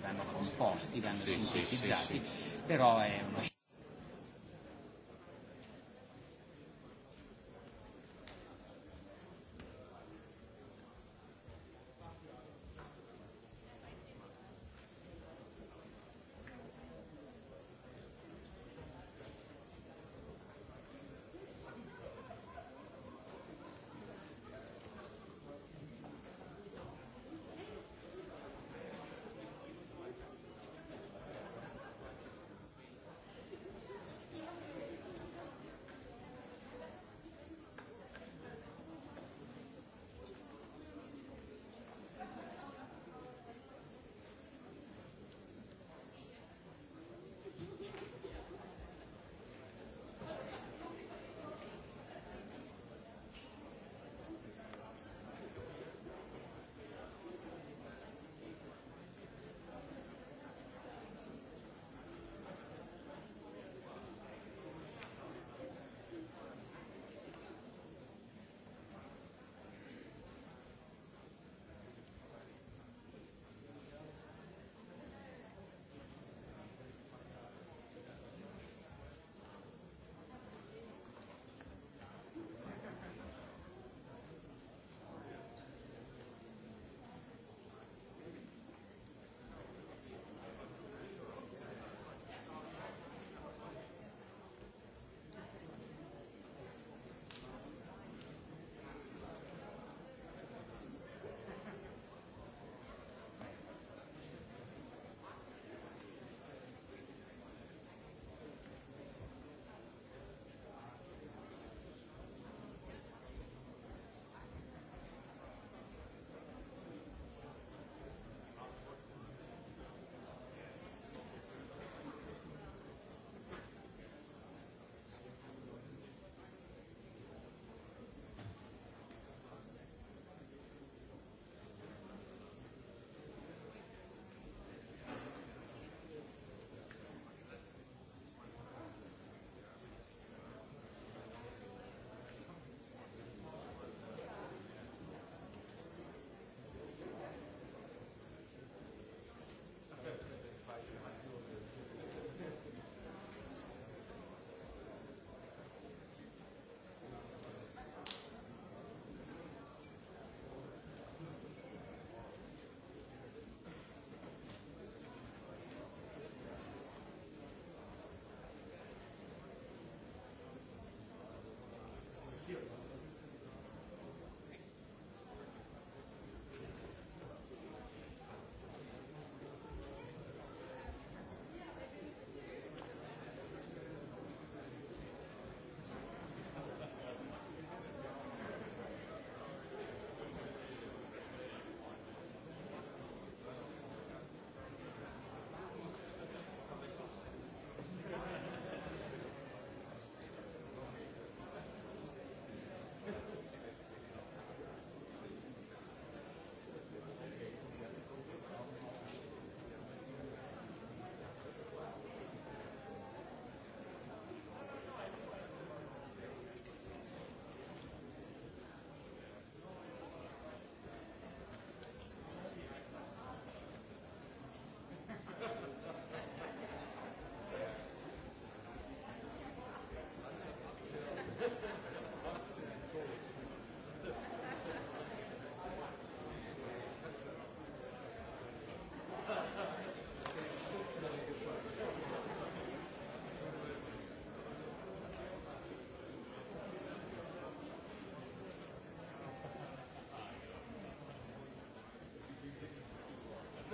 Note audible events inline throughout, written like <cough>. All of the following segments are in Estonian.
vanno composti, vanno sì, sintetizzati, sì, sì. però è uno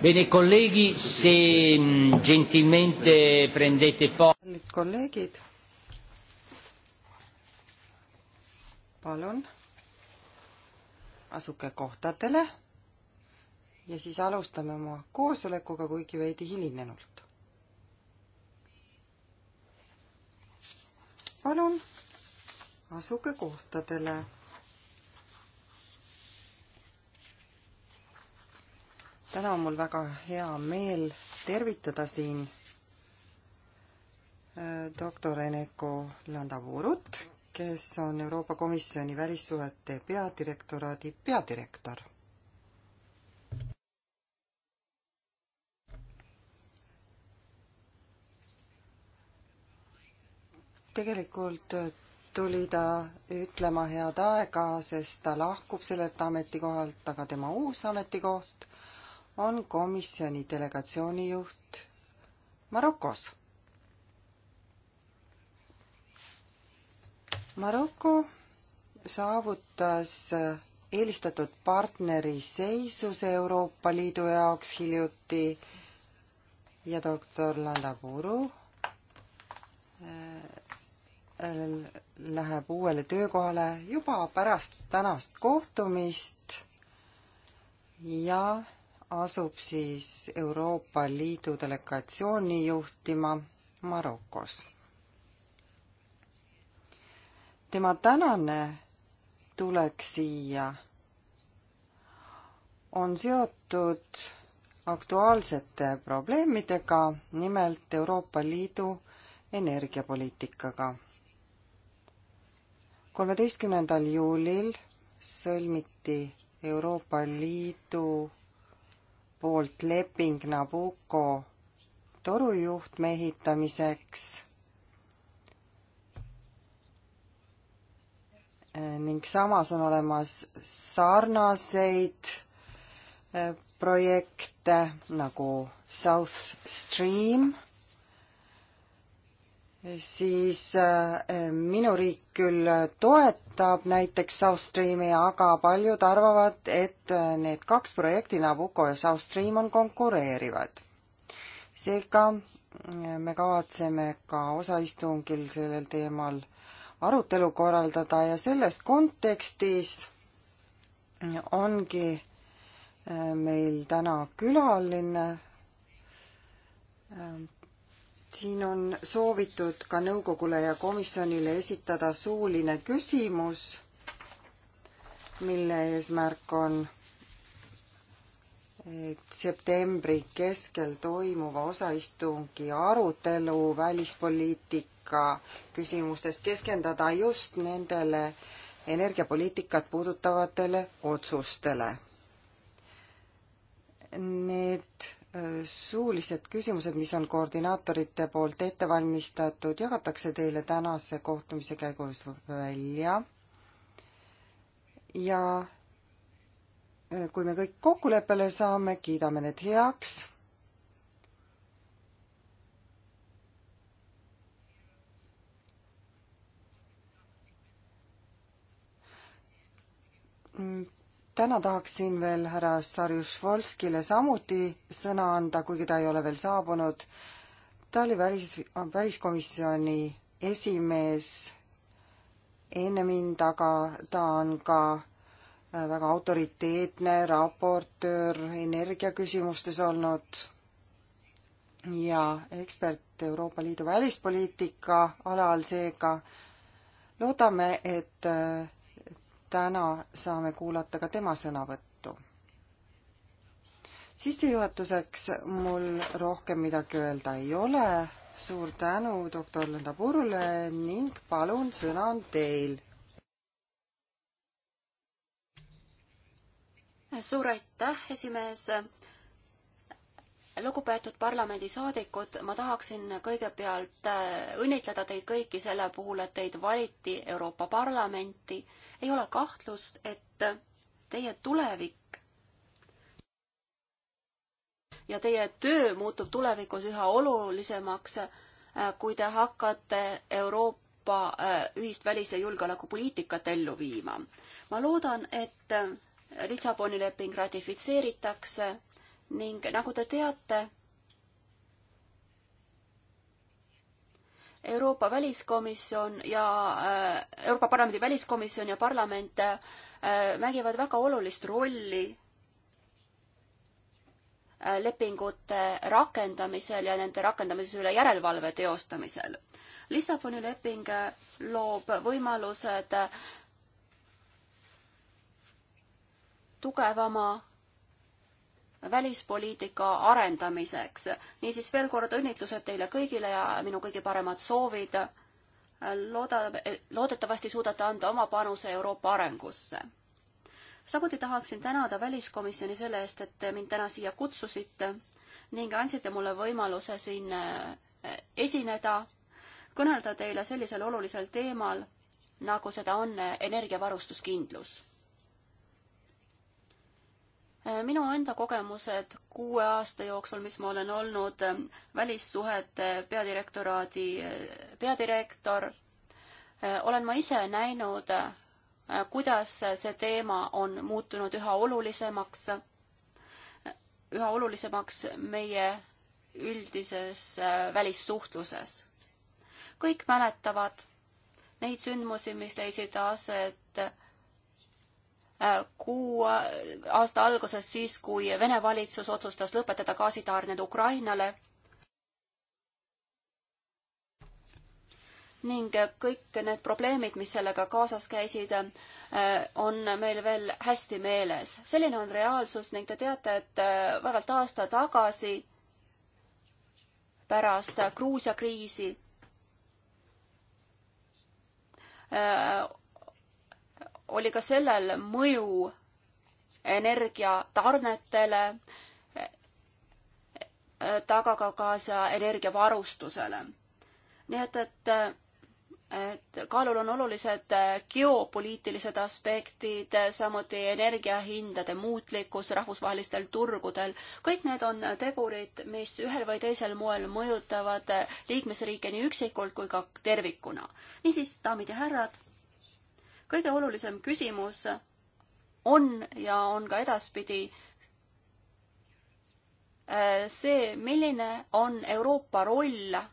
Bene, colleghi, se mm, gentilmente prendete posto. Nüüd kolleegid, palun asuke kohtadele ja siis alustame oma koosolekuga, kuigi veidi hilinenult. palun asuge kohtadele täna on mul väga hea meel tervitada siin äh, doktor Eneko Landavuurut, kes on Euroopa Komisjoni välissuhete peadirektoraadi peadirektor. tegelikult tuli ta ütlema head aega, sest ta lahkub sellelt ametikohalt, aga tema uus ametikoht on komisjoni delegatsiooni juht Marokos. Maroko saavutas eelistatud partneri seisuse Euroopa Liidu jaoks hiljuti ja doktor Lalla Puru äh, läheb uuele töökohale juba pärast tänast kohtumist ja asub siis Euroopa Liidu delegatsiooni juhtima Marokos. tema tänane tulek siia on seotud aktuaalsete probleemidega, nimelt Euroopa Liidu energiapoliitikaga. kolmeteistkümnendal juulil sõlmiti Euroopa Liidu poolt leping Nabucco torujuhtme ehitamiseks ning samas on olemas sarnaseid eh, projekte nagu South Stream siis äh, minu riik küll toetab näiteks South Streami, aga paljud arvavad, et äh, need kaks projekti, Nabucco ja South Stream, on konkureerivad. seega äh, me kavatseme ka osaistungil sellel teemal arutelu korraldada ja selles kontekstis ongi meil täna külaline siin on soovitud ka nõukogule ja komisjonile esitada suuline küsimus, mille eesmärk on septembri keskel toimuva osaistungi arutelu välispoliitika küsimustes keskendada just nendele energiapoliitikat puudutavatele otsustele. Need suulised küsimused, mis on koordinaatorite poolt ette valmistatud, jagatakse teile tänase kohtumise käigus välja. ja äh, kui me kõik kokkuleppele saame, kiidame need heaks täna tahaksin veel härra Sarjušvolskile samuti sõna anda, kuigi ta ei ole veel saabunud. ta oli välis, väliskomisjoni esimees enne mind, aga ta on ka äh, väga autoriteetne raportöör energiaküsimustes olnud ja ekspert Euroopa Liidu välispoliitika alal, seega loodame, et äh, täna saame kuulata ka tema sõnavõttu. sissejuhatuseks mul rohkem midagi öelda ei ole. suur tänu doktor Lenda Purule ning palun, sõna on teil. suur aitäh, esimees lugupeetud parlamendisaadikud, ma tahaksin kõigepealt äh, õnnitleda teid kõiki selle puhul, et teid valiti Euroopa Parlamenti. ei ole kahtlust, et teie tulevik ja teie töö muutub tulevikus üha olulisemaks, äh, kui te hakkate Euroopa äh, ühist välis- ja julgeolekupoliitikat ellu viima. ma loodan, et Lissaboni leping ratifitseeritakse ning nagu te teate, Euroopa väliskomisjon ja äh, Euroopa Parlamendi väliskomisjon ja parlament äh, mängivad väga olulist rolli äh, lepingute rakendamisel ja nende rakendamise üle järelevalve teostamisel. Lissaboni leping loob võimalused tugevama välispoliitika arendamiseks. niisiis veel kord õnnitlused teile kõigile ja minu kõige paremad soovid. looda, loodetavasti suudate anda oma panuse Euroopa arengusse. samuti tahaksin tänada väliskomisjoni selle eest, et mind täna siia kutsusite ning andsite mulle võimaluse siin eh, esineda, kõnelda teile sellisel olulisel teemal, nagu seda on energiavarustuskindlus minu enda kogemused kuue aasta jooksul, mis ma olen olnud ähm, välissuhete peadirektoraadi äh, peadirektor, äh, olen ma ise näinud, äh, kuidas see teema on muutunud üha olulisemaks, üha olulisemaks meie üldises välissuhtluses. kõik mäletavad neid sündmusi, mis leidsid aset kuu aasta alguses, siis kui Vene valitsus otsustas lõpetada gaasitarned Ukrainale. ning kõik need probleemid, mis sellega kaasas käisid, on meil veel hästi meeles. selline on reaalsus ning te teate, et vaevalt aasta tagasi pärast Gruusia kriisi oli ka sellel mõju energiatarnetele, taga ka kaasa energiavarustusele. nii et, et et kaalul on olulised geopoliitilised aspektid, samuti energiahindade muutlikkus rahvusvahelistel turgudel. kõik need on tegurid, mis ühel või teisel moel mõjutavad liikmesriike nii üksikult kui ka tervikuna. niisiis, daamid ja härrad kõige olulisem küsimus on ja on ka edaspidi äh, see, milline on Euroopa roll äh,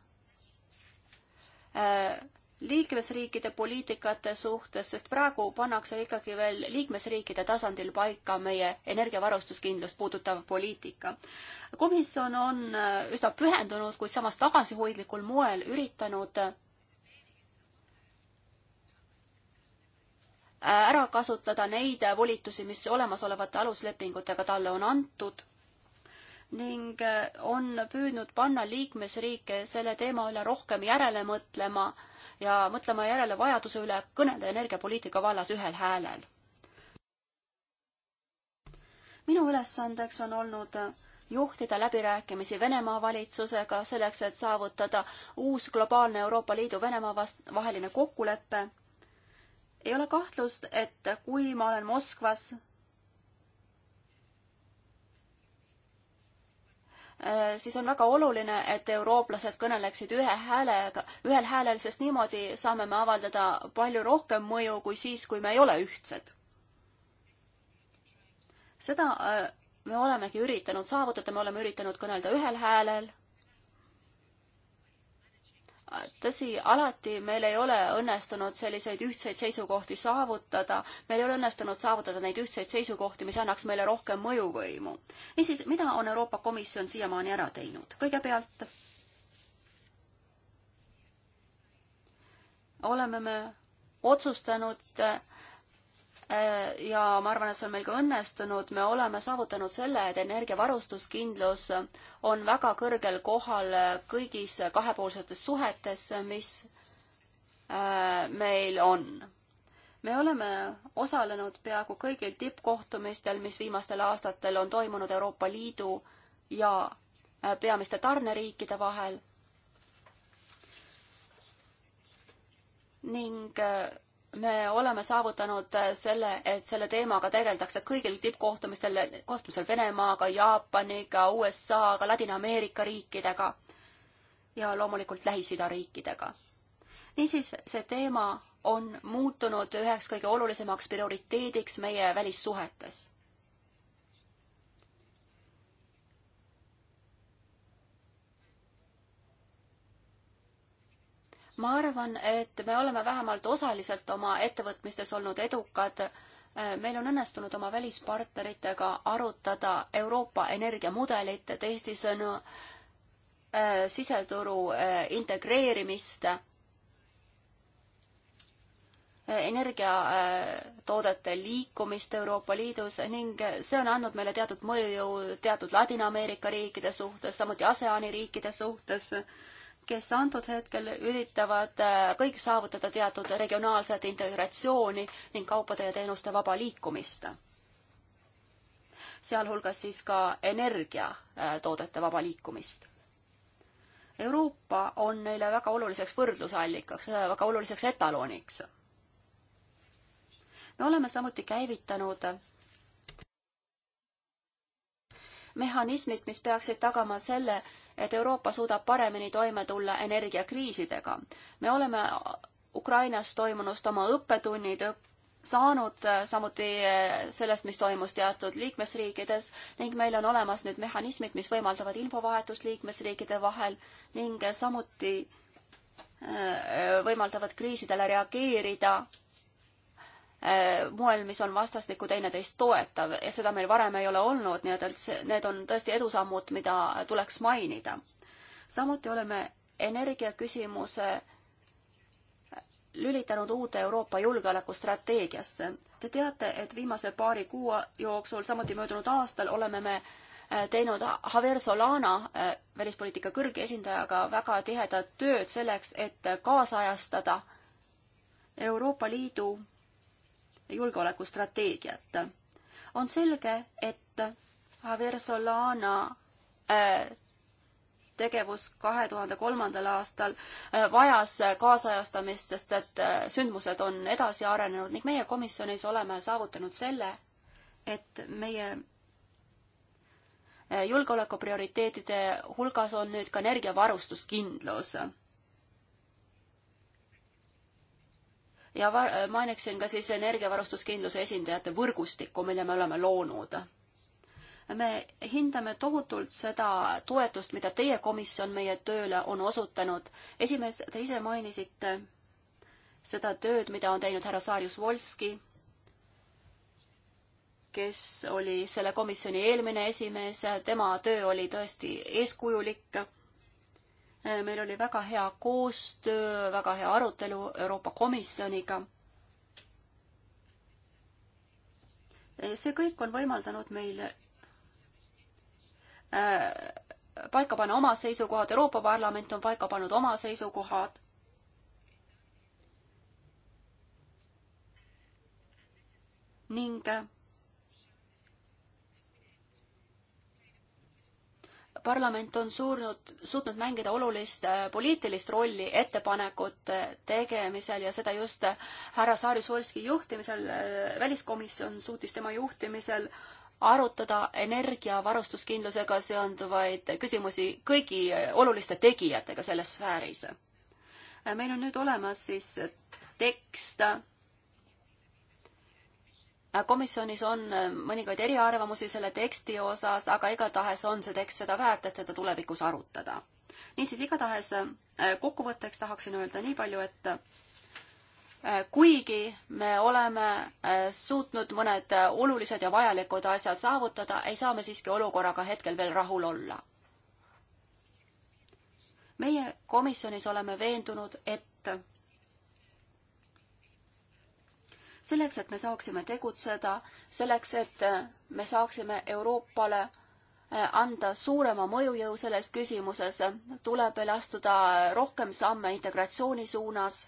liikmesriikide poliitikate suhtes, sest praegu pannakse ikkagi veel liikmesriikide tasandil paika meie energiavarustuskindlust puudutav poliitika. komisjon on äh, üsna pühendunud, kuid samas tagasihoidlikul moel üritanud ära kasutada neid volitusi, mis olemasolevate aluslepingutega talle on antud ning äh, on püüdnud panna liikmesriike selle teema üle rohkem järele mõtlema ja mõtlema järele vajaduse üle kõnelda energiapoliitika vallas ühel häälel. minu ülesandeks on olnud juhtida läbirääkimisi Venemaa valitsusega selleks, et saavutada uus globaalne Euroopa Liidu Venemaa vast-, vaheline kokkulepe ei ole kahtlust, et kui ma olen Moskvas, eh, siis on väga oluline, et eurooplased kõneleksid ühe häälega, ühel häälel, sest niimoodi saame me avaldada palju rohkem mõju kui siis, kui me ei ole ühtsed. seda eh, me olemegi üritanud saavutada, me oleme üritanud kõnelda ühel häälel tõsi, alati meil ei ole õnnestunud selliseid ühtseid seisukohti saavutada, meil ei ole õnnestunud saavutada neid ühtseid seisukohti, mis annaks meile rohkem mõjuvõimu. niisiis, mida on Euroopa Komisjon siiamaani ära teinud? kõigepealt oleme me otsustanud äh, Äh, ja ma arvan, et see on meil ka õnnestunud, me oleme saavutanud selle, et energiavarustuskindlus on väga kõrgel kohal kõigis kahepoolsetes suhetes, mis äh, meil on me oleme osalenud peaaegu kõigil tippkohtumistel, mis viimastel aastatel on toimunud Euroopa Liidu ja äh, peamiste tarneriikide vahel. ning me oleme saavutanud äh, selle, et selle teemaga tegeldakse kõigil tippkohtumistel, kohtumisel Venemaaga, Jaapaniga, USA-ga, Ladina-Ameerika riikidega ja loomulikult Lähis-Ida riikidega. niisiis, see teema on muutunud üheks kõige olulisemaks prioriteediks meie välissuhetes. ma arvan, et me oleme vähemalt osaliselt oma ettevõtmistes olnud edukad. meil on õnnestunud oma välispartneritega arutada Euroopa energiamudelit, teisisõnu eh, siseturu eh, integreerimist eh, energiatoodete liikumist Euroopa Liidus ning see on andnud meile teatud mõjujõu teatud Ladina-Ameerika riikide suhtes, samuti ASEAN-i riikide suhtes kes antud hetkel üritavad äh, kõik saavutada teatud regionaalset integratsiooni ning kaupade ja teenuste vaba liikumist. sealhulgas siis ka energiatoodete äh, vaba liikumist. Euroopa on neile väga oluliseks võrdlusallikaks, äh, väga oluliseks etaloniks. me oleme samuti käivitanud mehhanismid, mis peaksid tagama selle, et Euroopa suudab paremini toime tulla energiakriisidega. me oleme Ukrainas toimunust oma õppetunnid õpp-, saanud, äh, samuti äh, sellest, mis toimus teatud liikmesriikides ning meil on olemas nüüd mehhanismid, mis võimaldavad infovahetust liikmesriikide vahel ning samuti äh, võimaldavad kriisidele reageerida Äh, moel, mis on vastastikku teineteist toetav ja seda meil varem ei ole olnud, nii et, et see, need on tõesti edusammud, mida tuleks mainida. samuti oleme energiaküsimuse lülitanud uude Euroopa julgeolekustrateegiasse. Te teate, et viimase paari kuu jooksul, samuti möödunud aastal, oleme me äh, teinud Javier Solana, äh, välispoliitika kõrge esindajaga, väga tihedat tööd selleks, et kaasajastada Euroopa Liidu julgeolekustrateegiat. on selge, et Javier Solana äh, tegevus kahe tuhande kolmandal aastal äh, vajas kaasajastamist, sest et äh, sündmused on edasi arenenud ning meie komisjonis oleme saavutanud selle, et meie julgeoleku prioriteetide hulgas on nüüd ka energiavarustuskindlus ja mainiksin ka siis energiavarustuskindluse esindajate võrgustikku, mille me oleme loonud. me hindame tohutult seda toetust, mida teie komisjon meie tööle on osutanud. esimees, te ise mainisite seda tööd, mida on teinud härra Saarjus Volski, kes oli selle komisjoni eelmine esimees, tema töö oli tõesti eeskujulik Eh, meil oli väga hea koostöö, väga hea arutelu Euroopa Komisjoniga. Eh, see kõik on võimaldanud meil eh, paika panna oma seisukohad, Euroopa Parlament on paika pannud oma seisukohad. ning parlament on suurnud, suutnud mängida olulist äh, poliitilist rolli ettepanekute tegemisel ja seda just äh, härra Saari-Solski juhtimisel. Äh, väliskomisjon suutis tema juhtimisel arutada energiavarustuskindlusega seonduvaid küsimusi kõigi oluliste tegijatega selles sfääris. meil on nüüd olemas siis tekst komisjonis on äh, mõningaid eriarvamusi selle teksti osas, aga igatahes on see tekst seda väärt, et seda tulevikus arutada. niisiis, igatahes äh, kokkuvõtteks tahaksin öelda nii palju, et äh, kuigi me oleme suutnud mõned olulised ja vajalikud asjad saavutada, ei saa me siiski olukorraga hetkel veel rahul olla. meie komisjonis oleme veendunud, et selleks, et me saaksime tegutseda, selleks, et äh, me saaksime Euroopale äh, anda suurema mõjujõu selles küsimuses, tuleb veel astuda rohkem samme integratsiooni suunas.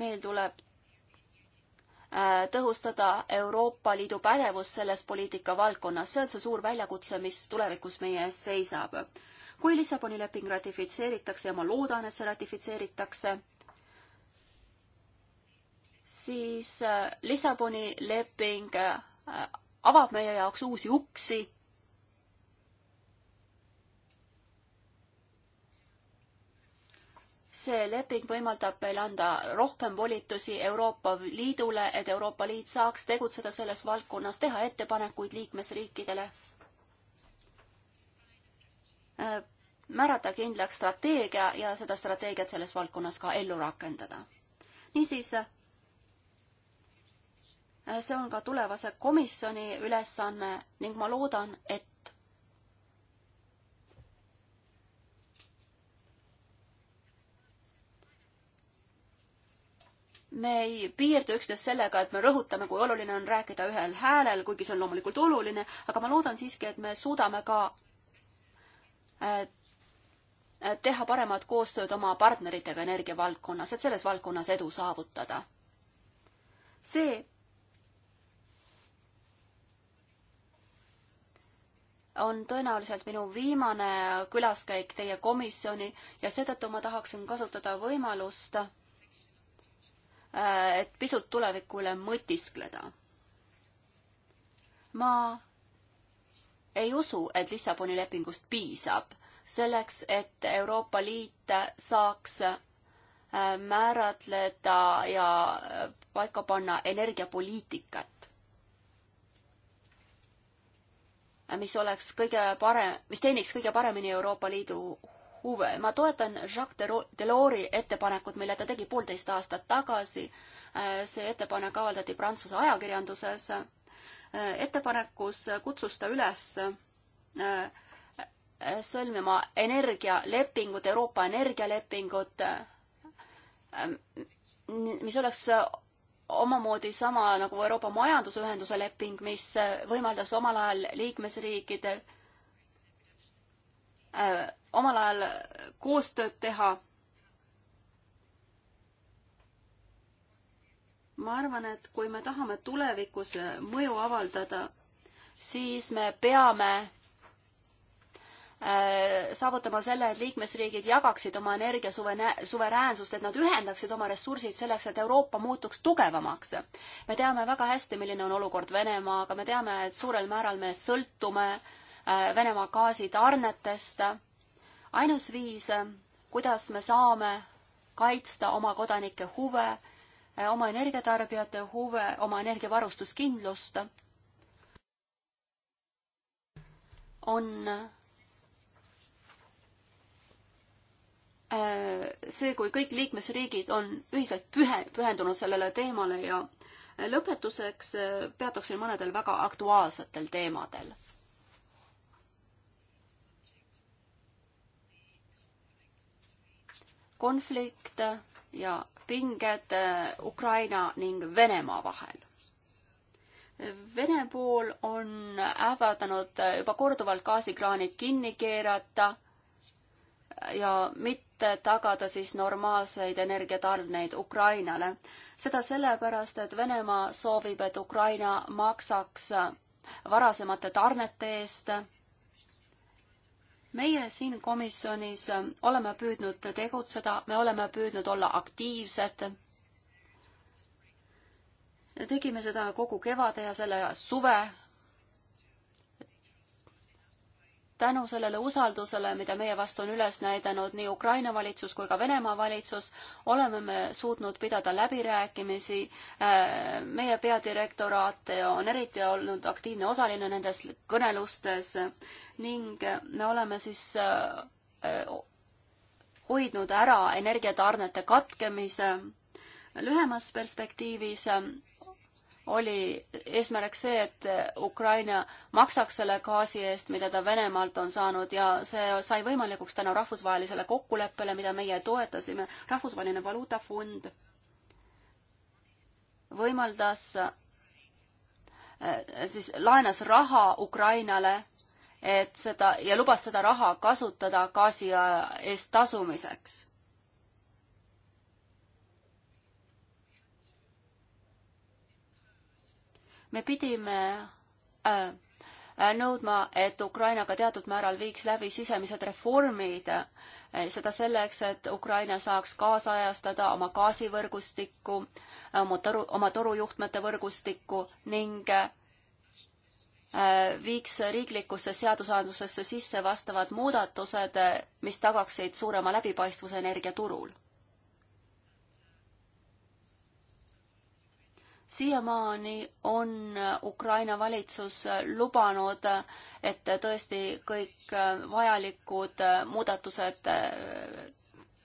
meil tuleb äh, tõhustada Euroopa Liidu pädevust selles poliitikavaldkonnas, see on see suur väljakutse, mis tulevikus meie ees seisab. kui Lissaboni leping ratifitseeritakse ja ma loodan, et see ratifitseeritakse, siis äh, Lissaboni leping äh, avab meie jaoks uusi uksi. see leping võimaldab meil anda rohkem volitusi Euroopa Liidule, et Euroopa Liit saaks tegutseda selles valdkonnas, teha ettepanekuid liikmesriikidele, äh, määrata kindlaks strateegia ja seda strateegiat selles valdkonnas ka ellu rakendada. niisiis Äh, see on ka tulevase komisjoni ülesanne ning ma loodan, et me ei piirdu üksnes sellega, et me rõhutame, kui oluline on rääkida ühel häälel, kuigi see on loomulikult oluline, aga ma loodan siiski, et me suudame ka äh, teha paremat koostööd oma partneritega energiavaldkonnas, et selles valdkonnas edu saavutada. see on tõenäoliselt minu viimane külaskäik teie komisjoni ja seetõttu ma tahaksin kasutada võimalust, äh, et pisut tuleviku üle mõtiskleda. ma ei usu, et Lissaboni lepingust piisab selleks, et Euroopa Liit saaks äh, määratleda ja äh, paika panna energiapoliitikat mis oleks kõige parem, mis teeniks kõige paremini Euroopa Liidu huve. ma toetan Jacques Delors'i ettepanekut, mille ta tegi poolteist aastat tagasi. Äh, see ettepanek avaldati Prantsuse ajakirjanduses. Äh, ettepanekus kutsus ta üles äh, sõlmima energialepingut, Euroopa energialepingut, mis oleks omamoodi sama nagu Euroopa Majandusühenduse leping, mis võimaldas omal ajal liikmesriikidel äh, omal ajal koostööd teha. ma arvan, et kui me tahame tulevikus mõju avaldada, siis me peame Äh, saavutama selle, et liikmesriigid jagaksid oma energia suveräänsust, et nad ühendaksid oma ressursid selleks, et Euroopa muutuks tugevamaks. me teame väga hästi, milline on olukord Venemaaga, me teame, et suurel määral me sõltume äh, Venemaa gaasitarnetest. ainus viis, äh, kuidas me saame kaitsta oma kodanike huve, oma energiatarbijate huve, oma energiavarustuskindlust, on Äh, see, kui kõik liikmesriigid on ühiselt pühe, pühendunud sellele teemale ja äh, lõpetuseks äh, peatuksin mõnedel väga aktuaalsetel teemadel. konflikt ja pinged Ukraina ning Venemaa vahel. Vene pool on ähvardanud juba korduvalt gaasikraanid kinni keerata ja mitte tagada siis normaalseid energiatarneid Ukrainale. seda sellepärast, et Venemaa soovib, et Ukraina maksaks varasemate tarnete eest. meie siin komisjonis oleme püüdnud tegutseda, me oleme püüdnud olla aktiivsed tegime seda kogu kevade ja selle suve tänu sellele usaldusele, mida meie vastu on üles näidanud nii Ukraina valitsus kui ka Venemaa valitsus, oleme me suutnud pidada läbirääkimisi. Äh, meie peadirektoraat on eriti olnud aktiivne osaline nendes kõnelustes ning me oleme siis äh, hoidnud ära energiatarnete katkemise lühemas perspektiivis äh, oli eesmärk see, et Ukraina maksaks selle gaasi eest, mida ta Venemaalt on saanud ja see sai võimalikuks tänu rahvusvahelisele kokkuleppele, mida meie toetasime. rahvusvaheline valuutafond võimaldas, eh, siis laenas raha Ukrainale, et seda ja lubas seda raha kasutada gaasi eh, eest tasumiseks me pidime äh, äh nõudma, et Ukraina ka teatud määral viiks läbi sisemised reformid, äh, seda selleks, et Ukraina saaks kaasajastada oma gaasivõrgustikku, äh, oma toru, oma torujuhtmete võrgustikku ning viiks riiklikusse seadusandlusesse sisse vastavad muudatused, mis tagaksid suurema läbipaistvuse energiaturul siiamaani on äh, Ukraina valitsus äh, lubanud, äh, et tõesti kõik vajalikud muudatused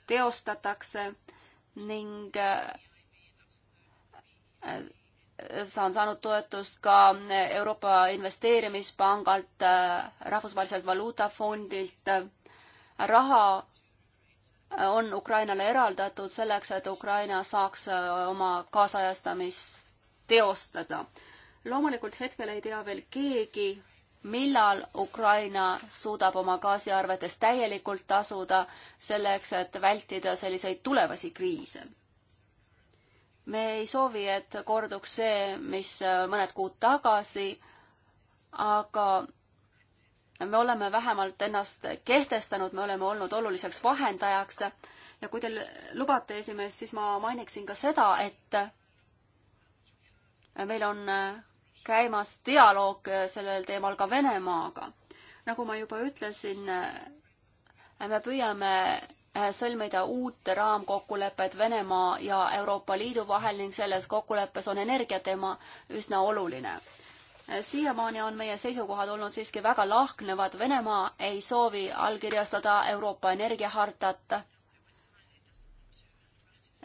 teostatakse ning see on saanud toetust ka Euroopa Investeerimispangalt, Rahvusvaheliselt Valuutafondilt. raha on Ukrainale eraldatud selleks, et Ukraina saaks oma kaasajastamist teostada. loomulikult hetkel ei tea veel keegi, millal Ukraina suudab oma gaasiarvetes täielikult tasuda, selleks et vältida selliseid tulevasi kriise. me ei soovi, et korduks see, mis mõned kuud tagasi, aga me oleme vähemalt ennast kehtestanud, me oleme olnud oluliseks vahendajaks ja kui teil lubate, esimees, siis ma mainiksin ka seda, et meil on äh, käimas dialoog äh, sellel teemal ka Venemaaga. nagu ma juba ütlesin, äh, me püüame sõlmida uut raamkokkulepet Venemaa ja Euroopa Liidu vahel ning selles kokkuleppes on energiateema üsna oluline. siiamaani on meie seisukohad olnud siiski väga lahknevad, Venemaa ei soovi allkirjastada Euroopa energiahartat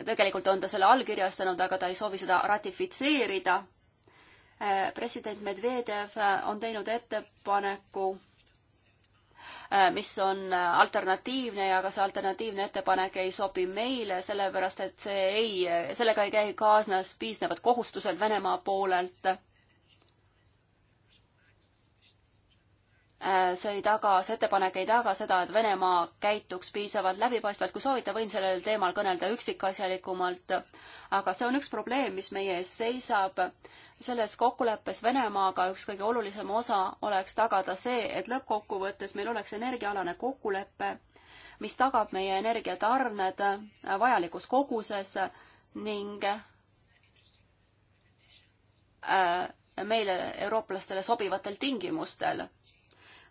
tegelikult on ta selle allkirjastanud, aga ta ei soovi seda ratifitseerida. Eh, president Medvedev eh, on teinud ettepaneku, eh, mis on alternatiivne ja ka see alternatiivne ettepanek ei sobi meile, sellepärast et see ei, sellega ei käi kaasnes piisavad kohustused Venemaa poolelt Äh, see ei taga, see ettepanek ei taga seda, et Venemaa käituks piisavalt läbipaistvalt. kui soovite, võin sellel teemal kõnelda üksikasjalikumalt, aga see on üks probleem, mis meie ees seisab. selles kokkuleppes Venemaaga üks kõige olulisem osa oleks tagada see, et lõppkokkuvõttes meil oleks energiaalane kokkulepe, mis tagab meie energiatarned vajalikus koguses ning äh, meile, eurooplastele sobivatel tingimustel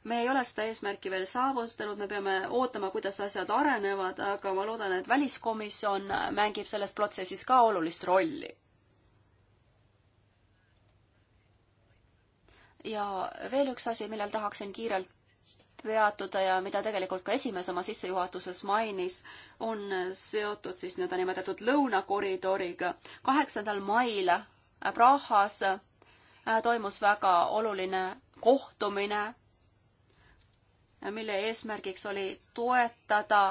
me ei ole seda eesmärki veel saavutanud, me peame ootama, kuidas asjad arenevad, aga ma loodan, et väliskomisjon mängib selles protsessis ka olulist rolli. ja veel üks asi, millel tahaksin kiirelt peatuda ja mida tegelikult ka esimees oma sissejuhatuses mainis, on seotud siis nõndanimetatud lõunakoridoriga. kaheksandal mail Prahas äh, toimus väga oluline kohtumine mille eesmärgiks oli toetada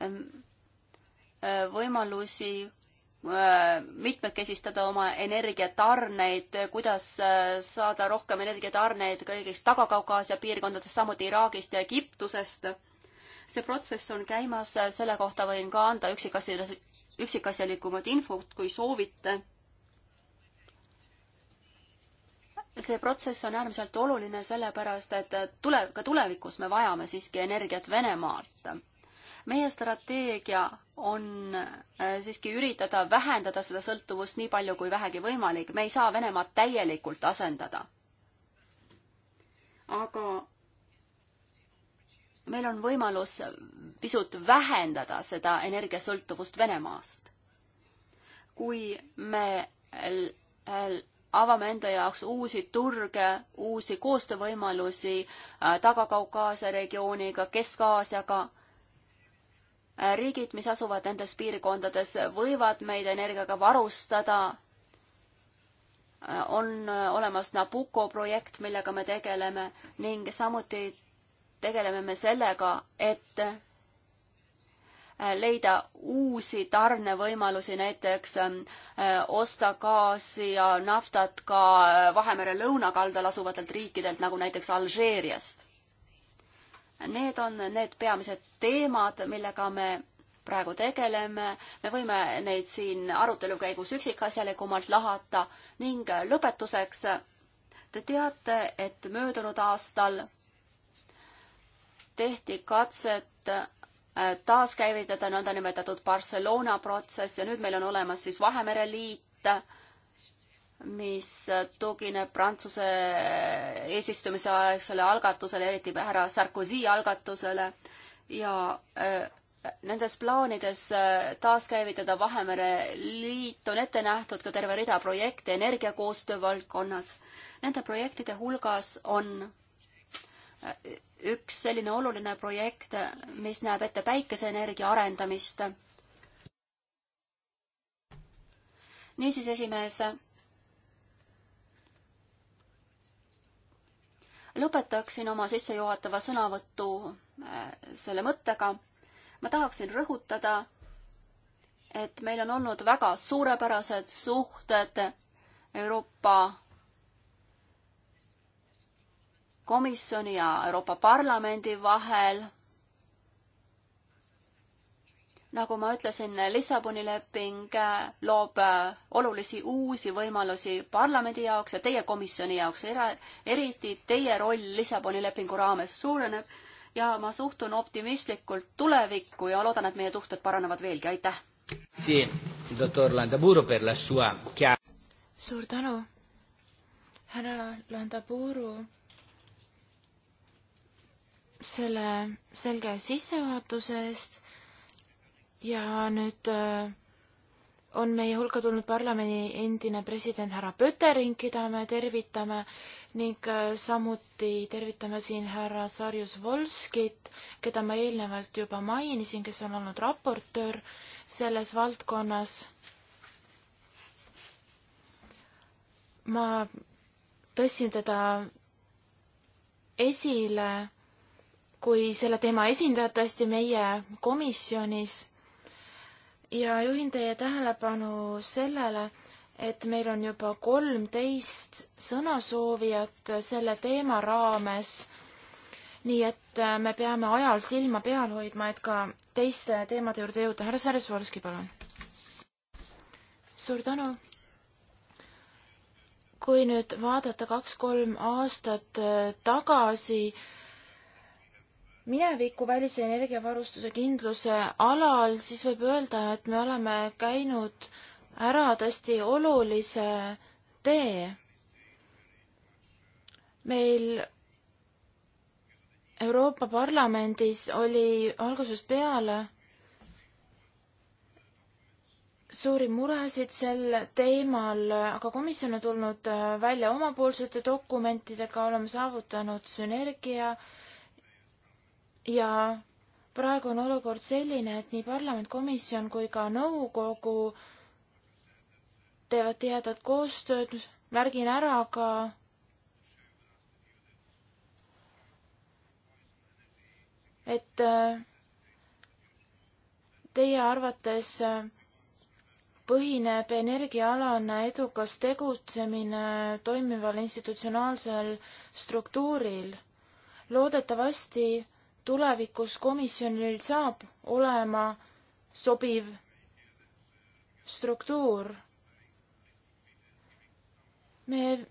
ehm, võimalusi ehm, mitmekesistada oma energiatarneid, kuidas ehm, saada rohkem energiatarneid kõigist Taga-Kaukaasia piirkondadest, samuti Iraagist ja Egiptusest. see protsess on käimas, selle kohta võin ka anda üksikasjalikumad, üksikasjalikumat infot, kui soovite see protsess on äärmiselt oluline sellepärast, et tule, ka tulevikus me vajame siiski energiat Venemaalt. meie strateegia on äh, siiski üritada vähendada seda sõltuvust nii palju kui vähegi võimalik, me ei saa Venemaad täielikult asendada. aga meil on võimalus pisut vähendada seda energiasõltuvust Venemaast. kui me avame enda jaoks uusi turge, uusi koostöövõimalusi äh, Taga-Kaukaasia regiooniga, Kesk-Aasiaga. Äh, riigid, mis asuvad nendes piirkondades, võivad meid energiaga varustada. Äh, on olemas Nabucco projekt, millega me tegeleme ning samuti tegeleme me sellega, et Äh, leida uusi tarnevõimalusi, näiteks ähm, äh, osta gaasi ja naftat ka äh, Vahemere lõunakaldal asuvatelt riikidelt, nagu näiteks Alžeeriast. Need on need peamised teemad, millega me praegu tegeleme, me võime neid siin arutelu käigus üksikasjalikumalt lahata ning lõpetuseks te teate, et möödunud aastal tehti katset Äh, taaskäivitada nõndanimetatud Barcelona protsess ja nüüd meil on olemas siis Vahemere liit, mis tugineb Prantsuse eesistumise aegsele algatusele, eriti härra Sarkozy algatusele ja äh, nendes plaanides äh, taaskäivitada Vahemere liit on ette nähtud ka terve rida projekte energiakoostöö valdkonnas. Nende projektide hulgas on üks selline oluline projekt, mis näeb ette päikeseenergia arendamist. niisiis, esimees. lõpetaksin oma sissejuhatava sõnavõtu äh, selle mõttega. ma tahaksin rõhutada, et meil on olnud väga suurepärased suhted Euroopa komisjoni ja Euroopa Parlamendi vahel. nagu ma ütlesin, Lissaboni leping loob äh, olulisi uusi võimalusi parlamendi jaoks ja teie komisjoni jaoks, eriti teie roll Lissaboni lepingu raames suureneb ja ma suhtun optimistlikult tulevikku ja loodan, et meie suhted paranevad veelgi, aitäh! suur tänu, härra Landaburu selle selge sissejuhatuse eest ja nüüd äh, on meie hulka tulnud parlamendi endine president härra Pöttering, keda me tervitame ning äh, samuti tervitame siin härra Sarjus Volskit, keda ma eelnevalt juba mainisin, kes on olnud raportöör selles valdkonnas. ma tõstsin teda esile kui selle teema esindajat hästi meie komisjonis ja juhin teie tähelepanu sellele, et meil on juba kolmteist sõnasoovijat selle teema raames. nii et äh, me peame ajal silma peal hoidma, et ka teiste teemade juurde jõuda. härra Sarjasvorski, palun. suur tänu. kui nüüd vaadata kaks-kolm aastat äh, tagasi, mineviku välise energiavarustuse kindluse alal, siis võib öelda, et me oleme käinud ära tõesti olulise tee. meil Euroopa Parlamendis oli algusest peale suuri muresid sel teemal, aga komisjon on tulnud välja omapoolsete dokumentidega, oleme saavutanud sünergia äh, ja praegu on olukord selline, et nii parlament, komisjon kui ka nõukogu teevad tihedat koostööd, märgin ära ka et äh, teie arvates äh, põhineb energiaalane edukas tegutsemine toimival institutsionaalsel struktuuril. loodetavasti tulevikus komisjonil saab olema sobiv struktuur. me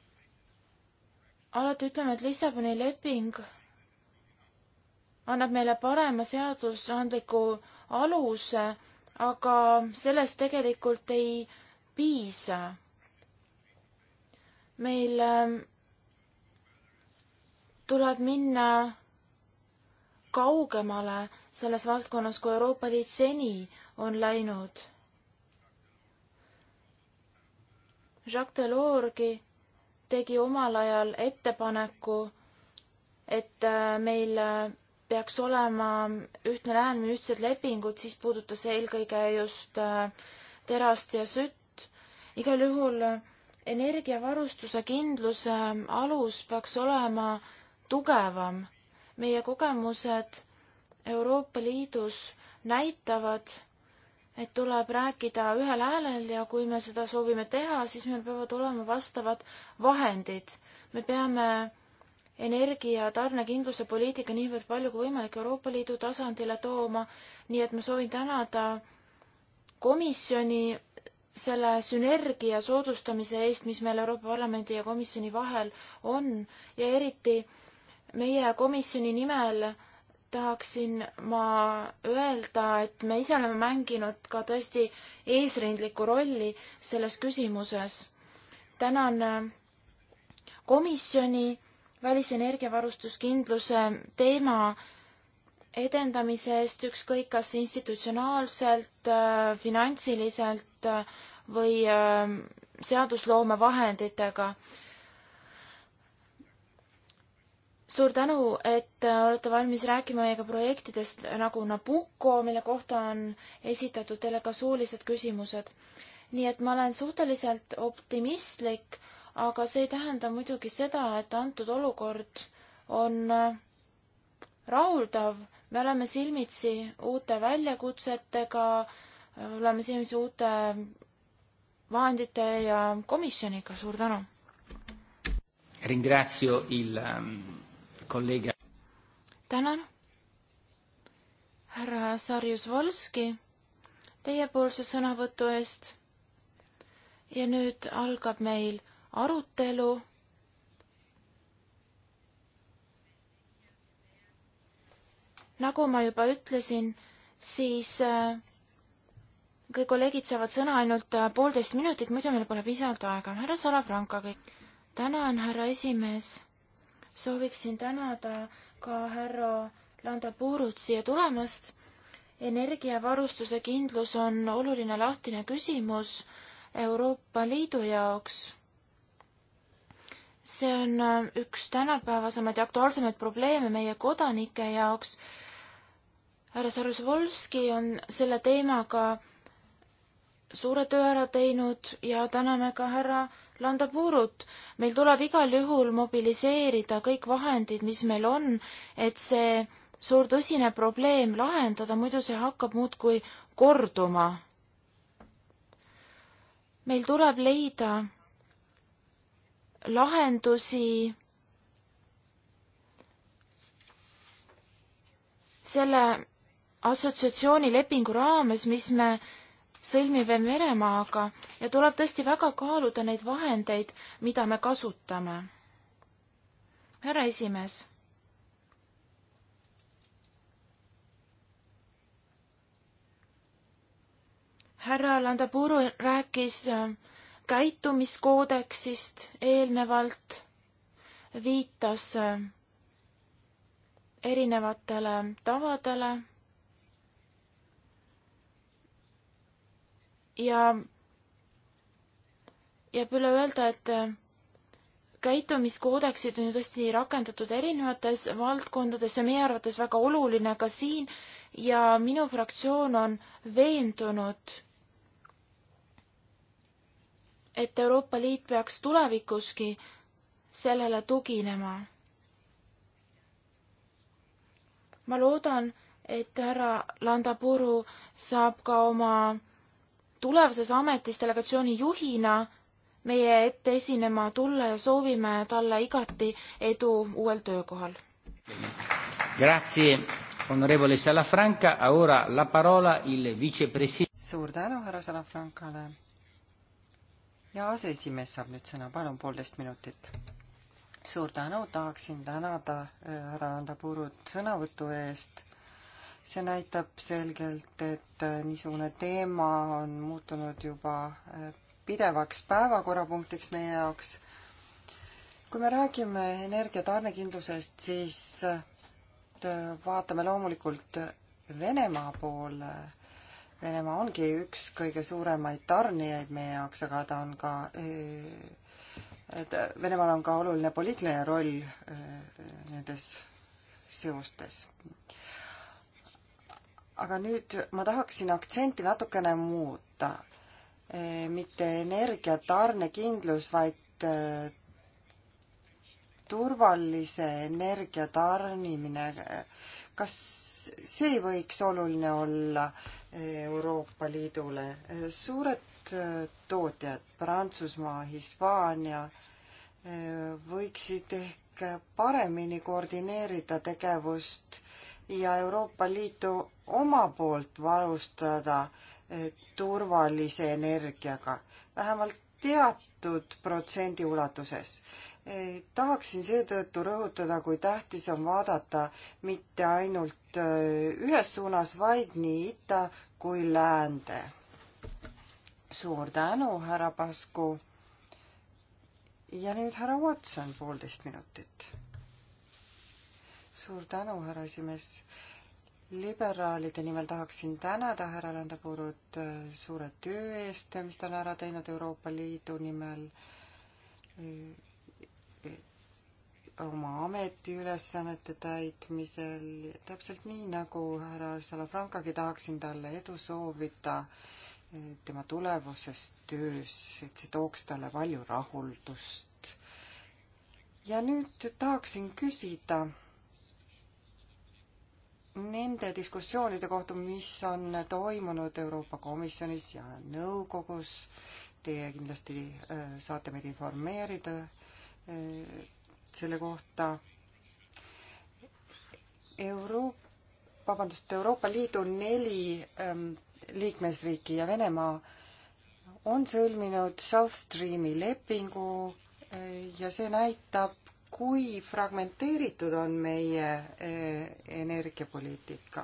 alati ütleme, et Lissaboni leping annab meile parema seadusandliku aluse, aga sellest tegelikult ei piisa. meil ähm, tuleb minna kaugemale selles valdkonnas, kui Euroopa Liit seni on läinud. Jacques Delorgi tegi omal ajal ettepaneku, et äh, meil äh, peaks olema ühtne lähenemine, ühtsed lepingud, siis puudutas eelkõige just äh, terast ja sütt. igal juhul energiavarustuse kindluse alus peaks olema tugevam meie kogemused Euroopa Liidus näitavad, et tuleb rääkida ühel häälel ja kui me seda soovime teha, siis meil peavad olema vastavad vahendid. me peame energia tarnekindluse poliitika niivõrd palju kui võimalik Euroopa Liidu tasandile tooma, nii et ma soovin tänada komisjoni selle sünergia soodustamise eest, mis meil Euroopa Parlamendi ja komisjoni vahel on ja eriti meie komisjoni nimel tahaksin ma öelda, et me ise oleme mänginud ka tõesti eesrindlikku rolli selles küsimuses. tänan äh, komisjoni välisenergiavarustuskindluse teema edendamise eest, ükskõik kas institutsionaalselt, äh, finantsiliselt äh, või seadusloome vahenditega suur tänu, et äh, olete valmis rääkima meiega projektidest nagu Nabucco, mille kohta on esitatud teile ka suulised küsimused. nii et ma olen suhteliselt optimistlik, aga see ei tähenda muidugi seda, et antud olukord on äh, rahuldav. me oleme silmitsi uute väljakutsetega, oleme silmitsi uute vahendite ja komisjoniga, suur tänu! Ringrazio il um, kolleeg. tänan. härra Sarjus Volski, teiepoolse sõnavõtu eest. ja nüüd algab meil arutelu nagu ma juba ütlesin, siis äh, kui kolleegid saavad sõna ainult äh, poolteist minutit, muidu meil pole piisavalt aega. härra Salafranka kõik. tänan, härra esimees sooviksin tänada ka härra Landa Puurut siia tulemast. energiavarustuse kindlus on oluline lahtine küsimus Euroopa Liidu jaoks. see on äh, üks tänapäevasemaid ja aktuaalsemaid probleeme meie kodanike jaoks. härra Sarusvolski on selle teemaga suure töö ära teinud ja täname ka härra Landapurut, meil tuleb igal juhul mobiliseerida kõik vahendid, mis meil on, et see suur tõsine probleem lahendada, muidu see hakkab muudkui korduma. meil tuleb leida lahendusi selle assotsiatsioonilepingu raames, mis me sõlmime Venemaaga ja tuleb tõesti väga kaaluda neid vahendeid, mida me kasutame. härra esimees. härra Landaburu rääkis äh, käitumiskoodeksist eelnevalt, viitas äh, erinevatele tavadele ja jääb üle öelda, et äh, käitumiskoodeksid on ju tõesti rakendatud erinevates valdkondades ja meie arvates väga oluline ka siin ja minu fraktsioon on veendunud, et Euroopa Liit peaks tulevikuski sellele tuginema. ma loodan, et härra Landapuru saab ka oma tulevases ametis delegatsiooni juhina meie ette esinema tulla ja soovime talle igati edu uuel töökohal. suur tänu härra Salafrancale. ja aseesimees saab nüüd sõna, palun poolteist minutit. suur tänu, tahaksin tänada äh, härra Randapurut sõnavõtu eest see näitab selgelt, et äh, niisugune teema on muutunud juba äh, pidevaks päevakorrapunktiks meie jaoks. kui me räägime energia tarnekindlusest, siis äh, vaatame loomulikult Venemaa poole. Venemaa ongi üks kõige suuremaid tarnijaid meie jaoks, aga ta on ka et Venemaal on ka oluline poliitiline roll nendes seostes aga nüüd ma tahaksin aktsenti natukene muuta. E, mitte energiatarnekindlus, vaid e, turvalise energia tarnimine. kas see võiks oluline olla e, Euroopa Liidule? suured tootjad Prantsusmaa, Hispaania võiksid ehk paremini koordineerida tegevust ja Euroopa Liitu oma poolt varustada eh, turvalise energiaga, vähemalt teatud protsendi ulatuses. Eh, tahaksin seetõttu rõhutada, kui tähtis on vaadata mitte ainult eh, ühes suunas, vaid nii ita kui läände. suur tänu, härra Pasku. ja nüüd härra Watson, poolteist minutit suur tänu, härra esimees. liberaalide nimel tahaksin tänada härra Landepuurut äh, suure töö eest, mis ta on ära teinud Euroopa Liidu nimel äh, äh, oma ametiülesannete täitmisel, täpselt nii, nagu härra Salafrankagi tahaksin talle edu soovida tema tulevases töös, et see tooks talle palju rahuldust. ja nüüd tahaksin küsida nende diskussioonide kohta, mis on toimunud Euroopa Komisjonis ja nõukogus. Teie kindlasti äh, saate meid informeerida äh, selle kohta. Euroop-, vabandust, Euroopa Liidu neli ähm, liikmesriiki ja Venemaa on sõlminud South Streami lepingu äh, ja see näitab, kui fragmenteeritud on meie eh, energiapoliitika.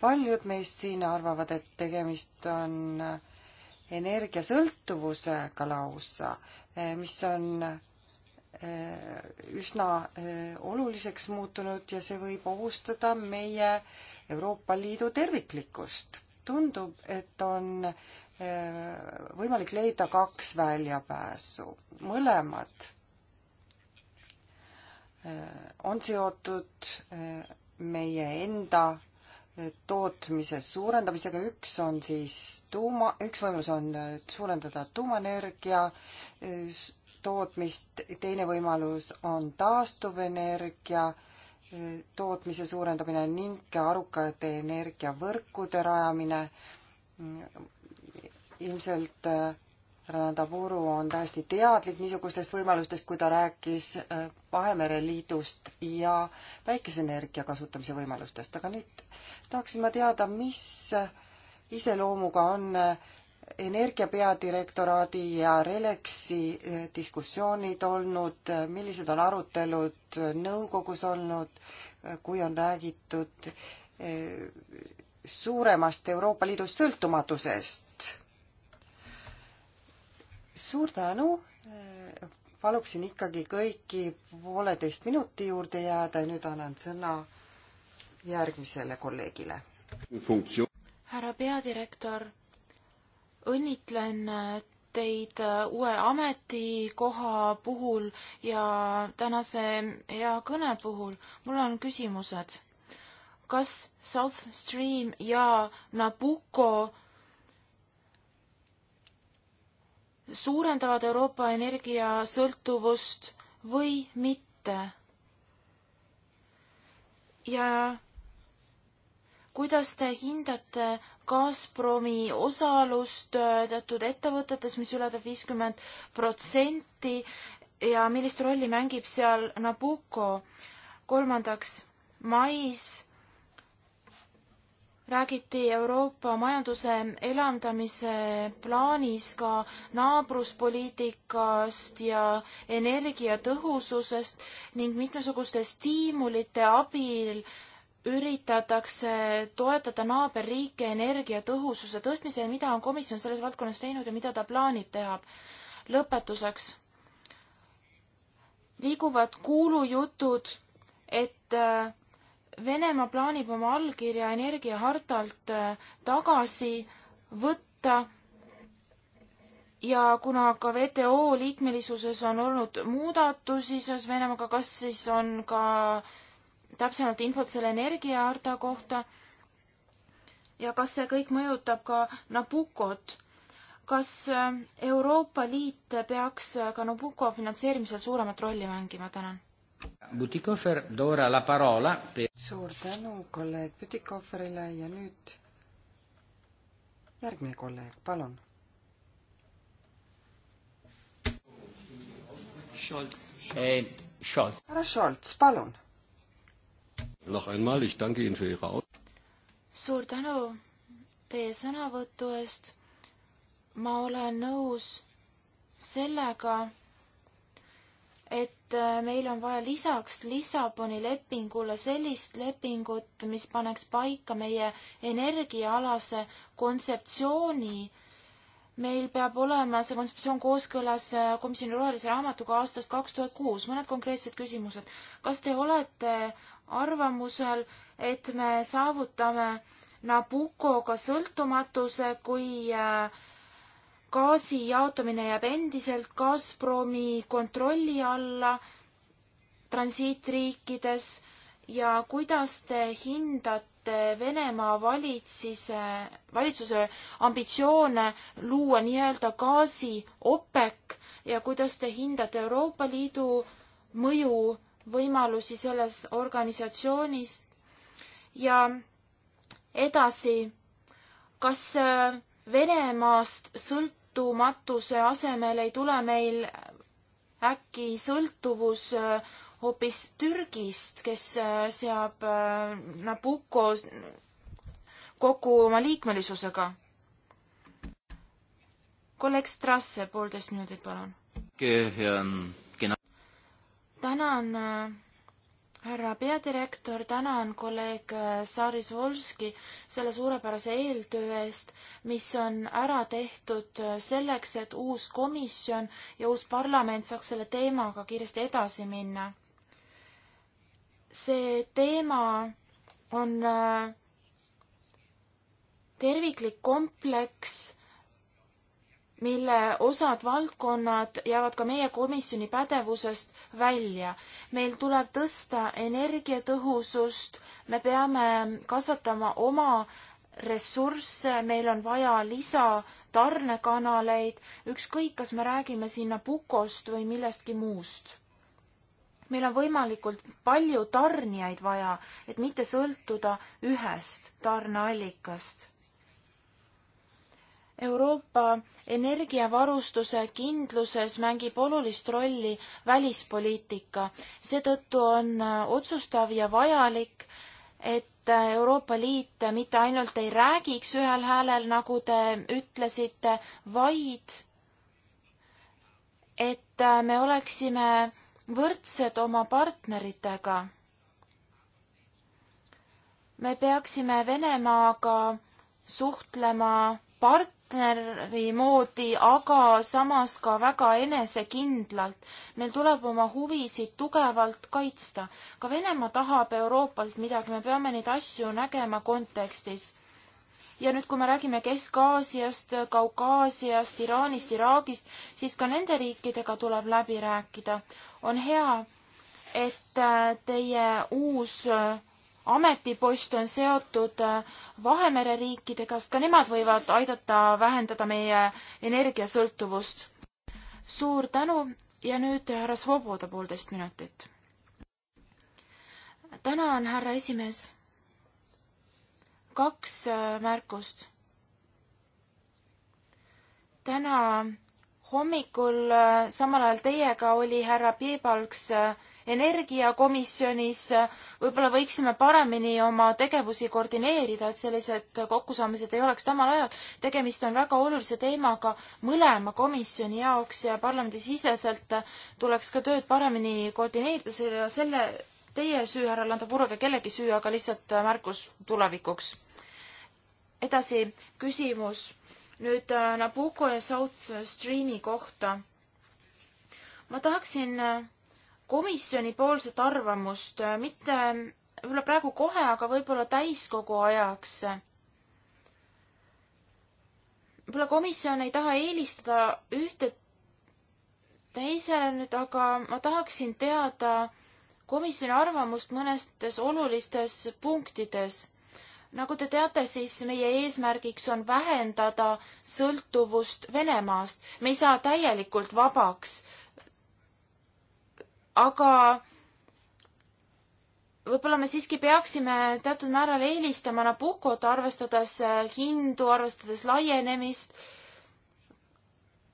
paljud meist siin arvavad, et tegemist on eh, energiasõltuvusega lausa, eh, mis on üsna oluliseks muutunud ja see võib ohustada meie Euroopa Liidu terviklikkust. tundub, et on võimalik leida kaks väljapääsu, mõlemad Äh, on seotud äh, meie enda äh, tootmise suurendamisega, üks on siis tuuma, üks võimalus on suurendada tuumaenergia tootmist, teine võimalus on taastuvenergia tootmise suurendamine ning arukate energiavõrkude rajamine. Mm, ilmselt äh, härra Nandaburu on täiesti teadlik niisugustest võimalustest, kui ta rääkis äh, Vahemere Liidust ja päikeseenergia kasutamise võimalustest, aga nüüd tahaksin ma teada, mis iseloomuga on äh, energia peadirektoraadi ja Relexi äh, diskussioonid olnud, millised on arutelud nõukogus olnud, kui on räägitud suuremast Euroopa Liidu sõltumatusest suur tänu, paluksin ikkagi kõiki pooleteist minuti juurde jääda ja nüüd annan sõna järgmisele kolleegile. härra peadirektor, õnnitlen teid uue ametikoha puhul ja tänase hea kõne puhul. mul on küsimused. kas South Stream ja Nabucco suurendavad Euroopa energiasõltuvust või mitte. ja kuidas te hindate Gazpromi osalust äh, teatud ettevõtetes, mis ületab viiskümmend protsenti ja millist rolli mängib seal Nabucco? kolmandaks, mais räägiti Euroopa majanduse elavdamise plaanis ka naabruspoliitikast ja energiatõhususest ning mitmesuguste stiimulite abil üritatakse toetada naaberriike energiatõhususe tõstmisel, mida on komisjon selles valdkonnas teinud ja mida ta plaanib teha. lõpetuseks. liiguvad kuulujutud, et äh, Venemaa plaanib oma allkirja energiahartalt äh, tagasi võtta ja kuna ka WTO liikmelisuses on olnud muudatusi seoses Venemaaga, kas siis on ka täpsemalt infot selle energiaharta kohta ja kas see kõik mõjutab ka Nabucot? kas äh, Euroopa Liit peaks äh, ka Nabucco finantseerimisel suuremat rolli mängima, tänan? Butikofer, Dora la parola. suur tänu kolleeg Butikoferile ja nüüd järgmine kolleeg, palun. Eh, härra Scholz, palun. suur tänu teie sõnavõtu eest. ma olen nõus sellega, et äh, meil on vaja lisaks Lissaboni lepingule sellist lepingut, mis paneks paika meie energiaalase kontseptsiooni. meil peab olema see kontseptsioon kooskõlas äh, komisjoni rohelise raamatuga aastast kaks tuhat kuus. mõned konkreetsed küsimused. kas te olete arvamusel, et me saavutame Nabukoga sõltumatuse, kui äh, gaasi jaotamine jääb endiselt Gazpromi kontrolli alla transiitriikides ja kuidas te hindate Venemaa valitsise, valitsuse ambitsioone luua nii-öelda gaasi OPEC ja kuidas te hindate Euroopa Liidu mõju võimalusi selles organisatsioonis ja edasi, kas äh, Venemaast sõlt-, sõltumatuse asemel ei tule meil äkki sõltuvus äh, hoopis Türgist, kes äh, seab äh, Nabucco kokku oma liikmelisusega? kolleeg Strasse, poolteist minutit, palun. tänan, härra peadirektor, tänan kolleeg Sari Solski selle suurepärase eeltöö eest mis on ära tehtud äh, selleks, et uus komisjon ja uus parlament saaks selle teemaga kiiresti edasi minna. see teema on äh, terviklik kompleks, mille osad valdkonnad jäävad ka meie komisjoni pädevusest välja. meil tuleb tõsta energiatõhusust, me peame kasvatama oma ressursse, meil on vaja lisatarnekanaleid, ükskõik, kas me räägime siin Nabucost või millestki muust. meil on võimalikult palju tarnijaid vaja, et mitte sõltuda ühest tarneallikast. Euroopa energiavarustuse kindluses mängib olulist rolli välispoliitika, seetõttu on otsustav ja vajalik, et et Euroopa Liit mitte ainult ei räägiks ühel häälel, nagu te ütlesite, vaid et me oleksime võrdsed oma partneritega. me peaksime Venemaaga suhtlema part-, partneri moodi, aga samas ka väga enesekindlalt. meil tuleb oma huvisid tugevalt kaitsta. ka Venemaa tahab Euroopalt midagi, me peame neid asju nägema kontekstis. ja nüüd, kui me räägime Kesk-Aasiast, Kaukaasiast, Iraanist, Iraagist, siis ka nende riikidega tuleb läbi rääkida. on hea, et äh, teie uus äh, ametipost on seotud äh, Vahemere riikide, kas ka nemad võivad aidata vähendada meie energiasõltuvust? suur tänu ja nüüd härra Svoboda poolteist minutit. tänan, härra esimees. kaks äh, märkust. täna hommikul äh, samal ajal teiega oli härra Piebalgs äh, energiakomisjonis võib-olla võiksime paremini oma tegevusi koordineerida, et sellised kokkusaamised ei oleks samal ajal. tegemist on väga olulise teemaga mõlema komisjoni jaoks ja parlamendisiseselt tuleks ka tööd paremini koordineerida, selle, selle teie süü, härra Landapuro, ega kellegi süü, aga lihtsalt märkus tulevikuks. edasi küsimus nüüd äh, Nabucco ja South Streami kohta ma tahaksin äh, komisjonipoolset arvamust, äh, mitte võib-olla praegu kohe, aga võib-olla täiskogu ajaks. võib-olla komisjon ei taha eelistada ühte teisele nüüd, aga ma tahaksin teada komisjoni arvamust mõnestes olulistes punktides. nagu te teate, siis meie eesmärgiks on vähendada sõltuvust Venemaast. me ei saa täielikult vabaks aga võib-olla me siiski peaksime teatud määral eelistama Nabucot, arvestades äh, hindu, arvestades laienemist.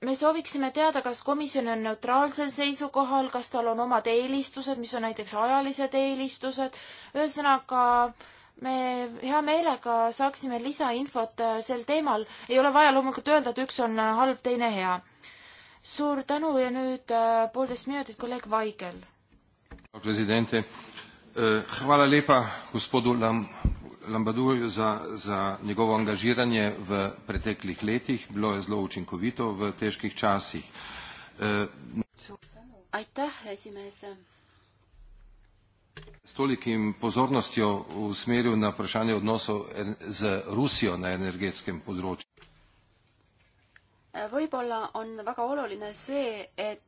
me sooviksime teada, kas komisjon on neutraalsel seisukohal, kas tal on omad eelistused, mis on näiteks ajalised eelistused, ühesõnaga me hea meelega saaksime lisainfot äh, sel teemal, ei ole vaja loomulikult öelda, et üks on äh, halb, teine hea suur tänu ja nüüd äh, poolteist minutit kolleeg Vaigel. president, äh, hvala lepa gospodu Lam-, Lambadurju za, za njegovo angažiranje v preteklih letih, bilo je zelo učinkovito v težkih časih. Äh, aitäh, esimees s tolikim pozornostjo usmeril na vprašanje odnosov z Rusijo na energetskem področju võib-olla on väga oluline see, et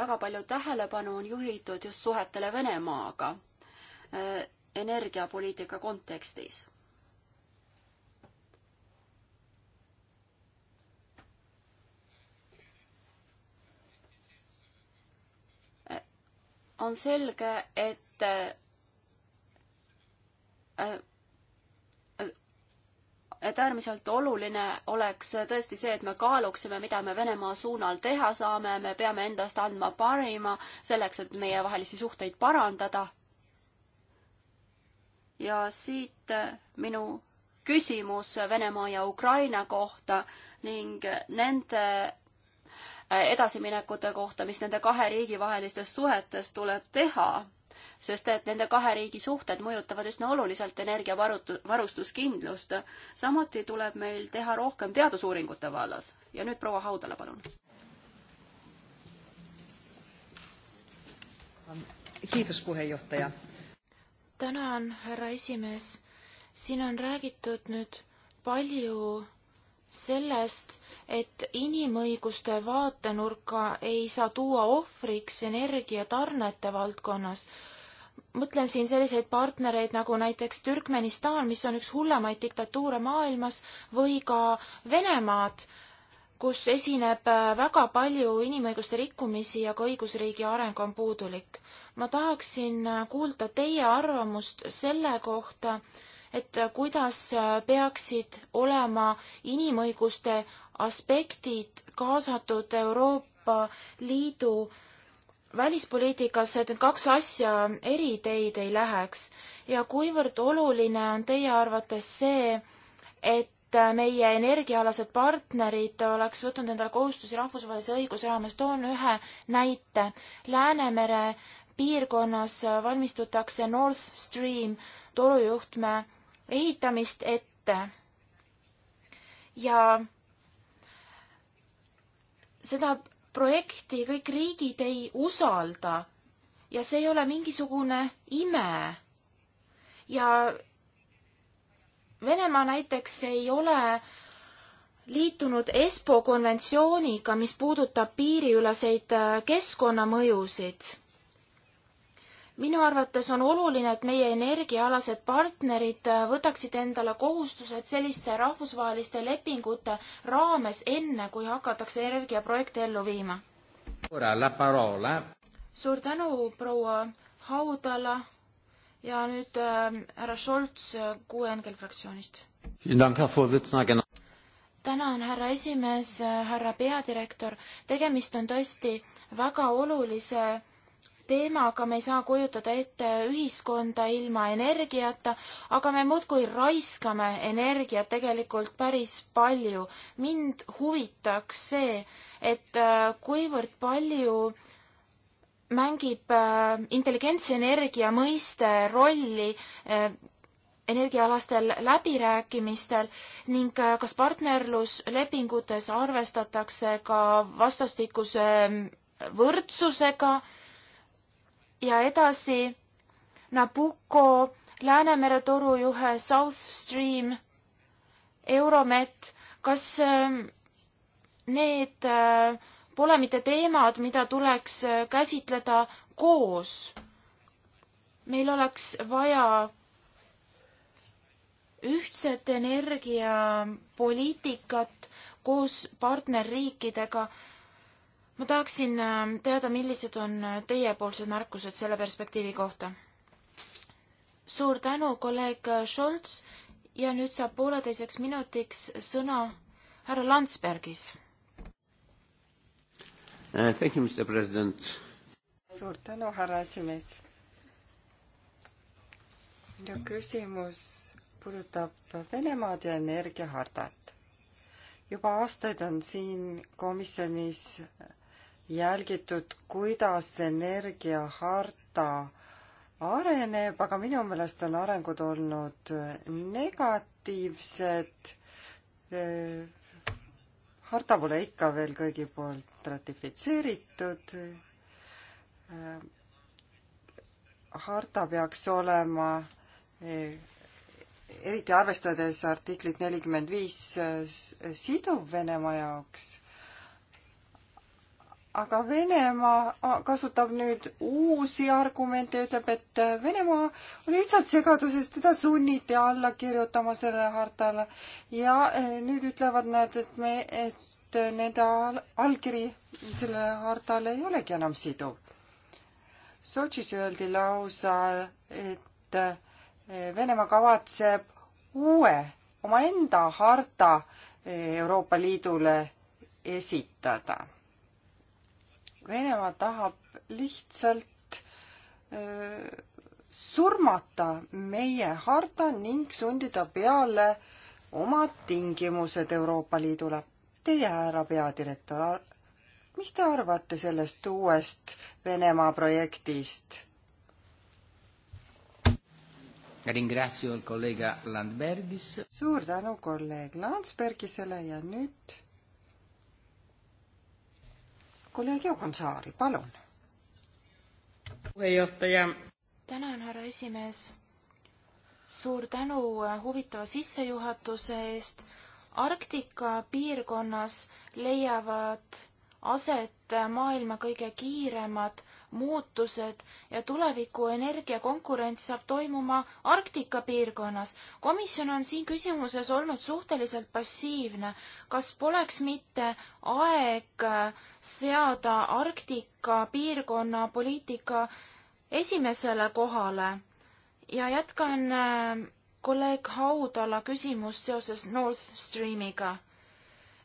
väga palju tähelepanu on juhitud just suhetele Venemaaga äh, energiapoliitika kontekstis. Äh, on selge, et äh, et äärmiselt oluline oleks tõesti see, et me kaaluksime, mida me Venemaa suunal teha saame, me peame endast andma parima selleks, et meievahelisi suhteid parandada. ja siit minu küsimus Venemaa ja Ukraina kohta ning nende edasiminekute kohta, mis nende kahe riigi vahelistes suhetes tuleb teha sest et nende kahe riigi suhted mõjutavad üsna oluliselt energiavarustuskindlust. samuti tuleb meil teha rohkem teadusuuringute vallas. ja nüüd proua Haudala, palun. kiitus, puhejuhataja. tänan, härra esimees. siin on räägitud nüüd palju sellest, et inimõiguste vaatenurka ei saa tuua ohvriks energiatarnete valdkonnas mõtlen siin selliseid partnereid nagu näiteks Türkmenistan, mis on üks hullemaid diktatuure maailmas, või ka Venemaad, kus esineb äh, väga palju inimõiguste rikkumisi ja ka õigusriigi areng on puudulik. ma tahaksin äh, kuulda teie arvamust selle kohta, et äh, kuidas peaksid olema inimõiguste aspektid kaasatud Euroopa Liidu äh, välispoliitikas, et need kaks asja eri teid ei läheks ja kuivõrd oluline on teie arvates see, et meie energiaalased partnerid oleks võtnud endale kohustusi rahvusvahelise õiguse raames, toon ühe näite. Läänemere piirkonnas valmistutakse North Stream torujuhtme ehitamist ette. ja seda projekti kõik riigid ei usalda ja see ei ole mingisugune ime. ja Venemaa näiteks ei ole liitunud ESPO konventsiooniga, mis puudutab piiriüleseid äh, keskkonnamõjusid minu arvates on oluline, et meie energiaalased partnerid äh, võtaksid endale kohustused selliste rahvusvaheliste lepingute raames, enne kui hakatakse energiaprojekte ellu viima. suur tänu, proua Haudala ja nüüd äh, härra Scholz äh, QNGL fraktsioonist. tänan, härra esimees, härra peadirektor, tegemist on tõesti väga olulise teemaga, me ei saa kujutada ette ühiskonda ilma energiata, aga me muudkui raiskame energiat tegelikult päris palju. mind huvitaks see, et äh, kuivõrd palju mängib äh, intelligentse energia mõiste rolli äh, energiaalastel läbirääkimistel ning kas partnerluslepingutes arvestatakse ka vastastikuse mm, võrdsusega ja edasi Nabucco, Läänemere torujuhe, South Stream, Euromet, kas ähm, need äh, pole mitte teemad, mida tuleks äh, käsitleda koos? meil oleks vaja ühtset energiapoliitikat koos partnerriikidega ma tahaksin ähm, teada, millised on äh, teiepoolsed märkused selle perspektiivi kohta. suur tänu, kolleeg äh, Scholz ja nüüd saab pooleteiseks minutiks sõna härra Landsbergis uh,. Thank you, Mr President. suur tänu, härra esimees. minu küsimus puudutab Venemaad ja energiahardat. juba aastaid on siin komisjonis jälgitud, kuidas energiaharta areneb, aga minu meelest on arengud olnud negatiivsed. harta pole ikka veel kõigi poolt ratifitseeritud. harta peaks olema eriti arvestades artiklit nelikümmend viis siduv Venemaa jaoks aga Venemaa kasutab nüüd uusi argumente, ütleb, et Venemaa on lihtsalt segaduses, teda sunniti alla kirjutama sellele hartale ja e, nüüd ütlevad nad, et me, et nende allkiri sellele hartale ei olegi enam siduv. Sotšis öeldi lausa, et e, Venemaa kavatseb uue omaenda harta e, Euroopa Liidule esitada Venemaa tahab lihtsalt äh, surmata meie harta ning sundida peale omad tingimused Euroopa Liidule. Teie, härra peadirektor, mis te arvate sellest uuest Venemaa projektist? suur tänu kolleeg Landsbergisele ja nüüd kolleeg Jaagonsaari, palun. juhataja. tänan, härra esimees. suur tänu äh, huvitava sissejuhatuse eest. Arktika piirkonnas leiavad aset äh, maailma kõige kiiremad muutused ja tuleviku energiakonkurents saab toimuma Arktika piirkonnas. komisjon on siin küsimuses olnud suhteliselt passiivne. kas poleks mitte aeg seada Arktika piirkonna poliitika esimesele kohale? ja jätkan äh, kolleeg Haudala küsimust seoses North Streamiga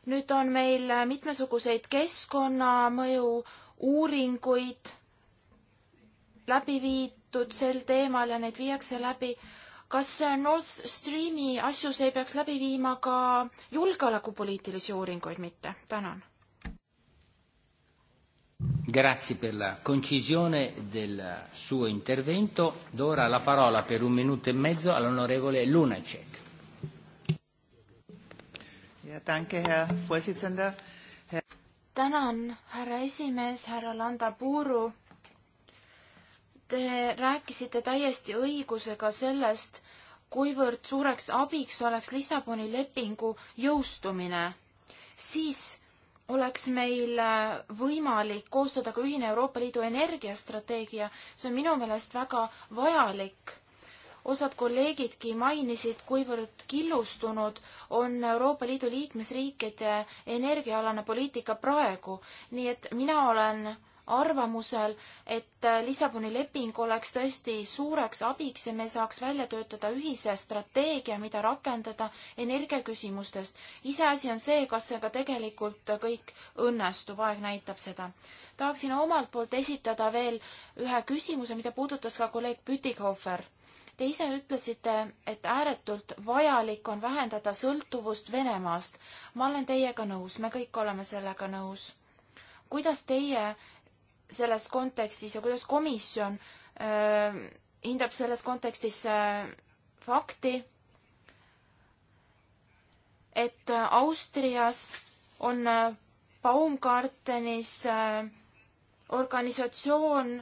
nüüd on meil mitmesuguseid keskkonnamõju uuringuid läbi viidud sel teemal ja neid viiakse läbi. kas Nord Streami asjus ei peaks läbi viima ka julgeolekupoliitilisi uuringuid mitte? tänan. Grazie per la concisione del suo intervento. Do ora la parola per un minuto e mezzo all'onorevole Lunacek. Ja, danke, Herr Vorsitzender. Herr... Tänan, härra esimees, härra Landapuru Te rääkisite täiesti õigusega sellest, kuivõrd suureks abiks oleks Lissaboni lepingu jõustumine. siis oleks meil äh, võimalik koostada ka ühine Euroopa Liidu energiastrateegia, see on minu meelest väga vajalik. osad kolleegidki mainisid, kuivõrd killustunud on Euroopa Liidu liikmesriikide energiaalane poliitika praegu, nii et mina olen arvamusel, et äh, Lissaboni leping oleks tõesti suureks abiks ja me saaks välja töötada ühise strateegia, mida rakendada energiaküsimustest. iseasi on see, kas see ka tegelikult kõik õnnestub, aeg näitab seda. tahaksin omalt poolt esitada veel ühe küsimuse, mida puudutas ka kolleeg Pütikofer. Te ise ütlesite, et ääretult vajalik on vähendada sõltuvust Venemaast. ma olen teiega nõus, me kõik oleme sellega nõus kuidas teie selles kontekstis ja kuidas komisjon äh, hindab selles kontekstis äh, fakti, et äh, Austrias on äh, Baumgartenis äh, organisatsioon,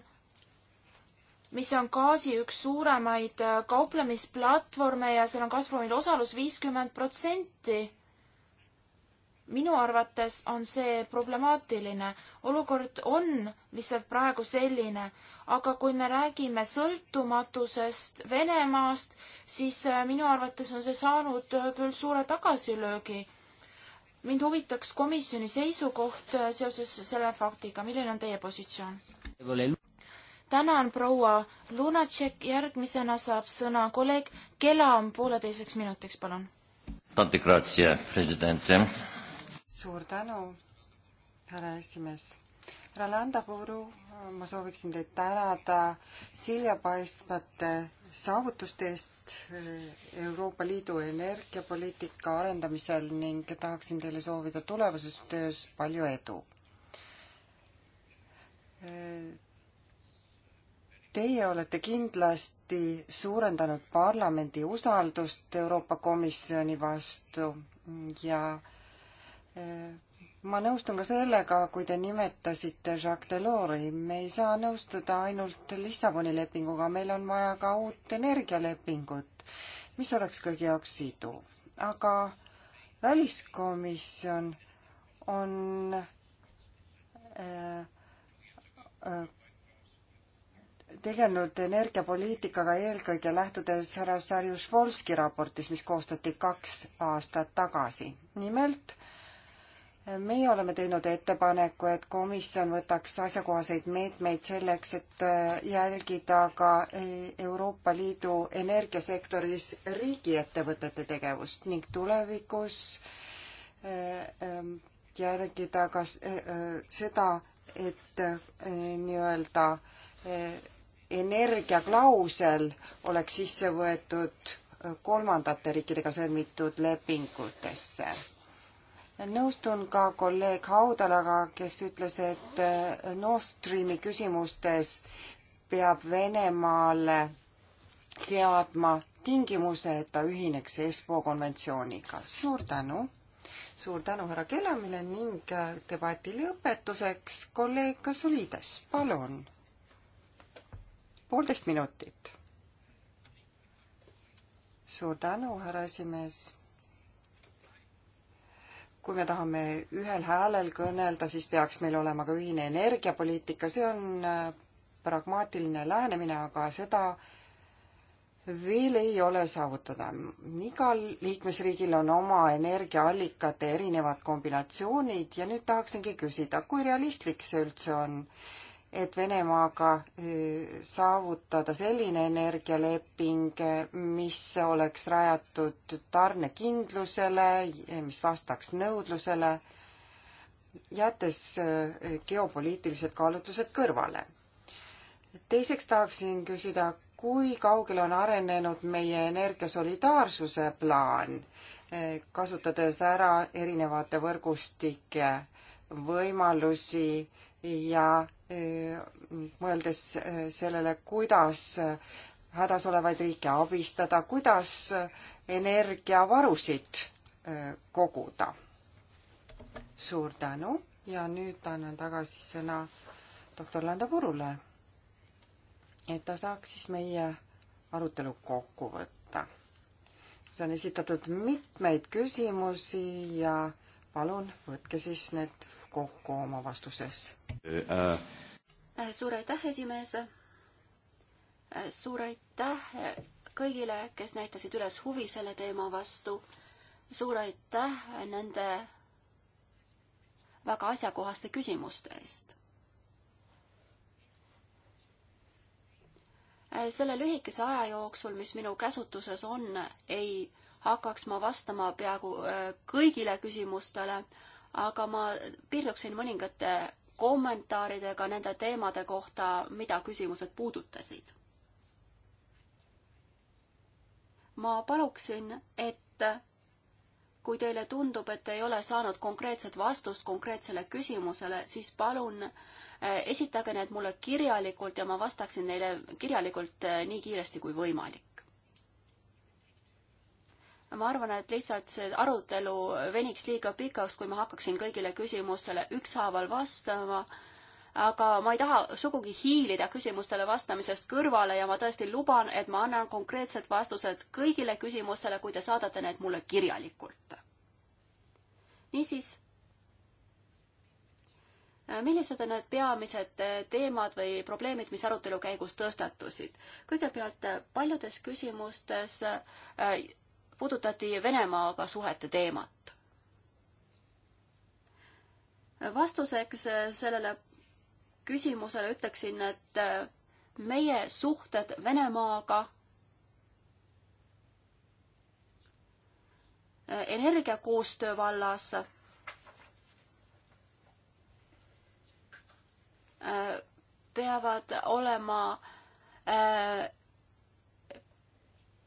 mis on gaasi üks suuremaid äh, kauplemisplatvorme ja seal on Gazpromil osalus viiskümmend protsenti minu arvates on see problemaatiline. olukord on lihtsalt praegu selline, aga kui me räägime sõltumatusest Venemaast, siis äh, minu arvates on see saanud äh, küll suure tagasilöögi. mind huvitaks komisjoni seisukoht äh, seoses selle faktiga, milline on teie positsioon? tänan, proua Lunatšek, järgmisena saab sõna kolleeg Kelam pooleteiseks minutiks, palun. Tanti Grazia, president suur tänu, härra esimees. härra Landapuru, ma sooviksin teid tänada siljapaistvate saavutuste eest eh, Euroopa Liidu energiapoliitika arendamisel ning tahaksin teile soovida tulevases töös palju edu. Eh, teie olete kindlasti suurendanud parlamendi usaldust Euroopa Komisjoni vastu ja äh, ma nõustun ka sellega, kui te nimetasite Jacques Delors'i, me ei saa nõustuda ainult Lissaboni lepinguga, meil on vaja ka uut energialepingut, mis oleks kõigi jaoks siduv. aga väliskomisjon on äh, äh, tegelenud energiapoliitikaga eelkõige lähtudes härra Sarjušvolski raportis, mis koostati kaks aastat tagasi. nimelt meie oleme teinud ettepaneku, et komisjon võtaks asjakohaseid meetmeid selleks, et äh, jälgida ka äh, Euroopa Liidu energiasektoris riigiettevõtete tegevust ning tulevikus äh, ähm, järgida ka seda, et nii-öelda energiaklausel oleks sisse võetud kolmandate riikidega sõlmitud lepingutesse nõustun ka kolleeg Haudalaga, kes ütles, et eh, Nord Streami küsimustes peab Venemaale seadma tingimuse, et ta ühineks Espoo konventsiooniga. suur tänu! suur tänu härra Kelamile ning eh, debati lõpetuseks kolleeg Kasulides, palun! poolteist minutit. suur tänu, härra esimees kui me tahame ühel häälel kõnelda, siis peaks meil olema ka ühine energiapoliitika, see on äh, pragmaatiline lähenemine, aga seda veel ei ole saavutada. igal liikmesriigil on oma energiaallikate erinevad kombinatsioonid ja nüüd tahaksingi küsida, kui realistlik see üldse on? et Venemaaga saavutada selline energialeping, mis oleks rajatud tarnekindlusele, mis vastaks nõudlusele, jättes geopoliitilised kaalutlused kõrvale. teiseks tahaksin küsida, kui kaugele on arenenud meie energiasolidaarsuse äh, plaan, kasutades ära erinevate võrgustike võimalusi ja Eh, mõeldes eh, sellele, kuidas eh, hädas olevaid riike abistada, kuidas energiavarusid koguda. suur tänu ja nüüd annan tagasi sõna doktor Landa Purule, et ta saaks siis meie arutelu kokku võtta. see on esitatud mitmeid küsimusi ja palun võtke siis need kokku oma vastuses äh.? suur aitäh, esimees! Äh, suur aitäh kõigile, kes näitasid üles huvi selle teema vastu. suur aitäh nende väga asjakohaste küsimuste eest äh, selle lühikese aja jooksul, mis minu käsutuses on, ei hakkaks ma vastama peaaegu äh, kõigile küsimustele, aga ma piirduksin mõningate kommentaaridega nende teemade kohta, mida küsimused puudutasid. ma paluksin, et kui teile tundub, et ei ole saanud konkreetset vastust konkreetsele küsimusele, siis palun eh, esitage need mulle kirjalikult ja ma vastaksin neile kirjalikult eh, nii kiiresti kui võimalik ma arvan, et lihtsalt see arutelu veniks liiga pikaks, kui ma hakkaksin kõigile küsimustele ükshaaval vastama aga ma ei taha sugugi hiilida küsimustele vastamisest kõrvale ja ma tõesti luban, et ma annan konkreetsed vastused kõigile küsimustele, kui te saadate need mulle kirjalikult. niisiis, millised on need peamised teemad või probleemid, mis arutelu käigus tõstatusid? kõigepealt paljudes küsimustes äh, puudutati Venemaaga suhete teemat. vastuseks sellele küsimusele ütleksin, et meie suhted Venemaaga energiakoostöö vallas äh, peavad olema äh,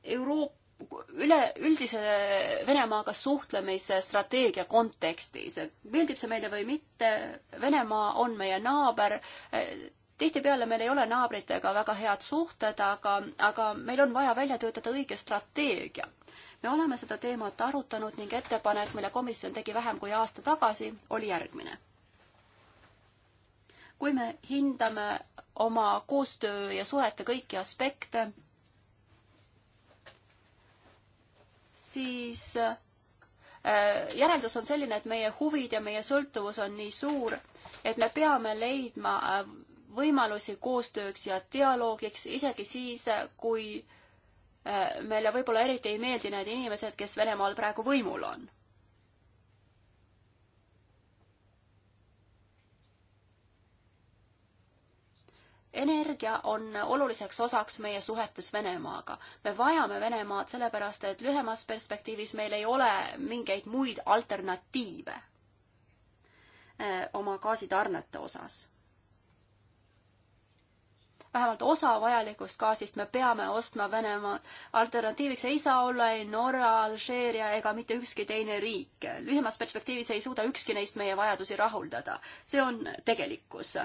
Euroopa üle, üldise Venemaaga suhtlemise strateegia kontekstis, et meeldib see meile või mitte, Venemaa on meie naaber, tihtipeale meil ei ole naabritega väga head suhted, aga, aga meil on vaja välja töötada õige strateegia. me oleme seda teemat arutanud ning ettepanek, mille komisjon tegi vähem kui aasta tagasi, oli järgmine. kui me hindame oma koostöö ja suhete kõiki aspekte, siis äh, järeldus on selline, et meie huvid ja meie sõltuvus on nii suur, et me peame leidma äh, võimalusi koostööks ja dialoogiks, isegi siis, äh, kui meile võib-olla eriti ei meeldi need inimesed, kes Venemaal praegu võimul on energia on oluliseks osaks meie suhetes Venemaaga. me vajame Venemaad sellepärast, et lühemas perspektiivis meil ei ole mingeid muid alternatiive eh, oma gaasitarnete osas. vähemalt osa vajalikust gaasist me peame ostma Venemaa. alternatiiviks ei saa olla ei Norra, Alžeeria ega mitte ükski teine riik. lühemas perspektiivis ei suuda ükski neist meie vajadusi rahuldada. see on tegelikkus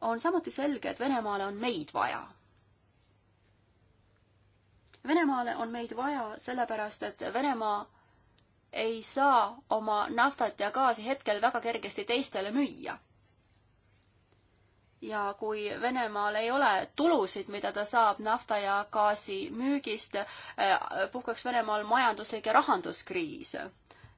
on samuti selge, et Venemaale on meid vaja. Venemaale on meid vaja sellepärast, et Venemaa ei saa oma naftat ja gaasi hetkel väga kergesti teistele müüa. ja kui Venemaal ei ole tulusid, mida ta saab nafta ja gaasi müügist, eh, puhkaks Venemaal majanduslik ja rahanduskriis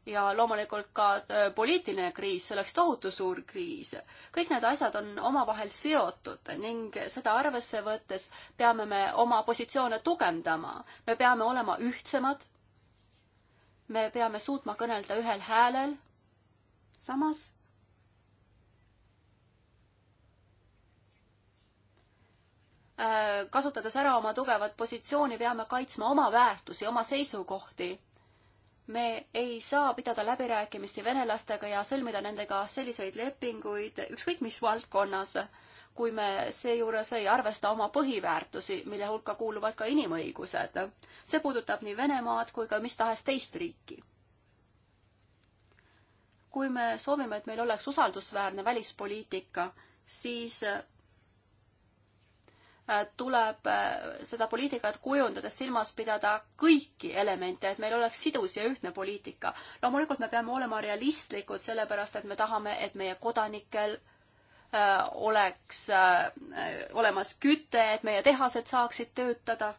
ja loomulikult ka äh, poliitiline kriis, see oleks tohutu suur kriis. kõik need asjad on omavahel seotud ning seda arvesse võttes peame me oma positsioone tugevdama. me peame olema ühtsemad. me peame suutma kõnelda ühel häälel. samas äh, kasutades ära oma tugevat positsiooni, peame kaitsma oma väärtusi, oma seisukohti me ei saa pidada läbirääkimisi venelastega ja sõlmida nendega selliseid lepinguid ükskõik mis valdkonnas, kui me seejuures ei arvesta oma põhiväärtusi, mille hulka kuuluvad ka inimõigused. see puudutab nii Venemaad kui ka mis tahes teist riiki. kui me soovime, et meil oleks usaldusväärne välispoliitika, siis tuleb äh, seda poliitikat kujundades silmas pidada kõiki elemente, et meil oleks sidus ja ühtne poliitika. loomulikult me peame olema realistlikud, sellepärast et me tahame, et meie kodanikel äh, oleks äh, olemas küte, et meie tehased saaksid töötada.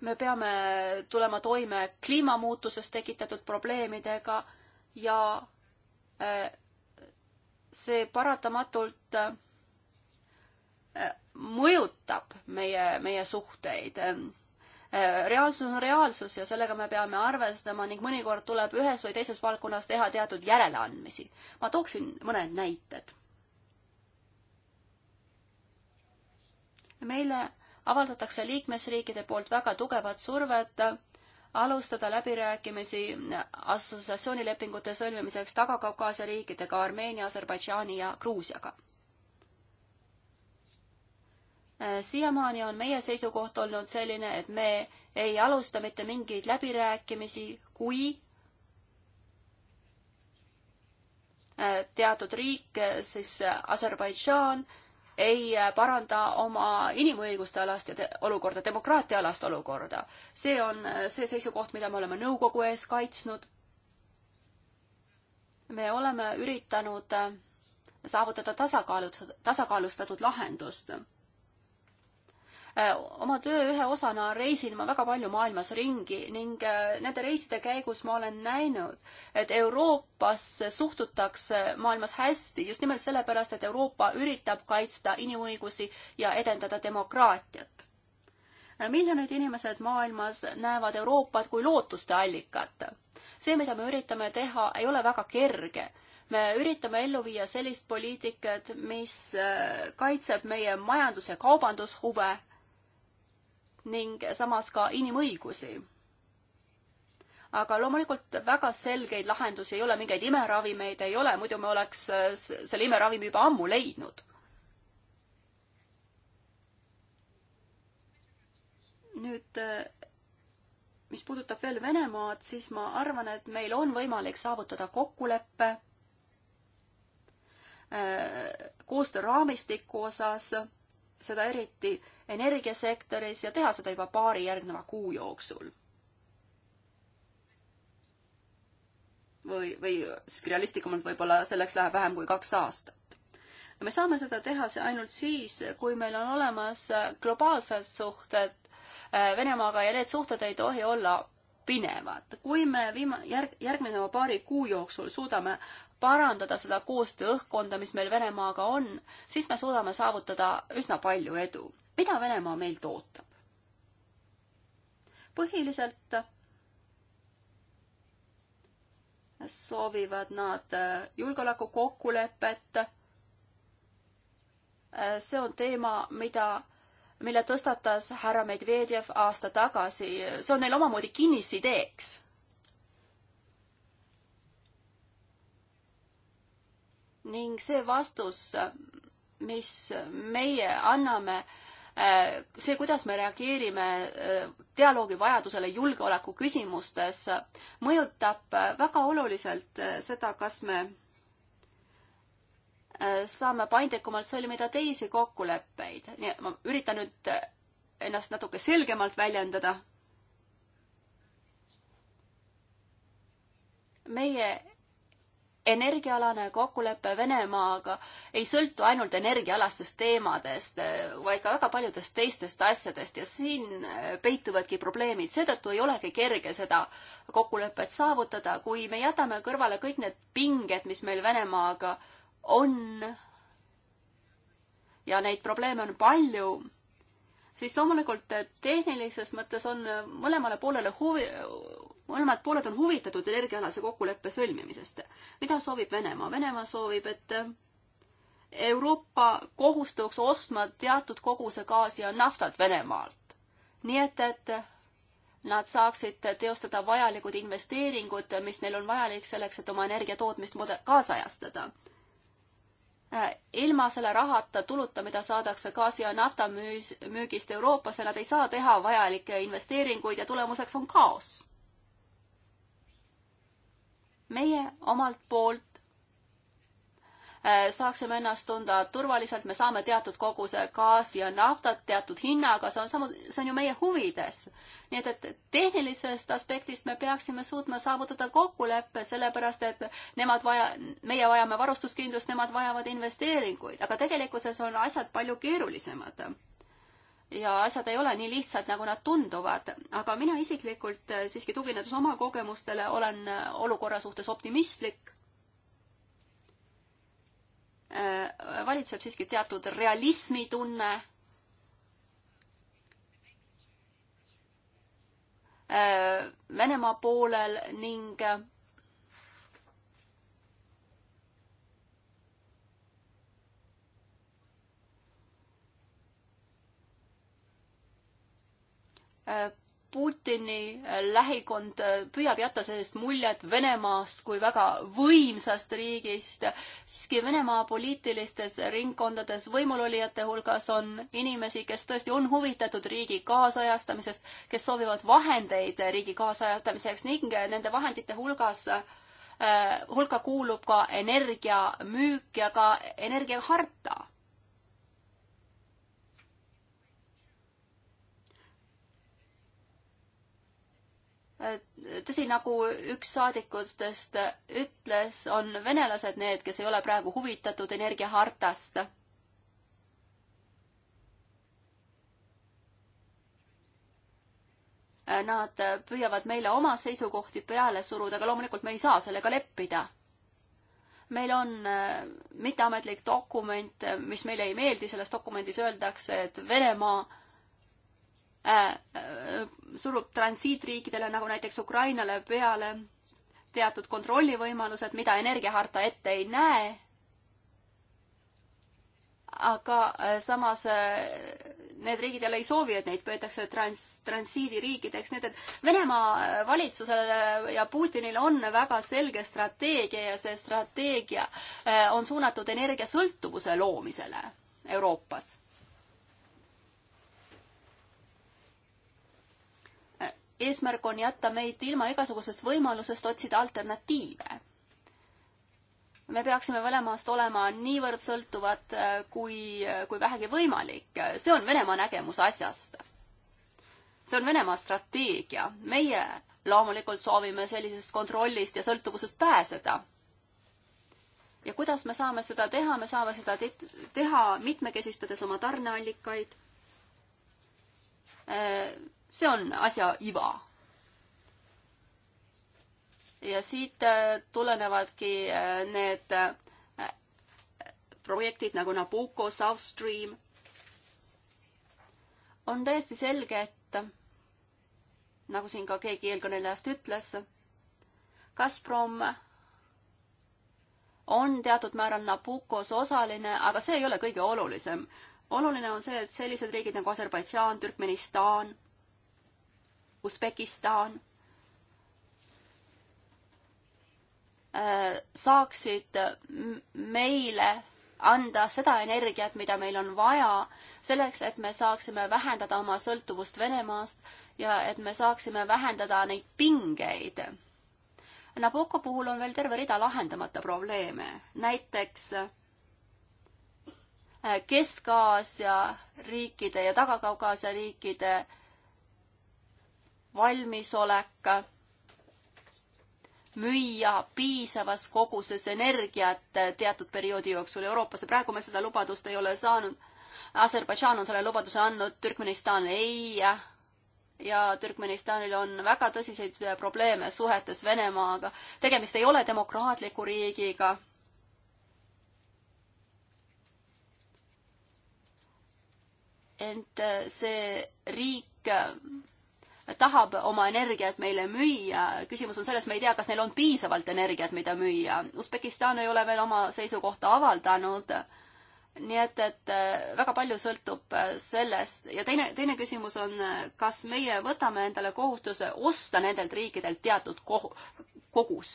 me peame tulema toime kliimamuutusest tekitatud probleemidega ja see paratamatult äh, mõjutab meie, meie suhteid. Äh, reaalsus on reaalsus ja sellega me peame arvestama ning mõnikord tuleb ühes või teises valdkonnas teha teatud järeleandmisi. ma tooksin mõned näited. meile avaldatakse liikmesriikide poolt väga tugevat survet alustada läbirääkimisi assotsiatsioonilepingute sõlmimiseks Taga-Kaukaasia riikidega Armeenia, Aserbaidžaani ja Gruusiaga. siiamaani on meie seisukoht olnud selline, et me ei alusta mitte mingeid läbirääkimisi, kui teatud riik, siis Aserbaidžaan ei paranda oma inimõiguste alast ja te olukorda, demokraatia alast olukorda. see on see seisukoht, mida me oleme nõukogu ees kaitsnud. me oleme üritanud äh, saavutada tasakaalu, tasakaalustatud lahendust Äh, oma töö ühe osana reisin ma väga palju maailmas ringi ning äh, nende reiside käigus ma olen näinud, et Euroopasse suhtutakse maailmas hästi just nimelt sellepärast, et Euroopa üritab kaitsta inimõigusi ja edendada demokraatiat. Äh, miljonid inimesed maailmas näevad Euroopat kui lootuste allikat. see, mida me üritame teha, ei ole väga kerge me üritame ellu viia sellist poliitikat, mis kaitseb meie majandus- ja kaubandushuve ning samas ka inimõigusi. aga loomulikult väga selgeid lahendusi ei ole, mingeid imeravimeid ei ole, muidu me oleks äh, selle imeravimi juba ammu leidnud. nüüd äh, mis puudutab veel Venemaad, siis ma arvan, et meil on võimalik saavutada kokkulepe äh, koostööraamistiku osas, seda eriti energiasektoris ja teha seda juba paari järgneva kuu jooksul. või, või realistlikumalt võib-olla selleks läheb vähem kui kaks aastat ja me saame seda teha ainult siis, kui meil on olemas globaalsed suhted eh, Venemaaga ja need suhted ei tohi olla pinevad. kui me viima-, järg-, järgmise paari kuu jooksul suudame parandada seda koostööõhkkonda, mis meil Venemaaga on, siis me suudame saavutada üsna palju edu. mida Venemaa meilt ootab? põhiliselt soovivad nad äh, julgeolekukokkulepet. Äh, see on teema, mida, mille tõstatas härra Medvedjev aasta tagasi. see on neil omamoodi kinnisideeks ning see vastus, mis meie anname, see, kuidas me reageerime dialoogi vajadusele julgeoleku küsimustes, mõjutab väga oluliselt seda, kas me saame paindlikumalt sõlmida teisi kokkuleppeid. nii et ma üritan nüüd ennast natuke selgemalt väljendada. meie energiaalane kokkulepe Venemaaga ei sõltu ainult energiaalastest teemadest, vaid ka väga paljudest teistest asjadest ja siin eh, peituvadki probleemid. seetõttu ei olegi kerge seda kokkulepet saavutada, kui me jätame kõrvale kõik need pinged, mis meil Venemaaga on. ja neid probleeme on palju siis loomulikult eh, tehnilises mõttes on eh, mõlemale poolele huvi, mõlemad pooled on huvitatud energiaalase kokkuleppe sõlmimisest. mida soovib Venemaa? Venemaa soovib, et eh, Euroopa kohustuks ostma teatud koguse gaasi ja naftat Venemaalt. nii et, et nad saaksid teostada vajalikud investeeringud, mis neil on vajalik selleks, et oma energiatootmist kaasajastada Äh, ilma selle rahata tuluta, mida saadakse gaasi ja nafta müüs, müügist Euroopasse, nad ei saa teha vajalikke investeeringuid ja tulemuseks on kaos. meie omalt poolt Äh, saaksime ennast tunda turvaliselt, me saame teatud koguse gaasi ja naftat teatud hinnaga, see on samu-, see on ju meie huvides. nii et, et tehnilisest aspektist me peaksime suutma saavutada kokkuleppe, sellepärast et nemad vaja, meie vajame varustuskindlust, nemad vajavad investeeringuid, aga tegelikkuses on asjad palju keerulisemad ja asjad ei ole nii lihtsad, nagu nad tunduvad, aga mina isiklikult äh, siiski tuginedes oma kogemustele olen äh, olukorra suhtes optimistlik Äh, valitseb siiski teatud realismitunne. Äh, Venemaa poolel ning äh, Putini äh, lähikond äh, püüab jätta sellist muljet Venemaast kui väga võimsast riigist. siiski Venemaa poliitilistes ringkondades võimulolijate hulgas on inimesi, kes tõesti on huvitatud riigi kaasajastamisest, kes soovivad vahendeid riigi kaasajastamiseks ning nende vahendite hulgas äh, hulka kuulub ka energiamüük ja ka energiaharta tõsi, nagu üks saadikutest ütles, on venelased need, kes ei ole praegu huvitatud energiahartast. Nad püüavad meile oma seisukohti peale suruda, aga loomulikult me ei saa sellega leppida. meil on äh, mitteametlik dokument, mis meile ei meeldi, selles dokumendis öeldakse, et Venemaa Äh, äh, surub transiitriikidele, nagu näiteks Ukrainale peale teatud kontrollivõimalused, mida energiaharta ette ei näe. aga äh, samas need riigid jälle ei soovi, et neid peetakse trans-, transiidiriikideks, nii et, et Venemaa valitsusele ja Putinil on väga selge strateegia ja see strateegia on suunatud energiasõltuvuse loomisele Euroopas eesmärk on jätta meid ilma igasugusest võimalusest otsida alternatiive. me peaksime Venemaast olema niivõrd sõltuvad äh, kui, äh, kui vähegi võimalik. see on Venemaa nägemus asjast. see on Venemaa strateegia. meie loomulikult soovime sellisest kontrollist ja sõltuvusest pääseda. ja kuidas me saame seda teha, me saame seda te teha mitmekesistades oma tarneallikaid äh, see on asja iva. ja siit äh, tulenevadki äh, need äh, projektid nagu Nabucco, South Stream. on täiesti selge, et nagu siin ka keegi eelkõnelejast ütles, Gazprom on teatud määral Nabucos osaline, aga see ei ole kõige olulisem. oluline on see, et sellised riigid nagu Aserbaidžaan, Türkmenistan Usbekistan äh, saaksid meile anda seda energiat, mida meil on vaja, selleks et me saaksime vähendada oma sõltuvust Venemaast ja et me saaksime vähendada neid pingeid. Nabucco puhul on veel terve rida lahendamata probleeme, näiteks äh, Kesk-Aasia riikide ja Taga-Kaukaasia riikide äh, valmisolek müüa piisavas koguses energiat teatud perioodi jooksul Euroopasse. praegu me seda lubadust ei ole saanud. Aserbaidžaan on selle lubaduse andnud, Türkmenistan ei. ja Türkmenistanil on väga tõsiseid probleeme suhetes Venemaaga. tegemist ei ole demokraatliku riigiga ent see riik tahab oma energiat meile müüa. küsimus on selles, me ei tea, kas neil on piisavalt energiat, mida müüa. Usbekistan ei ole veel oma seisukohta avaldanud. nii et, et äh, väga palju sõltub äh, sellest ja teine, teine küsimus on, äh, kas meie võtame endale kohustuse osta nendelt riikidelt teatud kohu, kogus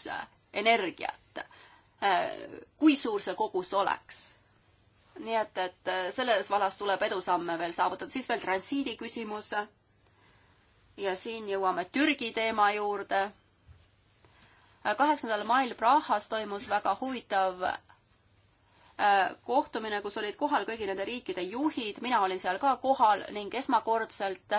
energiat. kui suur see kogus oleks? nii et, et selles vallas tuleb edusamme veel saavutada, siis veel transiidi küsimus ja siin jõuame Türgi teema juurde. kaheksandal mail Prahas toimus väga huvitav äh, kohtumine, kus olid kohal kõigi nende riikide juhid, mina olin seal ka kohal ning esmakordselt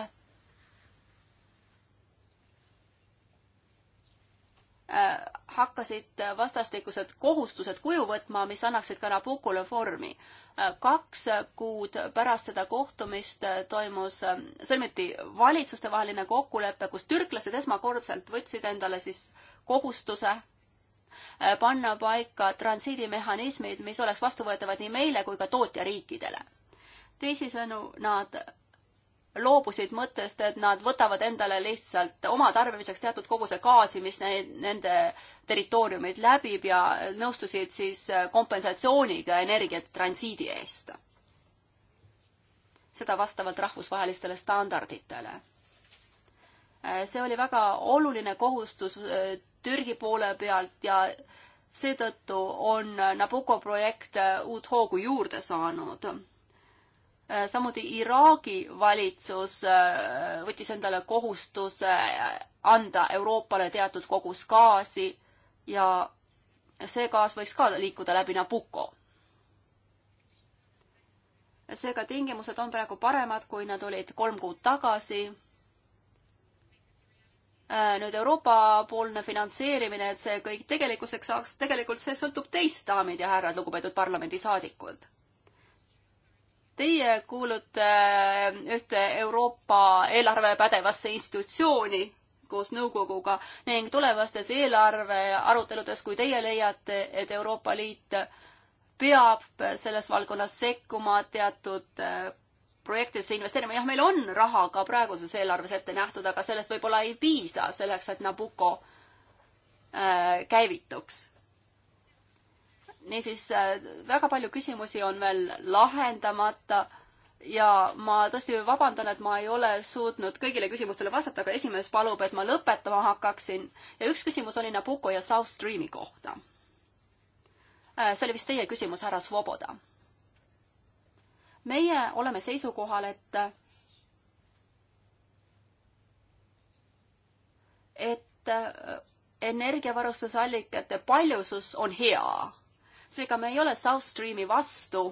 Äh, hakkasid vastastikused kohustused kuju võtma, mis annaksid ka Nabukule vormi. Äh, kaks kuud pärast seda kohtumist äh, toimus, sõlmiti valitsustevaheline kokkulepe, kus türklased esmakordselt võtsid endale siis kohustuse panna paika transiidimehhanismid, mis oleks vastuvõetavad nii meile kui ka tootjariikidele. teisisõnu, nad loobusid mõttest, et nad võtavad endale lihtsalt oma tarbimiseks teatud koguse gaasi, mis neid, nende territooriumid läbib ja nõustusid siis kompensatsiooniga energiat transiidi eest. seda vastavalt rahvusvahelistele standarditele. see oli väga oluline kohustus äh, Türgi poole pealt ja seetõttu on Nabucco projekt äh, uut hoogu juurde saanud Äh, samuti Iraagi valitsus äh, võttis endale kohustuse äh, anda Euroopale teatud kogus gaasi ja see gaas võiks ka liikuda läbi Nabucco. seega tingimused on praegu paremad, kui nad olid kolm kuud tagasi. nüüd Euroopa-poolne finantseerimine, et see kõik tegelikkuseks saaks, tegelikult see sõltub teist, daamid ja härrad, lugupeetud parlamendisaadikud Teie kuulute äh, ühte Euroopa eelarvepädevasse institutsiooni koos nõukoguga ning tulevastes eelarvearuteludes, kui teie leiate, et Euroopa Liit peab selles valdkonnas sekkuma teatud äh, projektidesse investeerima, jah, meil on raha ka praeguses eelarves ette nähtud, aga sellest võib-olla ei piisa selleks, et Nabucco äh, käivituks niisiis äh, väga palju küsimusi on veel lahendamata ja ma tõesti vabandan, et ma ei ole suutnud kõigile küsimustele vastata, aga esimees palub, et ma lõpetama hakkaksin. ja üks küsimus oli Nabucco ja South Streami kohta. Äh, see oli vist teie küsimus, härra Svoboda. meie oleme seisukohal, et et äh, energiavarustusallikate paljusus on hea seega me ei ole South Streami vastu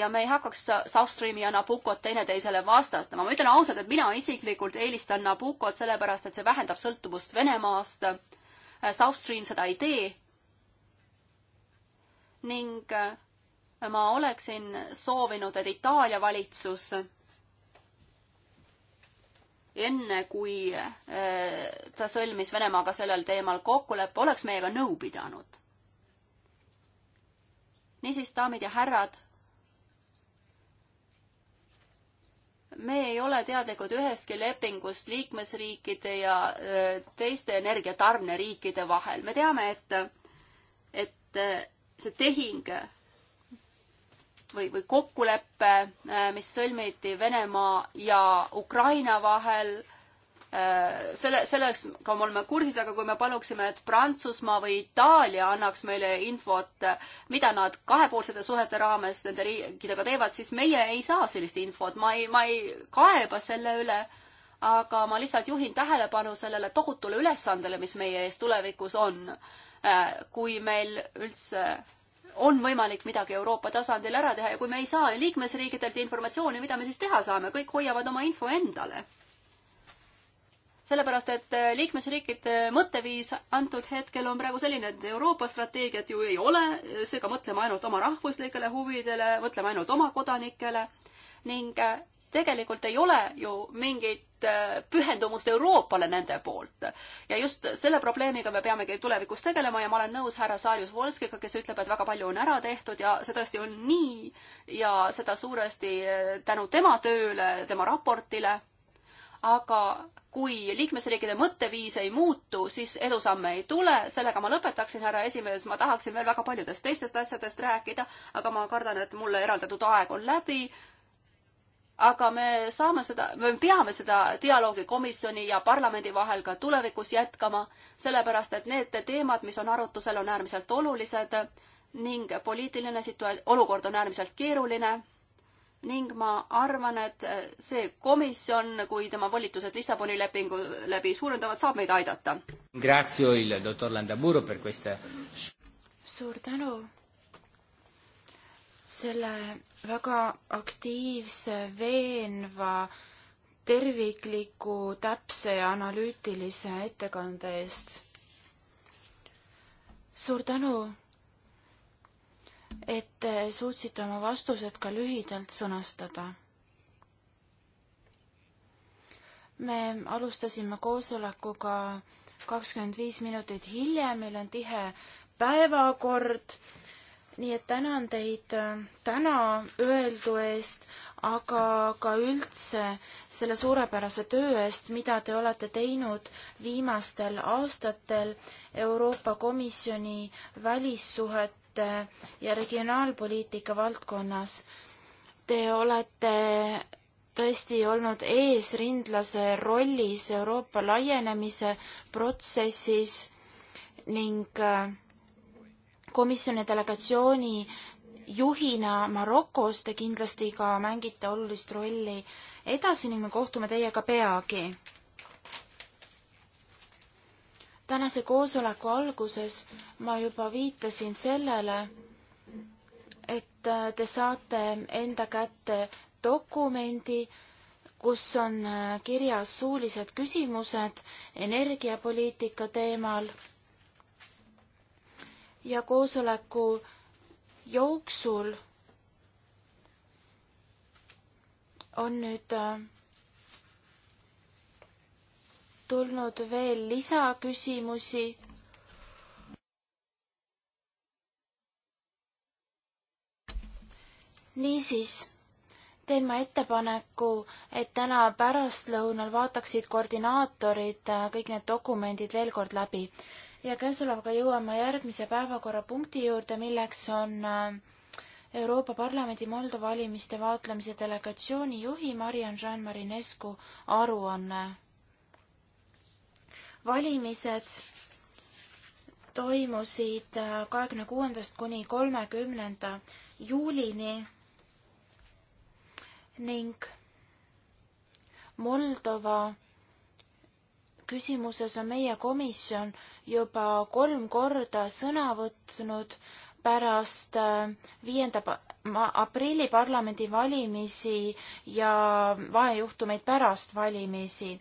ja me ei hakkaks South Streami ja Nabucot teineteisele vastatama. ma ütlen ausalt, et mina isiklikult eelistan Nabucot sellepärast, et see vähendab sõltuvust Venemaast. South Stream seda ei tee. ning äh, ma oleksin soovinud, et Itaalia valitsus enne, kui äh, ta sõlmis Venemaaga sellel teemal kokkuleppe, oleks meiega nõu pidanud niisiis, daamid ja härrad, me ei ole teadlikud ühestki lepingust liikmesriikide ja teiste energiatarneriikide vahel. me teame, et, et see tehing või, või kokkulepe, mis sõlmiti Venemaa ja Ukraina vahel Äh, selle, sellega me oleme kursis, aga kui me paluksime, et Prantsusmaa või Itaalia annaks meile infot, mida nad kahepoolsete suhete raames nende riikidega teevad, siis meie ei saa sellist infot, ma ei, ma ei kaeba selle üle, aga ma lihtsalt juhin tähelepanu sellele tohutule ülesandele, mis meie ees tulevikus on. Äh, kui meil üldse on võimalik midagi Euroopa tasandil ära teha ja kui me ei saa liikmesriikidelt informatsiooni, mida me siis teha saame, kõik hoiavad oma info endale sellepärast et äh, liikmesriikide mõtteviis antud hetkel on praegu selline, et Euroopa strateegiat ju ei ole, seega mõtleme ainult oma rahvuslikele huvidele, mõtleme ainult oma kodanikele ning äh, tegelikult ei ole ju mingit äh, pühendumust Euroopale nende poolt. ja just selle probleemiga me peamegi tulevikus tegelema ja ma olen nõus härra Saarjus Volskiga, kes ütleb, et väga palju on ära tehtud ja see tõesti on nii ja seda suuresti tänu tema tööle, tema raportile aga kui liikmesriikide mõtteviis ei muutu, siis edusamme ei tule. sellega ma lõpetaksin, härra esimees, ma tahaksin veel väga paljudest teistest asjadest rääkida, aga ma kardan, et mulle eraldatud aeg on läbi. aga me saame seda, me peame seda dialoogi komisjoni ja parlamendi vahel ka tulevikus jätkama, sellepärast et need teemad, mis on arutusel, on äärmiselt olulised ning poliitiline situa-, olukord on äärmiselt keeruline ning ma arvan, et eh, see komisjon, kui tema volitused Lissaboni lepingu läbi suurendavad, saab meid aidata. suur tänu selle väga aktiivse, veenva, tervikliku, täpse ja analüütilise ettekande eest. suur tänu et te suutsite oma vastused ka lühidalt sõnastada. me alustasime koosolekuga kakskümmend viis minutit hiljem, meil on tihe päevakord, nii et tänan teid äh, täna öeldu eest, aga ka üldse selle suurepärase töö eest, mida te olete teinud viimastel aastatel Euroopa Komisjoni välissuhet ettevõtete äh, ja regionaalpoliitika valdkonnas. Te olete tõesti olnud eesrindlase rollis Euroopa laienemise protsessis ning äh, komisjoni delegatsiooni juhina Marokos te kindlasti ka mängite olulist rolli edasi ning me kohtume teiega peagi tänase koosoleku alguses ma juba viitasin sellele, et äh, te saate enda kätte dokumendi, kus on äh, kirjas suulised küsimused energiapoliitika teemal. ja koosoleku jooksul on nüüd äh, tulnud veel lisaküsimusi. niisiis, teen ma ettepaneku, et täna pärastlõunal vaataksid koordinaatorid äh, kõik need dokumendid veel kord läbi ja käesolevaga jõuame järgmise päevakorrapunkti juurde, milleks on äh, Euroopa Parlamendi Moldova valimiste vaatlemise delegatsiooni juhi Marian Jean Marinescu aruanne valimised toimusid äh, kahekümne kuuendast kuni kolmekümnenda juulini ning Moldova küsimuses on meie komisjon juba kolm korda sõna võtnud pärast äh, viienda aprilli parlamendivalimisi ja vahejuhtumeid pärast valimisi.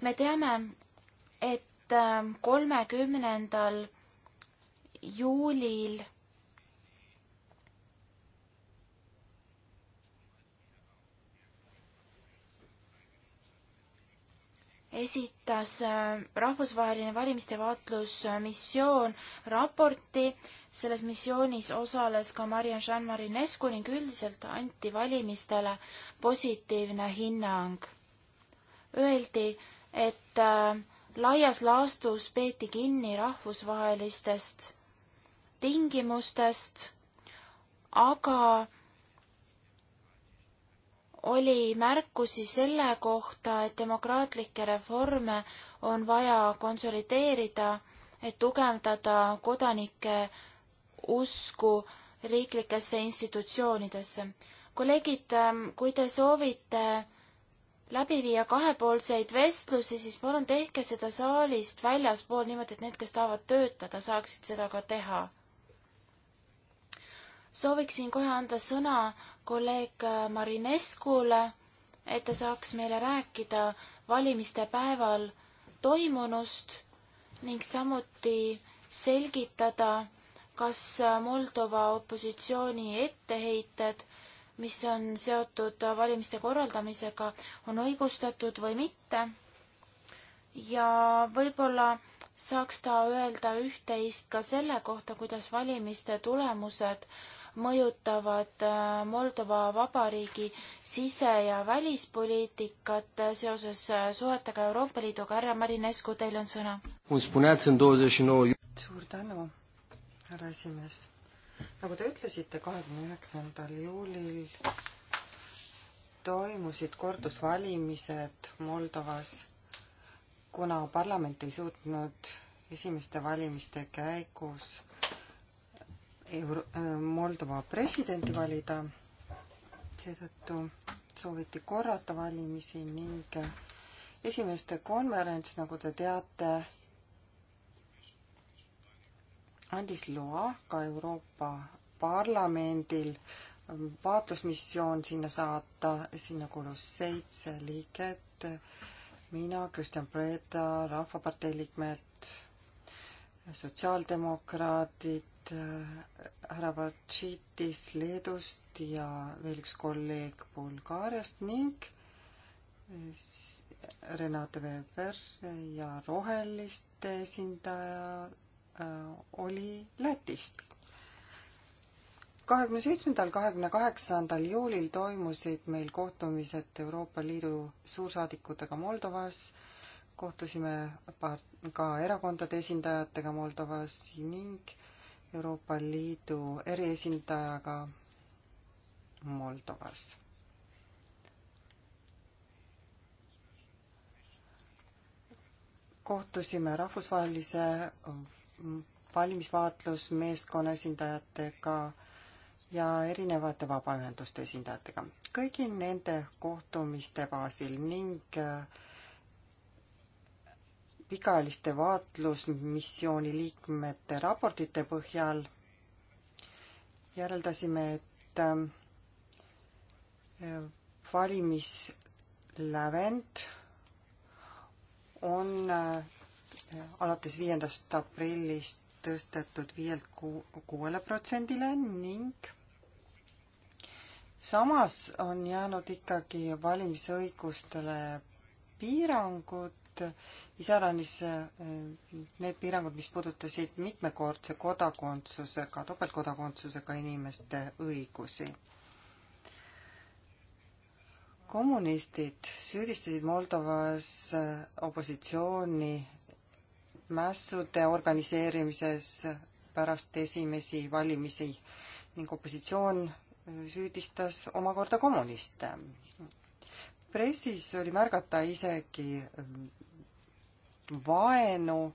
me teame, et ähm, kolmekümnendal juulil esitas ähm, rahvusvaheline valimiste vaatlusmissioon raporti. selles missioonis osales ka Marian Jean-Marinescu ning üldiselt anti valimistele positiivne hinnang. Öeldi, et äh, laias laastus peeti kinni rahvusvahelistest tingimustest, aga oli märkusi selle kohta, et demokraatlikke reforme on vaja konsolideerida, et tugevdada kodanike usku riiklikesse institutsioonidesse. kolleegid, ähm, kui te soovite läbi viia kahepoolseid vestlusi, siis palun tehke seda saalist väljaspool niimoodi, et need, kes tahavad töötada, saaksid seda ka teha. sooviksin kohe anda sõna kolleeg Marineskule, et ta saaks meile rääkida valimiste päeval toimunust ning samuti selgitada, kas Moldova opositsiooni etteheited mis on seotud valimiste korraldamisega, on õigustatud või mitte. ja võib-olla saaks ta öelda üht-teist ka selle kohta, kuidas valimiste tulemused mõjutavad äh, Moldova Vabariigi sise- ja välispoliitikat seoses äh, suhetega Euroopa Liiduga. härra Marinescu, teil on sõna. suur tänu, härra esimees nagu te ütlesite, kahekümne üheksandal juulil toimusid kordusvalimised Moldovas, kuna parlament ei suutnud esimeste valimiste käigus Euro-, Moldova presidenti valida, seetõttu sooviti korrata valimisi ning esimeste konverents, nagu te teate, andis loa ka Euroopa Parlamendil vaatlusmissioon sinna saata, sinna kuulus seitse liiget, mina, Kristjan Preda, Rahvapartei liikmed, sotsiaaldemokraadid, härra Vartšitis Leedust ja veel üks kolleeg Bulgaariast ning Renate Weber ja Roheliste esindaja Äh, oli Lätist. kahekümne seitsmendal, kahekümne kaheksandal juulil toimusid meil kohtumised Euroopa Liidu suursaadikutega Moldovas, kohtusime paar, ka erakondade esindajatega Moldovas ning Euroopa Liidu eriesindajaga Moldovas kohtusime rahvusvahelise valimisvaatlusmeeskonna esindajatega ja erinevate vabaühenduste esindajatega. kõigi nende kohtumiste baasil ning äh, pikaajaliste vaatlusmissiooni liikmete raportite põhjal järeldasime, et äh, valimislävend on äh, alates viiendast aprillist tõstetud viielt kuuele protsendile ning samas on jäänud ikkagi valimisõigustele piirangud, iseäranis eh, need piirangud, mis puudutasid mitmekordse kodakondsusega, topeltkodakondsusega inimeste õigusi kommunistid süüdistasid Moldovas eh, opositsiooni mässude organiseerimises pärast esimesi valimisi ning opositsioon süüdistas omakorda kommuniste. pressis oli märgata isegi vaenu,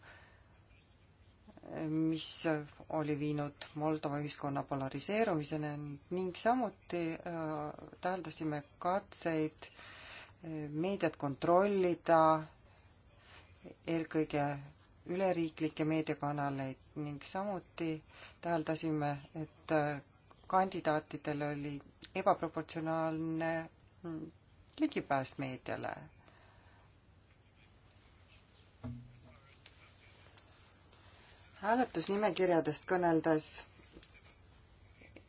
mis oli viinud Moldova ühiskonna polariseerumiseni ning samuti äh, täheldasime katseid äh, meediat kontrollida, eelkõige üleriiklikke meediakanaleid ning samuti täheldasime, et kandidaatidel oli ebaproportsionaalne ligipääs meediale hääletusnimekirjadest kõneldes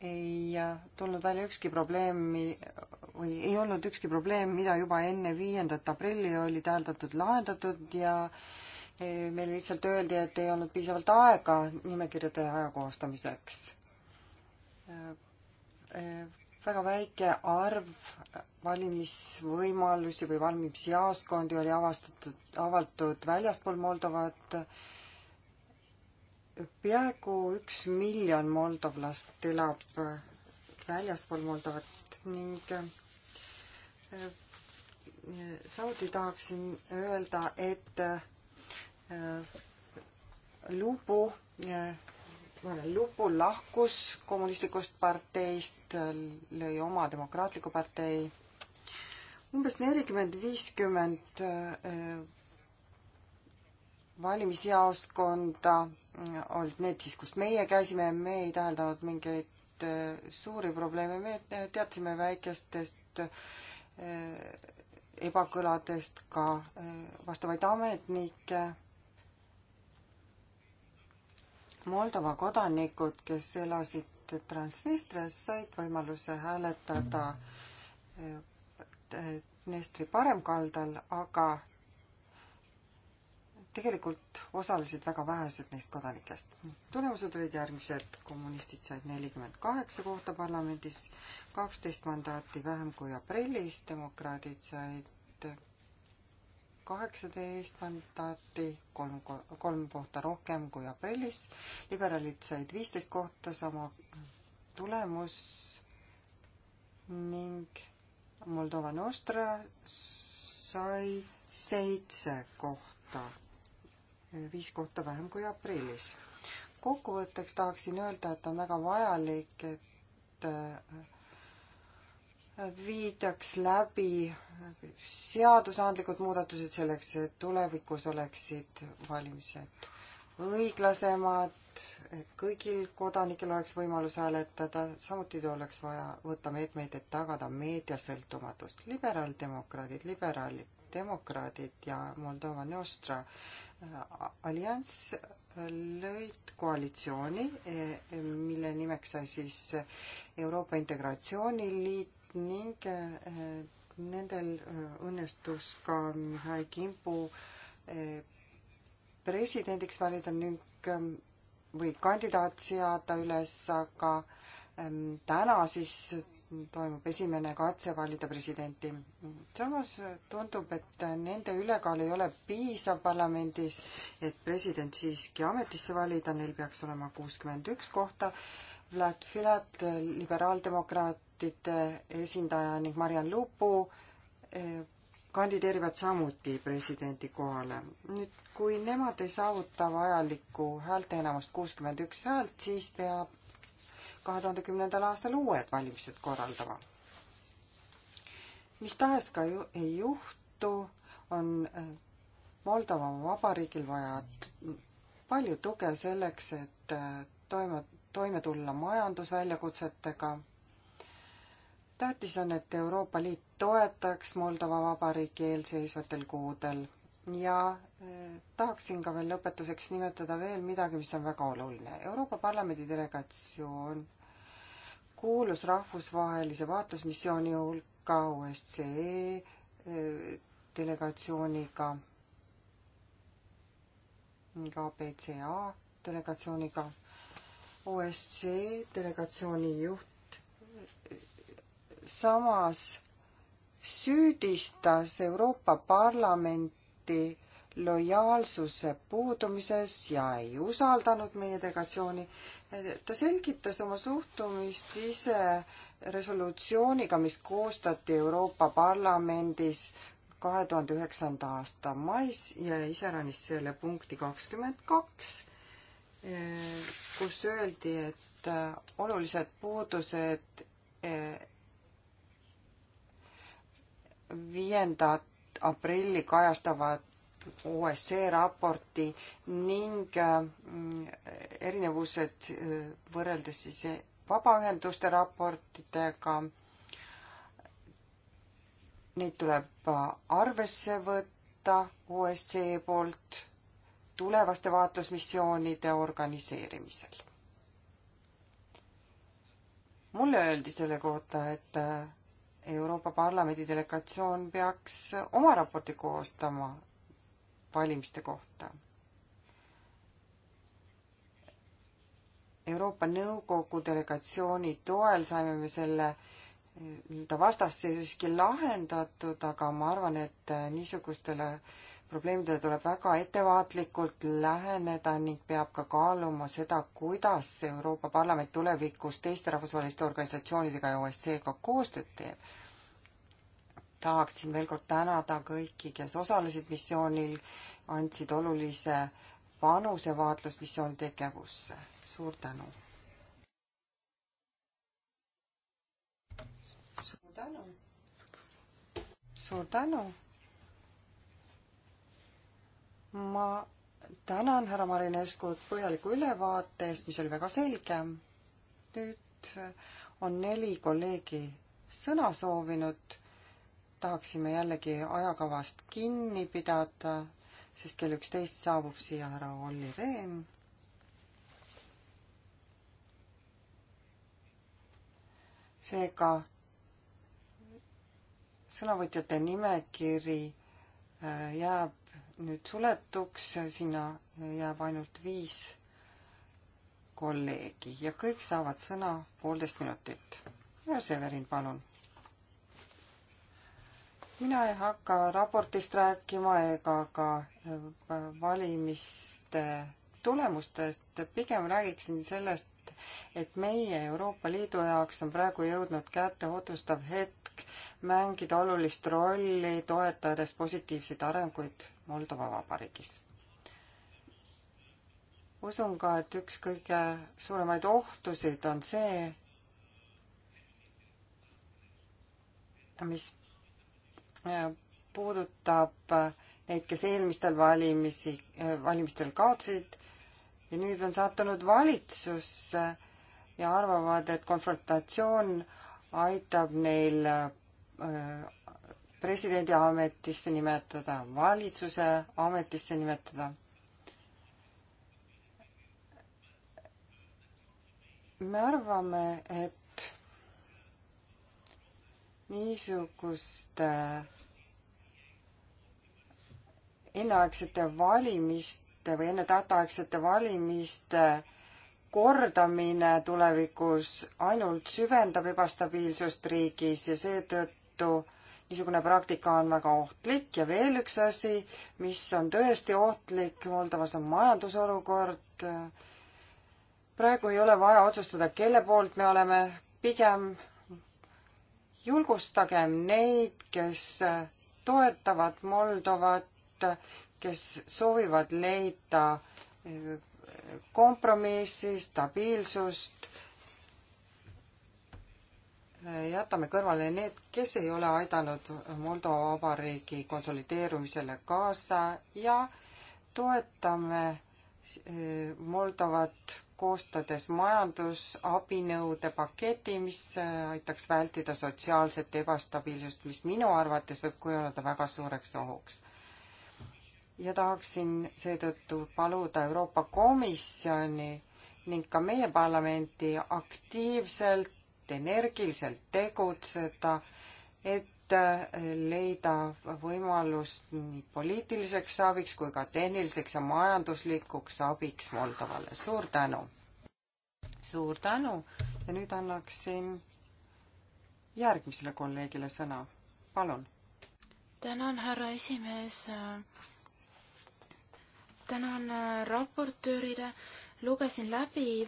ei tulnud välja ükski probleem või ei olnud ükski probleem, mida juba enne viiendat aprilli oli täheldatud lahendatud ja meile lihtsalt öeldi, et ei olnud piisavalt aega nimekirjade ajakohastamiseks. väga väike arv valimisvõimalusi või valimisjaoskondi oli avastatud, avatud väljaspool Moldovat. peaaegu üks miljon moldovlast elab väljaspool Moldovat ning eh, samuti tahaksin öelda, et Lubu, äh, Lubu äh, lahkus kommunistlikust parteist, äh, lõi oma demokraatliku partei. umbes nelikümmend, viiskümmend valimisjaoskonda olid need siis, kus meie käisime, me ei täheldanud mingeid suuri probleeme, me teadsime väikestest ebakõladest ka vastavaid ametnikke Moldova kodanikud, kes elasid Transnistrias, said võimaluse hääletada eh, Dnestri paremkaldal, aga tegelikult osalesid väga vähesed neist kodanikest. tulemused olid järgmised, kommunistid said nelikümmend kaheksa kohta parlamendis, kaksteist mandaati vähem kui aprillis, demokraadid said kaheksateist mandaati, kolm, kolm kohta rohkem kui aprillis. liberaalid said viisteist kohta, sama tulemus ning Moldova Nostra sai seitse kohta, viis kohta vähem kui aprillis. kokkuvõtteks tahaksin öelda, et on väga vajalik, et viidaks läbi seadusandlikud muudatused selleks, et tulevikus oleksid valimised õiglasemad, et kõigil kodanikel oleks võimalus hääletada, samuti oleks vaja võtta meetmeid, et tagada meedia sõltumatust. liberaaldemokraadid, liberaalid, demokraadid ja Moldova Nostra äh, allianss äh, lõid koalitsiooni, äh, mille nimeks sai siis Euroopa Integratsiooniliit, ning eh, nendel eh, õnnestus ka Mihhail Kimpu eh, presidendiks valida ning või kandidaat seada üles, aga täna siis toimub esimene katse valida presidenti. samas tundub, et nende ülekaal ei ole piisav parlamendis, et president siiski ametisse valida, neil peaks olema kuuskümmend üks kohta. Vlad Filat, liberaaldemokraat, Demokraatide esindaja ning Mariann Lupu eh, kandideerivad samuti presidendi kohale. nüüd, kui nemad ei saavuta vajalikku häälteenamust kuuskümmend üks häält, siis peab kahe tuhande kümnendal aastal uued valimised korraldama. mis tahes ka ju ei juhtu, on eh, Moldova Vabariigil vaja palju tuge selleks, et eh, toime, toime tulla majandusväljakutsetega tähtis on, et Euroopa Liit toetaks Moldova Vabariiki eelseisvatel kuudel ja eh, tahaksin ka veel lõpetuseks nimetada veel midagi, mis on väga oluline. Euroopa Parlamendi delegatsioon kuulus rahvusvahelise vaatlusmissiooni hulka OSCE eh, delegatsiooniga, ka PCA delegatsiooniga. OSCE delegatsiooni juht samas süüdistas Euroopa Parlamenti lojaalsuse puudumises ja ei usaldanud meie delegatsiooni. ta selgitas oma suhtumist ise resolutsiooniga, mis koostati Euroopa Parlamendis kahe tuhande üheksanda aasta mais ja iseäranis selle punkti kakskümmend kaks, eh, kus öeldi, et eh, olulised puudused eh, viiendat aprilli kajastavat OSCE raporti ning äh, erinevused äh, võrreldes siis äh, vabaühenduste raportitega. Neid tuleb arvesse võtta OSCE poolt tulevaste vaatlusmissioonide organiseerimisel. mulle öeldi selle kohta, et Euroopa Parlamendi delegatsioon peaks oma raporti koostama valimiste kohta. Euroopa Nõukogu delegatsiooni toel saime me selle nii-öelda vastasseisu siiski lahendatud, aga ma arvan, et niisugustele äh, probleemidele tuleb väga ettevaatlikult läheneda ning peab ka kaaluma seda, kuidas Euroopa Parlament tulevikus teiste rahvusvaheliste organisatsioonidega ja OSCE-ga koostööd teeb. tahaksin veel kord tänada kõiki, kes osalesid missioonil, andsid olulise panuse vaatlusmissiooni tegevusse. suur tänu! suur tänu! suur tänu! ma tänan härra Marineskut põhjaliku ülevaate eest, mis oli väga selge. nüüd on neli kolleegi sõna soovinud. tahaksime jällegi ajakavast kinni pidada, sest kell üksteist saabub siia härra Olli Rehn. seega sõnavõtjate nimekiri äh, jääb nüüd suletuks ja sinna jääb ainult viis kolleegi ja kõik saavad sõna poolteist minutit. ja Severin, palun. mina ei hakka raportist rääkima ega ka äh, valimiste tulemustest, pigem räägiksin sellest, et, et meie Euroopa Liidu jaoks on praegu jõudnud kätte otsustav hetk mängida olulist rolli, toetades positiivseid arenguid Moldova Vabariigis. usun ka, et üks kõige suuremaid ohtusid on see, mis puudutab äh, neid, kes eelmistel valimisi, äh, valimistel kaotasid ja nüüd on sattunud valitsusse ja arvavad, et konfrontatsioon aitab neil äh, presidendi ametisse nimetada, valitsuse ametisse nimetada. me arvame, et niisuguste enneaegsete valimiste tähtaegsete või enne tähtaegsete valimiste kordamine tulevikus ainult süvendab ebastabiilsust riigis ja seetõttu niisugune praktika on väga ohtlik ja veel üks asi, mis on tõesti ohtlik, Moldovas on majandusolukord. praegu ei ole vaja otsustada, kelle poolt me oleme, pigem julgustagem neid, kes toetavad Moldovat kes soovivad leida eh, kompromissi, stabiilsust. Eh, jätame kõrvale need, kes ei ole aidanud Moldova Vabariigi konsolideerumisele kaasa ja toetame eh, Moldovat koostades majandusabinõude paketi, mis aitaks vältida sotsiaalset ebastabiilsust, mis minu arvates võib kujuneda väga suureks ohuks ja tahaksin seetõttu paluda Euroopa Komisjoni ning ka meie parlamenti aktiivselt, energiliselt tegutseda, et äh, leida võimalus nii poliitiliseks abiks kui ka tehniliseks ja majanduslikuks abiks Moldovale. suur tänu! suur tänu ja nüüd annaksin järgmisele kolleegile sõna. palun! tänan, härra esimees äh tänan äh, raportöörile, lugesin läbi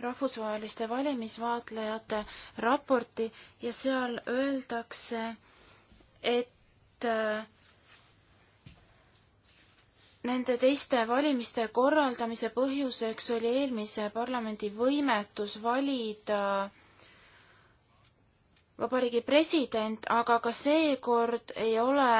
rahvusvaheliste valimisvaatlejate raporti ja seal öeldakse, et äh, nende teiste valimiste korraldamise põhjuseks oli eelmise parlamendi võimetus valida vabariigi president, aga ka seekord ei ole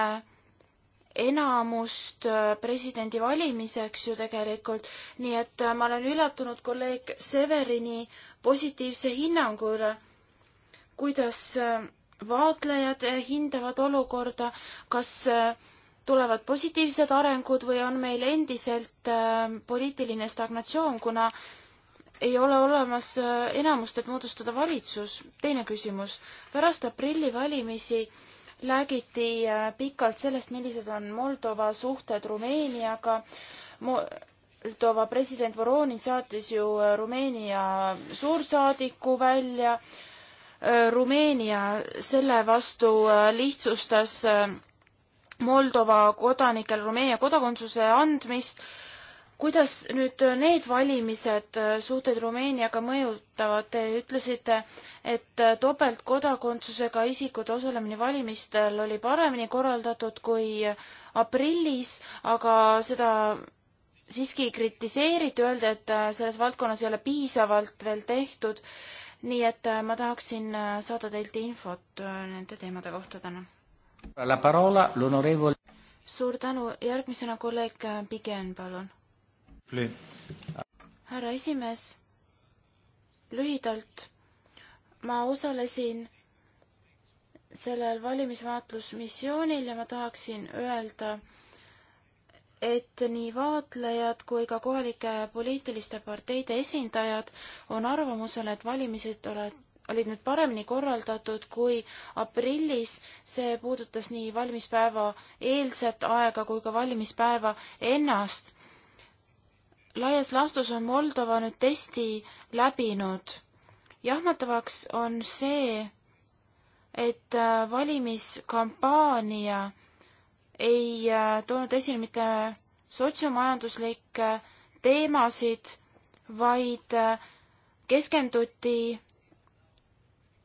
enamust äh, presidendi valimiseks ju tegelikult, nii et äh, ma olen üllatunud kolleeg Severini positiivse hinnangu üle, kuidas äh, vaatlejad hindavad olukorda, kas tulevad positiivsed arengud või on meil endiselt poliitiline stagnatsioon, kuna ei ole olemas enamust, et moodustada valitsus. teine küsimus. pärast aprilli valimisi räägiti äh, pikalt sellest, millised on Moldova suhted Rumeeniaga. Moldova president Voronin saatis ju äh, Rumeenia suursaadiku välja. Äh, Rumeenia selle vastu lihtsustas Moldova kodanikel Rumeenia kodakondsuse andmist kuidas nüüd äh, need valimised äh, suhteid Rumeeniaga mõjutavad? Te ütlesite, et äh, topeltkodakondsusega isikute osalemine valimistel oli paremini korraldatud kui aprillis, aga seda siiski kritiseeriti, öeldi, et selles valdkonnas ei ole piisavalt veel tehtud. nii et ma tahaksin saada teilt infot nende teemade kohta täna. suur tänu, järgmisena kolleeg Pigen, palun härra esimees, lühidalt ma osalesin sellel valimisvaatlusmissioonil ja ma tahaksin öelda, et nii vaatlejad kui ka kohalike poliitiliste parteide esindajad on arvamusel, et valimised oled, olid nüüd paremini korraldatud kui aprillis. see puudutas nii valimispäeva eelset aega kui ka valimispäeva ennast laias laastus on Moldova nüüd testi läbinud. jahmatavaks on see, et äh, valimiskampaania ei äh, toonud esile mitte sotsiomajanduslikke äh, teemasid, vaid keskenduti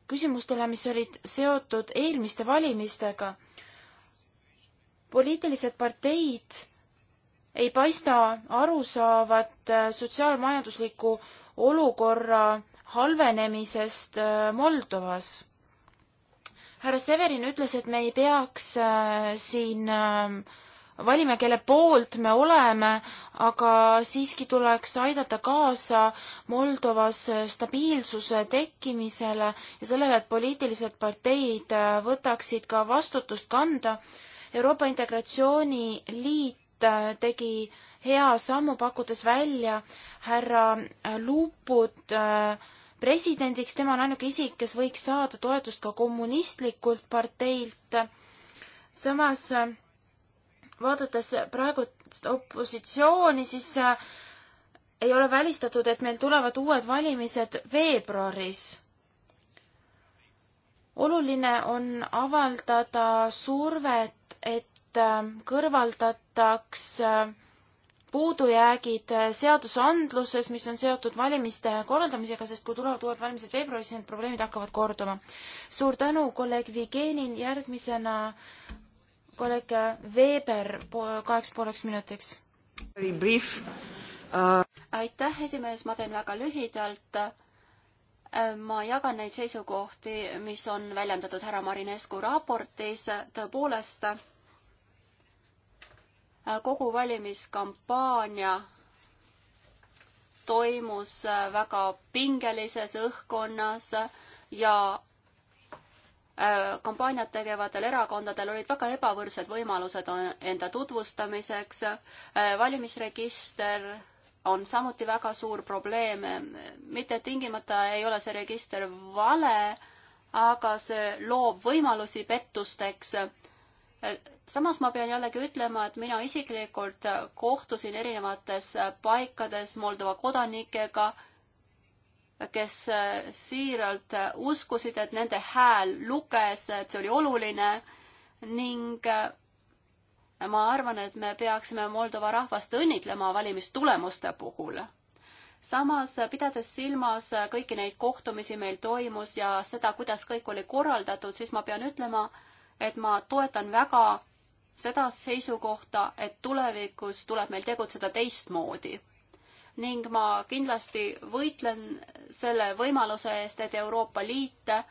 küsimustele, mis olid seotud eelmiste valimistega. poliitilised parteid ei paista aru saavat äh, sotsiaalmajandusliku olukorra halvenemisest äh, Moldovas. härra Severin ütles, et me ei peaks äh, siin valima, kelle poolt me oleme, aga siiski tuleks aidata kaasa Moldovas stabiilsuse tekkimisele ja sellele, et poliitilised parteid võtaksid ka vastutust kanda. Euroopa Integratsiooni Liit Äh, tegi hea sammu, pakkudes välja härra äh, Luput äh, presidendiks, tema on ainuke isik, kes võiks saada toetust ka kommunistlikult parteilt. samas vaadates praegust opositsiooni, siis ei ole välistatud, et meil tulevad uued valimised veebruaris. oluline on avaldada survet, et Äh, kõrvaldataks äh, puudujäägid äh, seadusandluses, mis on seotud valimiste korraldamisega, sest kui tulevad uued valimised veebruaris, siis need probleemid hakkavad korduma. suur tänu, kolleeg Vigenin, järgmisena kolleeg Weber kaheks pooleks minutiks. Uh... aitäh, esimees, ma teen väga lühidalt. ma jagan neid seisukohti, mis on väljendatud härra Marinescu raportis, tõepoolest Äh, kogu valimiskampaania toimus äh, väga pingelises õhkkonnas ja äh, kampaaniat tegevatel erakondadel olid väga ebavõrdsed võimalused enda tutvustamiseks. valimisregister on samuti väga suur probleem. mitte tingimata ei ole see register vale, aga see loob võimalusi pettusteks samas ma pean jällegi ütlema, et mina isiklikult kohtusin erinevates paikades Moldova kodanikega, kes siiralt uskusid, et nende hääl luges, et see oli oluline ning ma arvan, et me peaksime Moldova rahvast õnnitlema valimistulemuste puhul. samas, pidades silmas kõiki neid kohtumisi meil toimus ja seda, kuidas kõik oli korraldatud, siis ma pean ütlema, et ma toetan väga seda seisukohta, et tulevikus tuleb meil tegutseda teistmoodi. ning ma kindlasti võitlen selle võimaluse eest, et Euroopa Liit äh,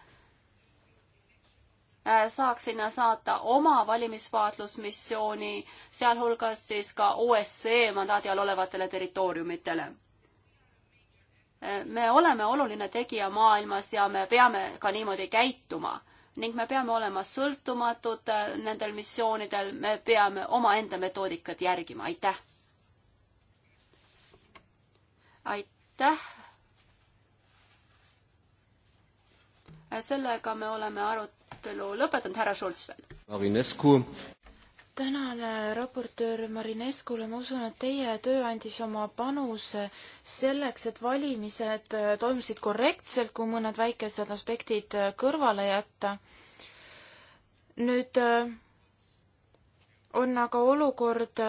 saaks sinna saata oma valimisvaatlusmissiooni, sealhulgas siis ka OSCE mandaadi all olevatele territooriumitele. Äh, me oleme oluline tegija maailmas ja me peame ka niimoodi käituma ning me peame olema sõltumatud äh, nendel missioonidel, me peame omaenda metoodikat järgima, aitäh. aitäh. Äh, sellega me oleme arutelu lõpetanud, härra Schulz veel. Marinescu tänan äh, raportöör Marineskule, ma usun, et teie töö andis oma panuse selleks, et valimised äh, toimusid korrektselt, kui mõned väikesed aspektid äh, kõrvale jätta. nüüd on aga olukord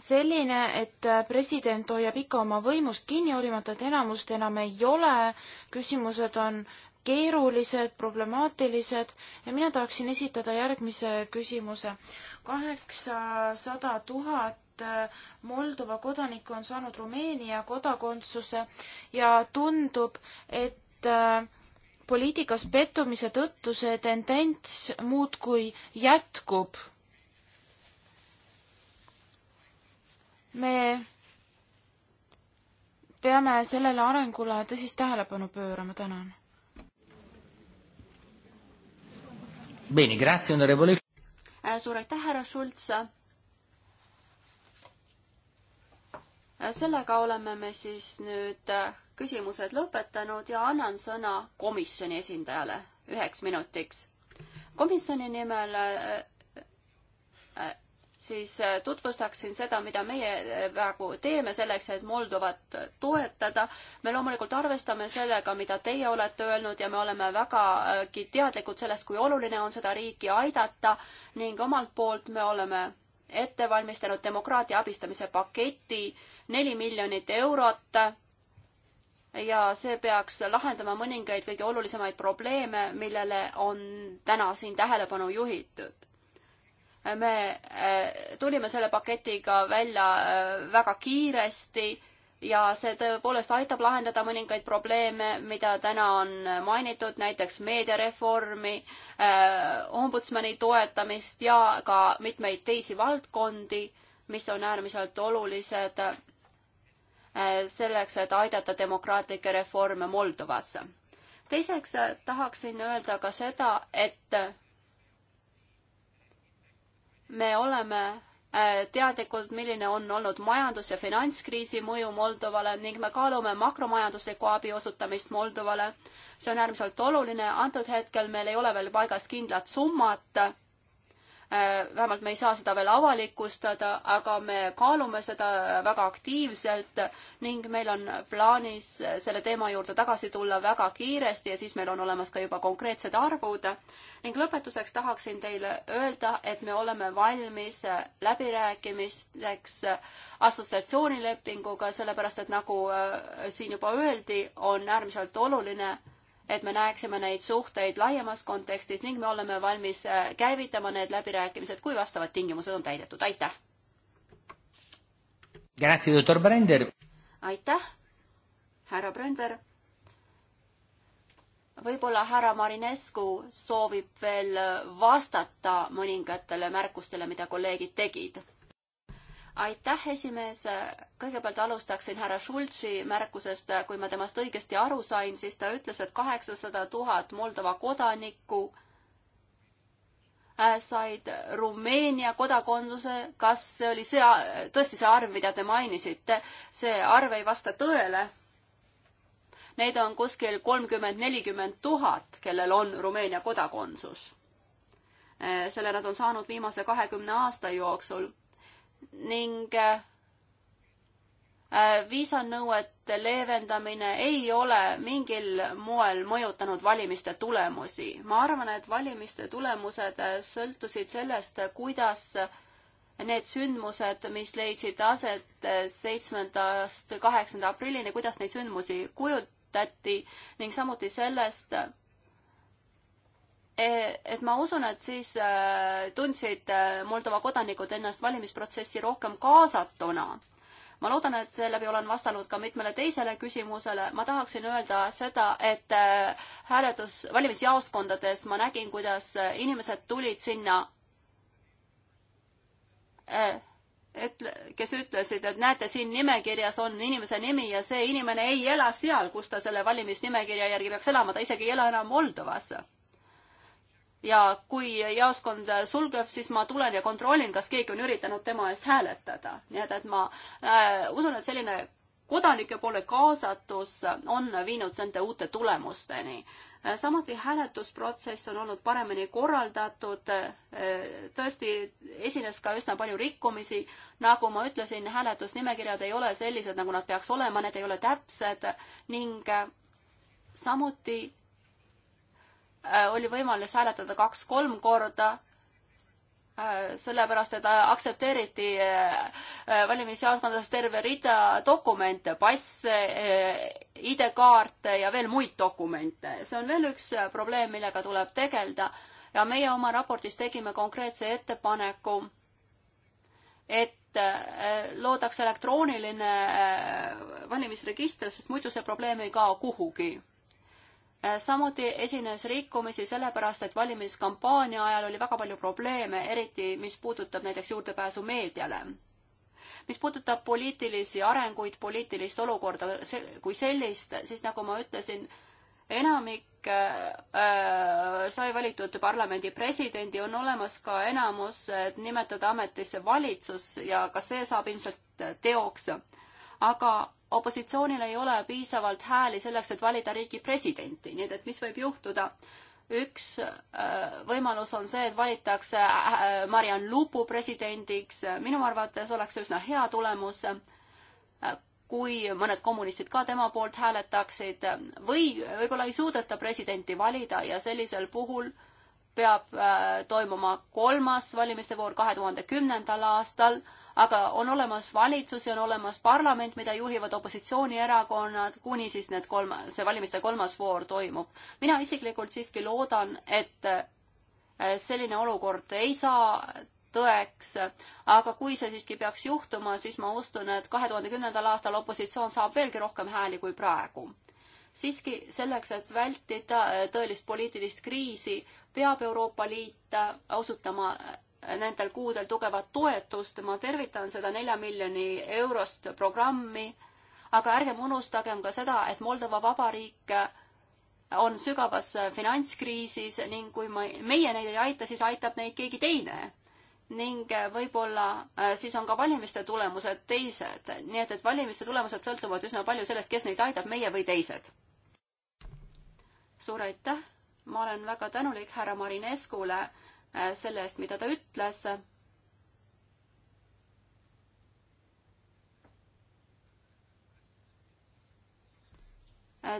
selline, et president hoiab ikka oma võimust kinni, hoolimata, et enamust enam ei ole. küsimused on keerulised, problemaatilised ja mina tahaksin esitada järgmise küsimuse. kaheksasada tuhat äh, Moldova kodanikku on saanud Rumeenia kodakondsuse ja tundub, et äh, poliitikas pettumise tõttu see tendents muudkui jätkub. me peame sellele arengule tõsist tähelepanu pöörama, tänan. Bene, grazie, onorevole. Äh, suur aitäh, härra Schulz. Äh, sellega oleme me siis nüüd äh, küsimused lõpetanud ja annan sõna komisjoni esindajale üheks minutiks. komisjoni nimel siis äh, tutvustaksin seda, mida meie äh, praegu teeme selleks, et Moldovat äh, toetada. me loomulikult arvestame sellega, mida teie olete öelnud ja me oleme vägagi teadlikud sellest, kui oluline on seda riiki aidata ning omalt poolt me oleme ette valmistanud demokraatia abistamise paketi neli miljonit eurot ja see peaks lahendama mõningaid kõige olulisemaid probleeme, millele on täna siin tähelepanu juhitud me äh, tulime selle paketiga välja äh, väga kiiresti ja see tõepoolest aitab lahendada mõningaid probleeme, mida täna on mainitud, näiteks meediareformi, äh, ombudsmani toetamist ja ka mitmeid teisi valdkondi, mis on äärmiselt olulised selleks, et aidata demokraatlikke reforme Moldovasse. teiseks tahaksin öelda ka seda, et me oleme äh, teadlikud, milline on olnud majandus- ja finantskriisi mõju Moldovale ning me kaalume makromajandusliku abi osutamist Moldovale. see on äärmiselt oluline, antud hetkel meil ei ole veel paigas kindlat summat Äh, vähemalt me ei saa seda veel avalikustada, aga me kaalume seda väga aktiivselt ning meil on plaanis selle teema juurde tagasi tulla väga kiiresti ja siis meil on olemas ka juba konkreetsed arvud. ning lõpetuseks tahaksin teile öelda, et me oleme valmis läbirääkimisteks assotsiatsioonilepinguga, sellepärast et nagu äh, siin juba öeldi, on äärmiselt oluline et me näeksime neid suhteid laiemas kontekstis ning me oleme valmis äh, käivitama need läbirääkimised, kui vastavad tingimused on täidetud. aitäh! aitäh, härra Brender! võib-olla härra Marinescu soovib veel äh, vastata mõningatele märkustele, mida kolleegid tegid aitäh, esimees. kõigepealt alustaksin härra Schultzi märkusest, kui ma temast õigesti aru sain, siis ta ütles, et kaheksasada tuhat Moldova kodanikku äh, said Rumeenia kodakondsuse, kas see oli see, tõesti see arv, mida te mainisite, see arv ei vasta tõele. Neid on kuskil kolmkümmend, nelikümmend tuhat, kellel on Rumeenia kodakondsus. Äh, selle nad on saanud viimase kahekümne aasta jooksul ning äh, viisanõuete leevendamine ei ole mingil moel mõjutanud valimiste tulemusi. ma arvan, et valimiste tulemused äh, sõltusid sellest, kuidas need sündmused, mis leidsid aset äh, seitsmendast kaheksanda aprillini, kuidas neid sündmusi kujutati ning samuti sellest, Eh, et ma usun, et siis äh, tundsid äh, Moldova kodanikud ennast valimisprotsessi rohkem kaasatuna. ma loodan, et seeläbi olen vastanud ka mitmele teisele küsimusele. ma tahaksin öelda seda, et äh, hääletus, valimisjaoskondades ma nägin, kuidas inimesed tulid sinna, et kes ütlesid, et näete, siin nimekirjas on inimese nimi ja see inimene ei ela seal, kus ta selle valimisnimekirja järgi peaks elama, ta isegi ei ela enam Moldovas ja kui jaoskond sulgeb, siis ma tulen ja kontrollin, kas keegi on üritanud tema eest hääletada. nii et, et ma äh, usun, et selline kodanike poole kaasatus on viinud nende uute tulemusteni. Äh, samuti hääletusprotsess on olnud paremini korraldatud, äh, tõesti esines ka üsna palju rikkumisi, nagu ma ütlesin, hääletusnimekirjad ei ole sellised, nagu nad peaks olema, need ei ole täpsed ning äh, samuti Äh, oli võimalus hääletada kaks-kolm korda, äh, sellepärast et äh, aktsepteeriti valimisjaoskondades terve rida dokumente, passe, ID-kaarte ja veel muid dokumente. see on veel üks probleem, millega tuleb tegeleda ja meie oma raportis tegime konkreetse ettepaneku, et loodaks elektrooniline valimisregister, sest muidu see probleem ei kao kuhugi Äh, samuti esines rikkumisi sellepärast, et valimiskampaania ajal oli väga palju probleeme, eriti mis puudutab näiteks juurdepääsu meediale. mis puudutab poliitilisi arenguid, poliitilist olukorda kui sellist, siis nagu ma ütlesin, enamik äh, äh, sai valitud parlamendi presidendi, on olemas ka enamus, et nimetada ametisse valitsus ja ka see saab ilmselt teoks. aga opositsioonil ei ole piisavalt hääli selleks, et valida riigi presidenti, nii et, et mis võib juhtuda? üks äh, võimalus on see, et valitakse äh, Mariann Lupu presidendiks, minu arvates oleks see üsna hea tulemus, äh, kui mõned kommunistid ka tema poolt hääletaksid või võib-olla ei suudeta presidenti valida ja sellisel puhul peab toimuma kolmas valimiste voor kahe tuhande kümnendal aastal aga on olemas valitsus ja on olemas parlament, mida juhivad opositsioonierakonnad, kuni siis need kolm, see valimiste kolmas voor toimub. mina isiklikult siiski loodan, et äh, selline olukord ei saa tõeks, aga kui see siiski peaks juhtuma, siis ma usun, et kahe tuhande kümnendal aastal opositsioon saab veelgi rohkem hääli kui praegu. siiski selleks, et vältida äh, tõelist poliitilist kriisi, peab Euroopa Liit äh, osutama nendel kuudel tugevat toetust, ma tervitan seda nelja miljoni eurost programmi, aga ärgem unustagem ka seda, et Moldova Vabariik on sügavas finantskriisis ning kui ma, meie neid ei aita, siis aitab neid keegi teine. ning võib-olla äh, siis on ka valimiste tulemused teised, nii et, et valimiste tulemused sõltuvad üsna palju sellest, kes neid aitab, meie või teised. suur aitäh, ma olen väga tänulik härra Marineskule Äh, selle eest, mida ta ütles. Äh,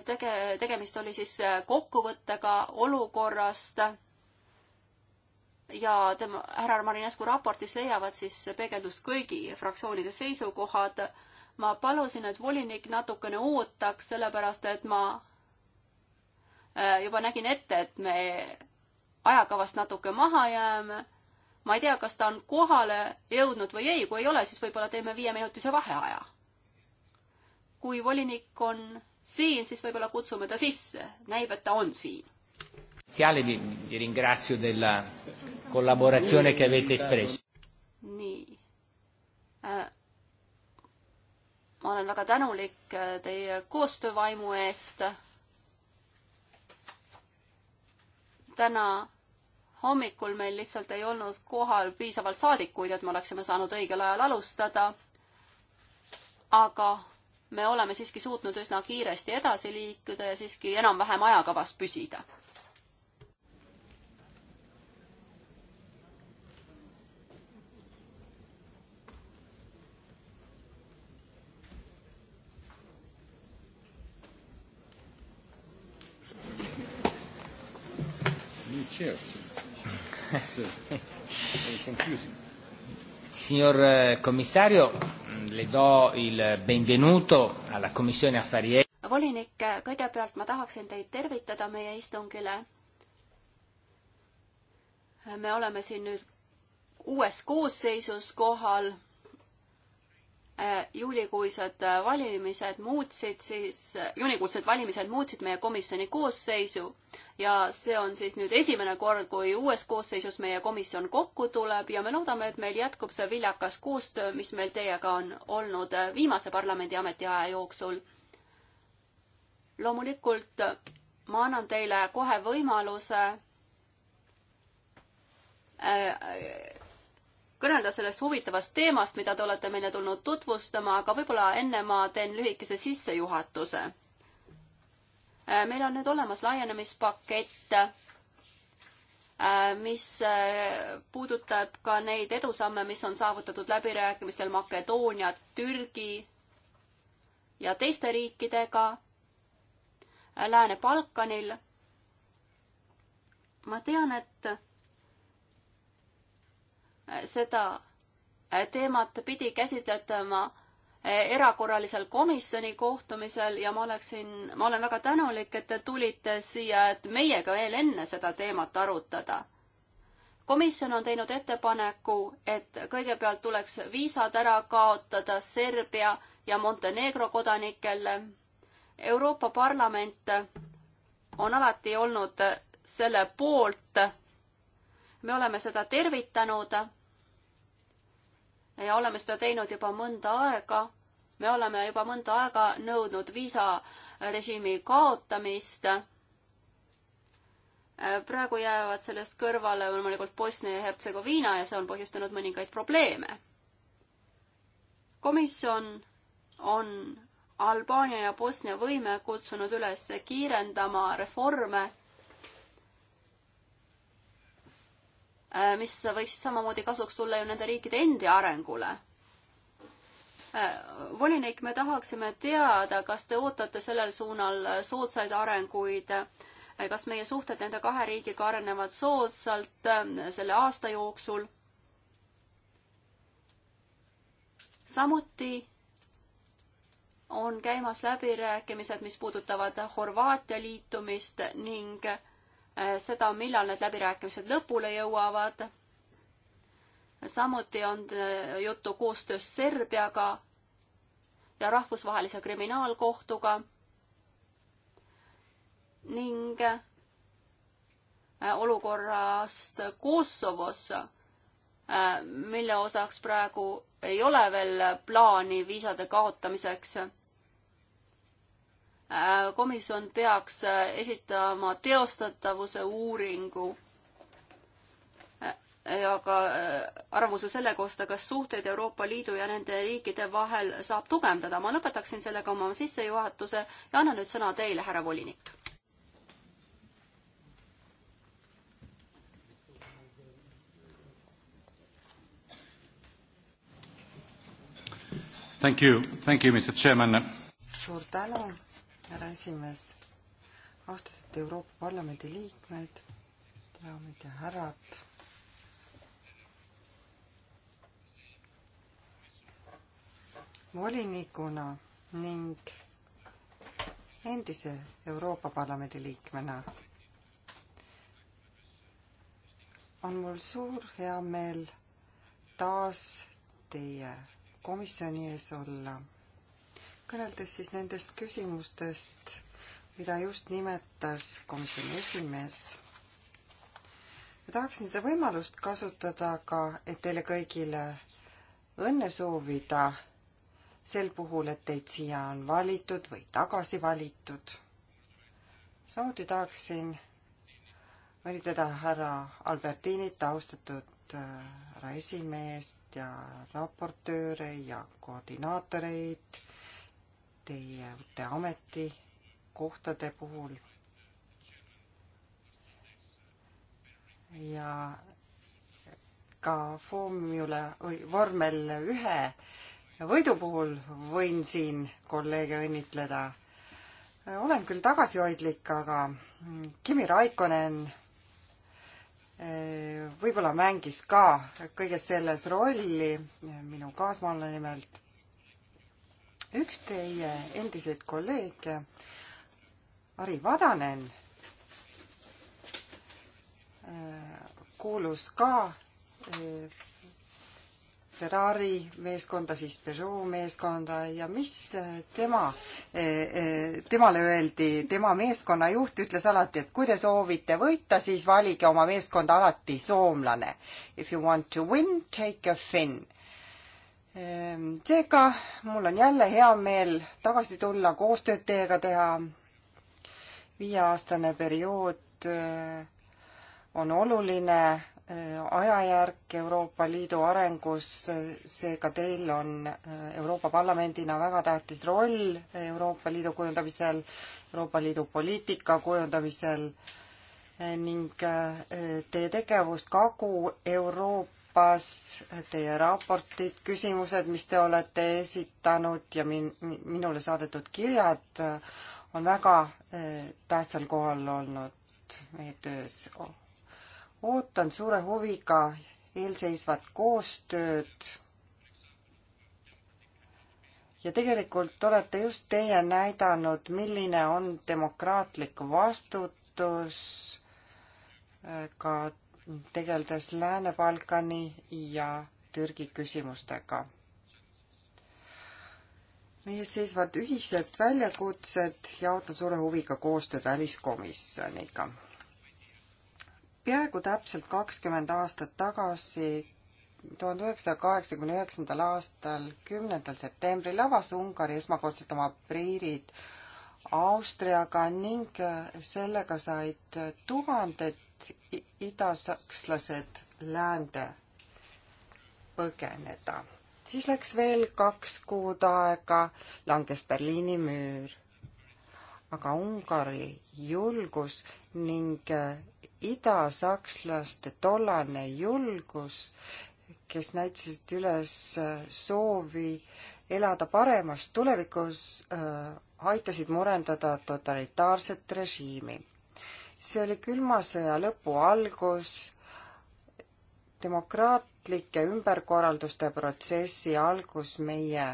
tege-, tegemist oli siis äh, kokkuvõttega olukorrast ja tema, härra Marinescu raportis leiavad siis peegeldust kõigi fraktsioonide seisukohad. ma palusin, et volinik natukene ootaks, sellepärast et ma juba nägin ette, et me ajakavast natuke maha jääme. ma ei tea, kas ta on kohale jõudnud või ei, kui ei ole, siis võib-olla teeme viieminutise vaheaja. kui volinik on siin, siis võib-olla kutsume ta sisse, näib, et ta on siin. Iniziale vi, vi ringrazio della collaborazione che avete espresso. nii äh,. ma olen väga tänulik äh, teie koostöövaimu eest täna hommikul meil lihtsalt ei olnud kohal piisavalt saadikuid, et me oleksime saanud õigel ajal alustada. aga me oleme siiski suutnud üsna kiiresti edasi liikuda ja siiski enam-vähem ajakavas püsida chair. It's, <laughs> uh, very confusing. Signor eh, commissario, le do il benvenuto alla Commissione Affari Esteri. volinik, kõigepealt ma tahaksin teid tervitada meie istungile. me oleme siin nüüd uues koosseisus kohal juulikuised valimised muutsid siis, juunikuised valimised muutsid meie komisjoni koosseisu ja see on siis nüüd esimene kord, kui uues koosseisus meie komisjon kokku tuleb ja me loodame, et meil jätkub see viljakas koostöö, mis meil teiega on olnud viimase parlamendi ametiaja jooksul. loomulikult ma annan teile kohe võimaluse äh, kõnelda sellest huvitavast teemast, mida te olete meile tulnud tutvustama, aga võib-olla enne ma teen lühikese sissejuhatuse. Äh, meil on nüüd olemas laienemispakett, äh, mis äh, puudutab ka neid edusamme, mis on saavutatud läbirääkimistel Makedoonia, Türgi ja teiste riikidega Lääne-Balkanil. ma tean, et seda äh, teemat pidi käsitletama äh, erakorralisel komisjoni kohtumisel ja ma oleksin, ma olen väga tänulik, et te tulite siia, et meiega veel enne seda teemat arutada. komisjon on teinud ettepaneku, et kõigepealt tuleks viisad ära kaotada Serbia ja Montenegro kodanikele. Euroopa Parlament on alati olnud selle poolt. me oleme seda tervitanud ja oleme seda teinud juba mõnda aega. me oleme juba mõnda aega nõudnud viisarežiimi kaotamist. praegu jäävad sellest kõrvale loomulikult Bosnia ja Hertsegoviina ja see on põhjustanud mõningaid probleeme. komisjon on Albaania ja Bosnia võime kutsunud üles kiirendama reforme Äh, mis võiksid samamoodi kasuks tulla ju nende riikide endi arengule. Äh, volinik, me tahaksime teada, kas te ootate sellel suunal soodsaid arenguid, äh, kas meie suhted nende kahe riigiga arenevad soodsalt selle aasta jooksul? samuti on käimas läbirääkimised, mis puudutavad Horvaatia liitumist ning Äh, seda, millal need läbirääkimised lõpule jõuavad. samuti on äh, juttu koostöös Serbiaga ja Rahvusvahelise Kriminaalkohtuga ning äh, olukorrast Kosovos, mille osaks praegu ei ole veel plaani viisade kaotamiseks Äh, komisjon peaks äh, esitama teostatavuse uuringu äh, ja ka arvamuse selle kohta, kas suhteid Euroopa Liidu ja nende riikide vahel saab tugevdada. ma lõpetaksin sellega oma sissejuhatuse ja annan nüüd sõna teile, härra volinik. Thank you, thank you, Mr Chairman. suur tänu härra esimees, austatud Euroopa Parlamendi liikmed, daamid ja härrad. volinikuna ning endise Euroopa Parlamendi liikmena on mul suur heameel taas teie komisjoni ees olla kõneldes siis nendest küsimustest, mida just nimetas komisjoni esimees, ma tahaksin seda võimalust kasutada ka, et teile kõigile õnne soovida sel puhul, et teid siia on valitud või tagasi valitud. samuti tahaksin õnnitleda härra Albertinit, austatud äh, härra esimeest ja raportööre ja koordinaatoreid teie uute ametikohtade puhul. ja ka Formula või vormel ühe võidu puhul võin siin kolleege õnnitleda. olen küll tagasihoidlik, aga Kimi Raikonen eh, võib-olla mängis ka kõiges selles rolli minu kaasmaalane nimelt üks teie endiseid kolleege, Ari Vadanen, äh, kuulus ka äh, Ferrari meeskonda, siis Peugeot meeskonda ja mis äh, tema, temale öeldi, tema meeskonnajuht ütles alati, et kui te soovite võita, siis valige oma meeskonda alati soomlane. If you want to win, take a Finn Ehm, seega mul on jälle hea meel tagasi tulla, koostööd teiega teha. viieaastane periood eh, on oluline eh, ajajärk Euroopa Liidu arengus, seega teil on eh, Euroopa Parlamendina väga tähtis roll Euroopa Liidu kujundamisel, Euroopa Liidu poliitika kujundamisel ning teie tegevus Kagu-Euroopa Euroopas, teie raportid, küsimused, mis te olete esitanud ja min-, minule saadetud kirjad on väga eh, tähtsal kohal olnud meie töös. ootan suure huviga eelseisvat koostööd ja tegelikult olete just teie näidanud, milline on demokraatlik vastutus eh, ka tegeldes Lääne-Balkani ja Türgi küsimustega. meie seisvad ühised väljakutsed ja ootan suure huviga koostööd väliskomisjoniga. peaaegu täpselt kakskümmend aastat tagasi tuhande üheksasaja kaheksakümne üheksandal aastal, kümnendal septembril avas Ungari esmakordselt oma piirid Austriaga ning sellega said tuhanded idasakslased läände põgeneda. siis läks veel kaks kuud aega, langes Berliini müür. aga Ungari julgus ning eh, idasakslaste tollane julgus, kes näitasid üles eh, soovi elada paremas tulevikus äh,, aitasid murendada totalitaarset režiimi see oli külma sõja lõpu algus, demokraatlike ümberkorralduste protsessi algus meie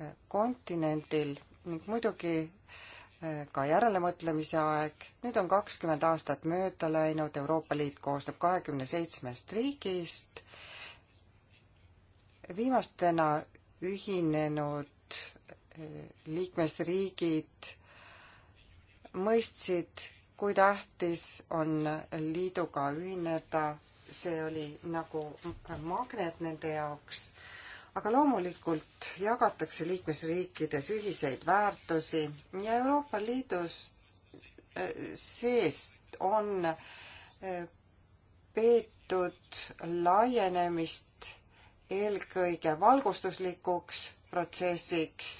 eh, kontinendil ning muidugi eh, ka järelemõtlemise aeg. nüüd on kakskümmend aastat mööda läinud, Euroopa Liit koosneb kahekümne seitsmest riigist. viimastena ühinenud eh, liikmesriigid mõistsid kui tähtis on liiduga ühineda, see oli nagu magnet nende jaoks, aga loomulikult jagatakse liikmesriikides ühiseid väärtusi ja Euroopa Liidus eh, seest on eh, peetud laienemist eelkõige valgustuslikuks protsessiks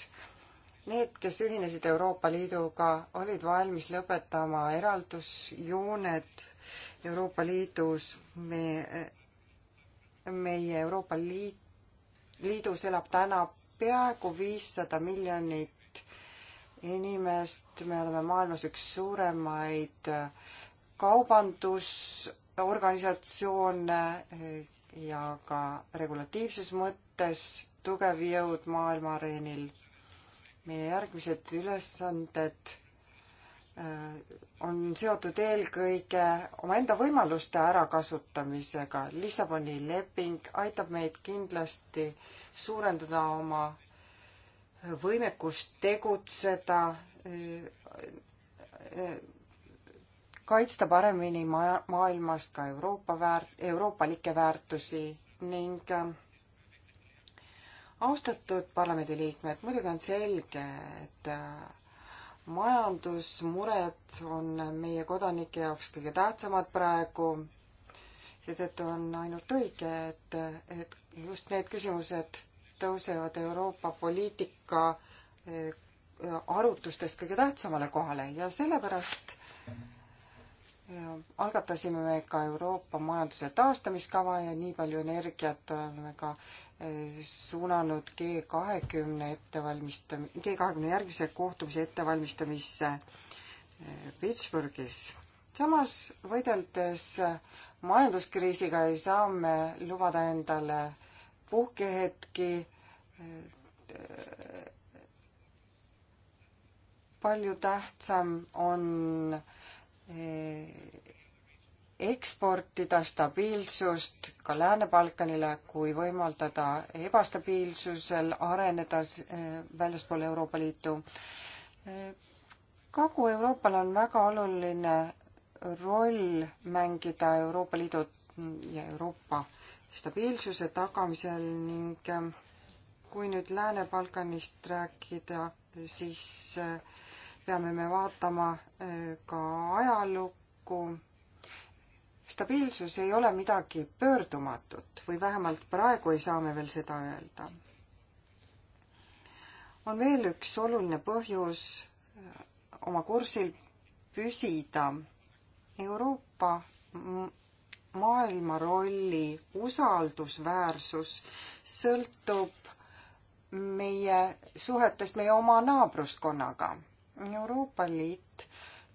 Need, kes ühinesid Euroopa Liiduga, olid valmis lõpetama eraldusjooned Euroopa Liidus. me, meie Euroopa Liit, Liidus elab täna peaaegu viissada miljonit inimest, me oleme maailmas üks suuremaid kaubandusorganisatsioone ja ka regulatiivses mõttes tugev jõud maailma areenil meie järgmised ülesanded äh, on seotud eelkõige omaenda võimaluste ärakasutamisega. Lissaboni leping aitab meid kindlasti suurendada oma võimekust tegutseda, äh, äh, kaitsta paremini maja, maailmast ka Euroopa väärt-, euroopalikke väärtusi ning äh, austatud parlamendiliikmed, muidugi on selge, et äh, majandusmured on meie kodanike jaoks kõige tähtsamad praegu. seetõttu on ainult õige, et, et just need küsimused tõusevad Euroopa poliitika äh, arutlustest kõige tähtsamale kohale ja sellepärast algatasime me ka Euroopa majanduse taastamiskava ja nii palju energiat oleme ka eh, suunanud G kahekümne ettevalmistam-, G kahekümne järgmise kohtumise ettevalmistamisse eh, Pittsburghis. samas võideldes majanduskriisiga ei saa me lubada endale puhkehetki eh, palju tähtsam on äh, Eh, eksportida stabiilsust ka Lääne-Balkanile, kui võimaldada ebastabiilsusel areneda eh, väljaspool Euroopa Liitu. Eh, Kagu-Euroopal on väga oluline roll mängida Euroopa Liidu ja Euroopa stabiilsuse tagamisel ning kui nüüd Lääne-Balkanist rääkida, siis äh, peame me vaatama äh, ka ajalukku. stabiilsus ei ole midagi pöördumatut või vähemalt praegu ei saa me veel seda öelda. on veel üks oluline põhjus äh, oma kursil püsida. Euroopa maailma rolli usaldusväärsus sõltub meie suhetest meie oma naabruskonnaga Euroopa Liit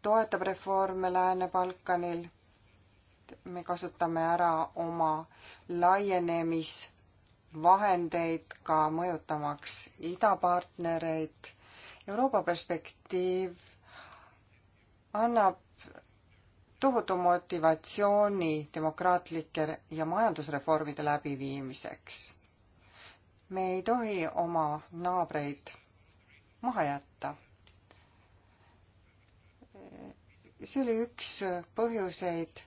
toetab reforme Lääne-Balkanil. me kasutame ära oma laienemisvahendeid ka mõjutamaks idapartnereid. Euroopa perspektiiv annab tohutu motivatsiooni demokraatlike ja majandusreformide läbiviimiseks. me ei tohi oma naabreid maha jätta see oli üks põhjuseid,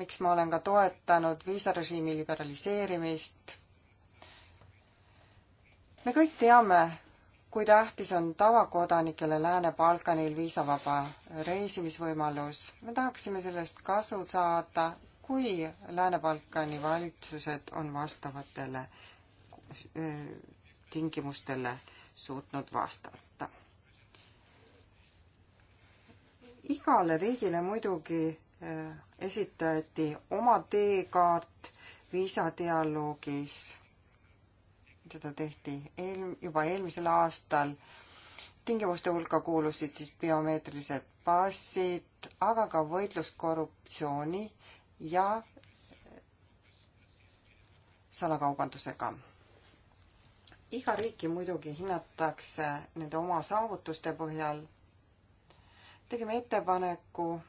miks ma olen ka toetanud viisarežiimi liberaliseerimist. me kõik teame, kui tähtis on tavakodanikele Lääne-Balkanil viisavaba reisimisvõimalus. me tahaksime sellest kasu saada, kui Lääne-Balkani valitsused on vastavatele äh, tingimustele suutnud vastata. igale riigile muidugi äh, esitati oma teekaart viisadialoogis. seda tehti eel, juba eelmisel aastal. tingimuste hulka kuulusid siis biomeetrilised passid, aga ka võitlus korruptsiooni ja äh, salakaubandusega. iga riiki muidugi hinnatakse nende oma saavutuste põhjal tegime ettepaneku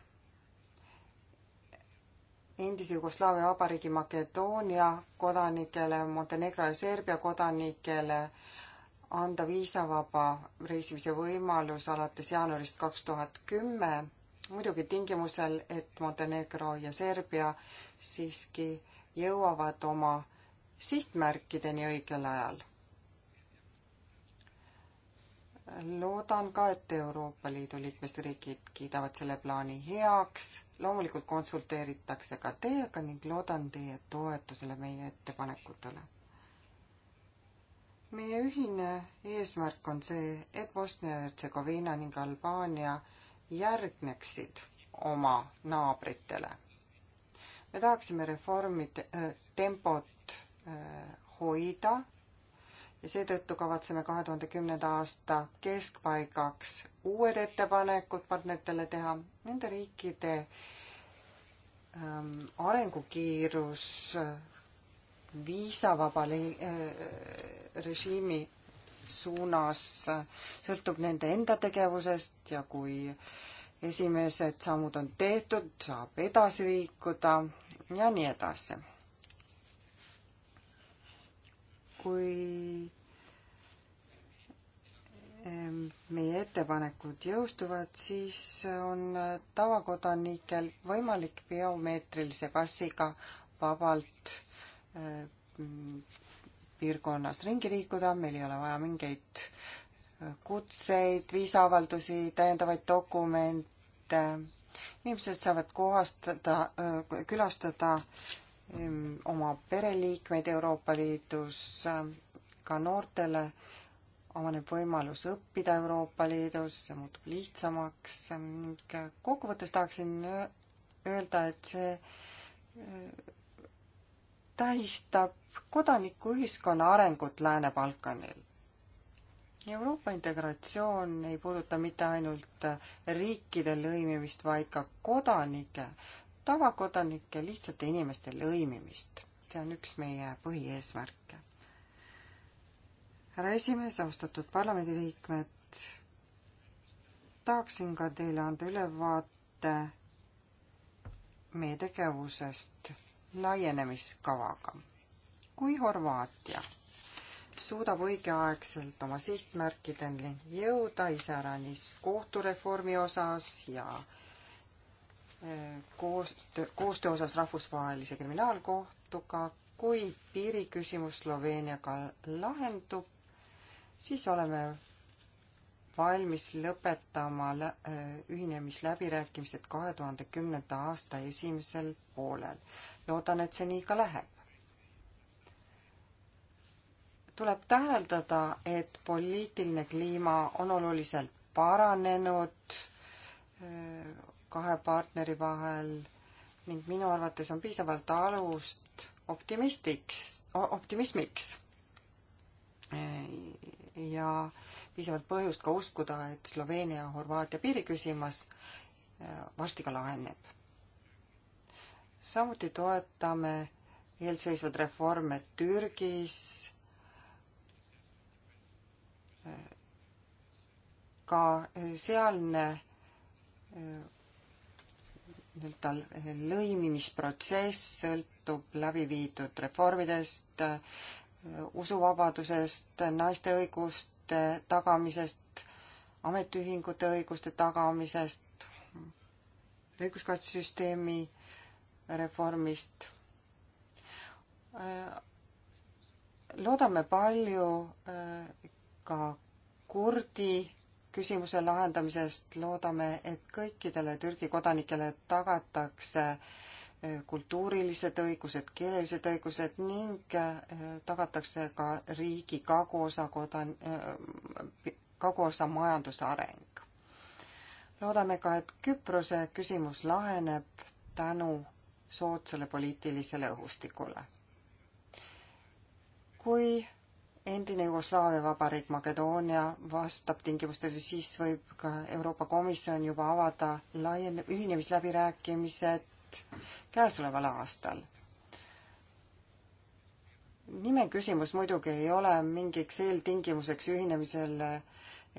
endise Jugoslaavia Vabariigi Makedoonia kodanikele, Montenegro ja Serbia kodanikele anda viisavaba reisimise võimalus alates jaanuarist kaks tuhat kümme, muidugi tingimusel, et Montenegro ja Serbia siiski jõuavad oma sihtmärkideni õigel ajal loodan ka, et Euroopa Liidu liikmesriigid kiidavad selle plaani heaks. loomulikult konsulteeritakse ka teiega ning loodan teie toetusele meie ettepanekutele. meie ühine eesmärk on see, et Bosnia-Hertsegoviina ning Albaania järgneksid oma naabritele. me tahaksime reformi eh, tempot eh, hoida ja seetõttu kavatseme kahe tuhande kümnenda aasta keskpaigaks uued ettepanekud partneritele teha. Nende riikide ähm, arengukiirus viisavaba li- äh,, režiimi suunas sõltub nende enda tegevusest ja kui esimesed sammud on tehtud, saab edasi liikuda ja nii edasi kui ehm, meie ettepanekud jõustuvad, siis on tavakodanikel võimalik biomeetrilise passiga vabalt ehm, piirkonnas ringi liikuda, meil ei ole vaja mingeid ehm, kutseid, viisaavaldusi, täiendavaid dokumente. inimesed saavad kohastada, külastada oma pereliikmeid Euroopa Liidus, ka noortele avaneb võimalus õppida Euroopa Liidus, see muutub lihtsamaks ning kokkuvõttes tahaksin öelda, et see äh, tähistab kodanikuühiskonna arengut Lääne-Balkanil. Euroopa integratsioon ei puuduta mitte ainult riikide lõimimist, vaid ka kodanike tavakodanike, lihtsate inimeste lõimimist. see on üks meie põhieesmärke. härra esimees, austatud parlamendiliikmed, tahaksin ka teile anda ülevaate meie tegevusest laienemiskavaga. kui Horvaatia suudab õigeaegselt oma sihtmärkideni jõuda iseäranis kohtureformi osas ja äh, koostöö, koostöö osas Rahvusvahelise Kriminaalkohtuga. kui piiriküsimus Sloveeniaga lahendub, siis oleme valmis lõpetama äh, ühinemisläbirääkimised kahe tuhande kümnenda aasta esimesel poolel. loodan, et see nii ka läheb. tuleb täheldada, et poliitiline kliima on oluliselt paranenud äh, kahe partneri vahel ning minu arvates on piisavalt alust optimistiks, optimismiks. ja piisavalt põhjust ka uskuda, et Sloveenia ja Horvaatia piiri küsimas eh, varsti ka laheneb. samuti toetame eelseisvaid reforme Türgis, eh, ka sealne eh, tal lõimimisprotsess sõltub läbi viidud reformidest, usuvabadusest, naiste õiguste tagamisest, ametiühingute õiguste tagamisest, õiguskaitsesüsteemi reformist. loodame palju äh, ka kurdi küsimuse lahendamisest. loodame, et kõikidele Türgi kodanikele tagatakse eh, kultuurilised õigused, keelelised õigused ning eh, tagatakse ka riigi kaguosa kodan-, eh, kaguosa majanduse areng. loodame ka, et Küprose küsimus laheneb tänu soodsale poliitilisele õhustikule. kui endine Jugoslaavia vabariik Makedoonia vastab tingimustele, siis võib ka Euroopa Komisjon juba avada laien-, ühinemisläbirääkimised käesoleval aastal. nime küsimus muidugi ei ole mingiks eeltingimuseks ühinemisele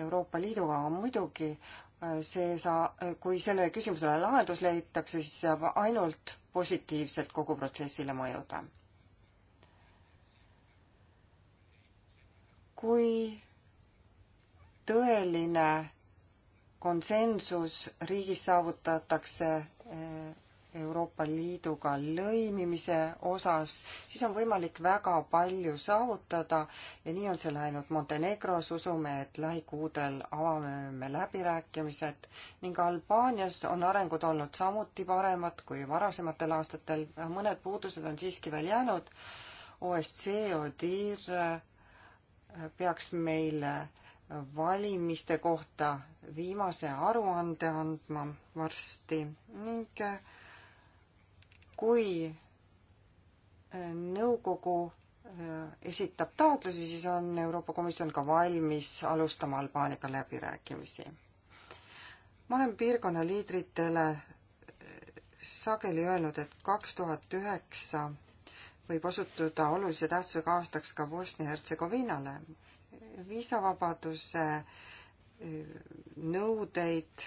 Euroopa Liiduga, aga muidugi äh, see saa-, kui sellele küsimusele lahendus leitakse, siis saab ainult positiivselt kogu protsessile mõjuda kui tõeline konsensus riigis saavutatakse eh, Euroopa Liiduga lõimimise osas, siis on võimalik väga palju saavutada ja nii on see läinud Montenegros, usume, et lähikuudel avame me läbirääkimised ning Albaanias on arengud olnud samuti paremad kui varasematel aastatel, mõned puudused on siiski veel jäänud, OSCE, ODIR, peaks meile valimiste kohta viimase aruande andma varsti ning eh, kui eh, nõukogu eh, esitab taotlusi, siis on Euroopa Komisjon ka valmis alustama Albaaniaga läbirääkimisi. ma olen piirkonna liidritele sageli öelnud, et kaks tuhat üheksa võib osutuda olulise tähtsusega aastaks ka Bosnia-Hertsegoviinale. viisavabaduse eh, nõudeid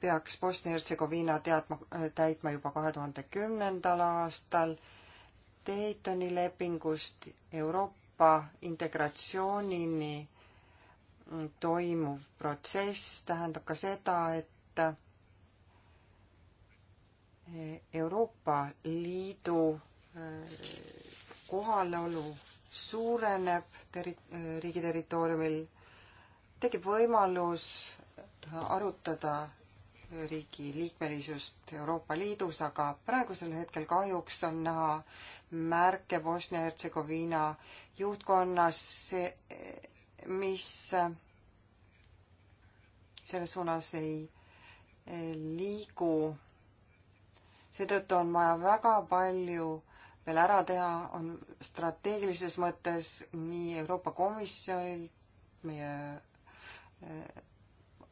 peaks Bosnia-Hertsegoviina teadma, eh, täitma juba kahe tuhande kümnendal aastal. Daytoni lepingust Euroopa integratsioonini mm, toimuv protsess tähendab ka seda, et eh, Euroopa Liidu kohalolu suureneb teri-, riigi territooriumil, tekib võimalus arutada riigi liikmelisust Euroopa Liidus, aga praegusel hetkel kahjuks on näha märke Bosnia-Hertsegoviina juhtkonnas, mis selles suunas ei liigu. seetõttu on vaja väga palju veel ära teha, on strateegilises mõttes nii Euroopa Komisjonil, meie eh,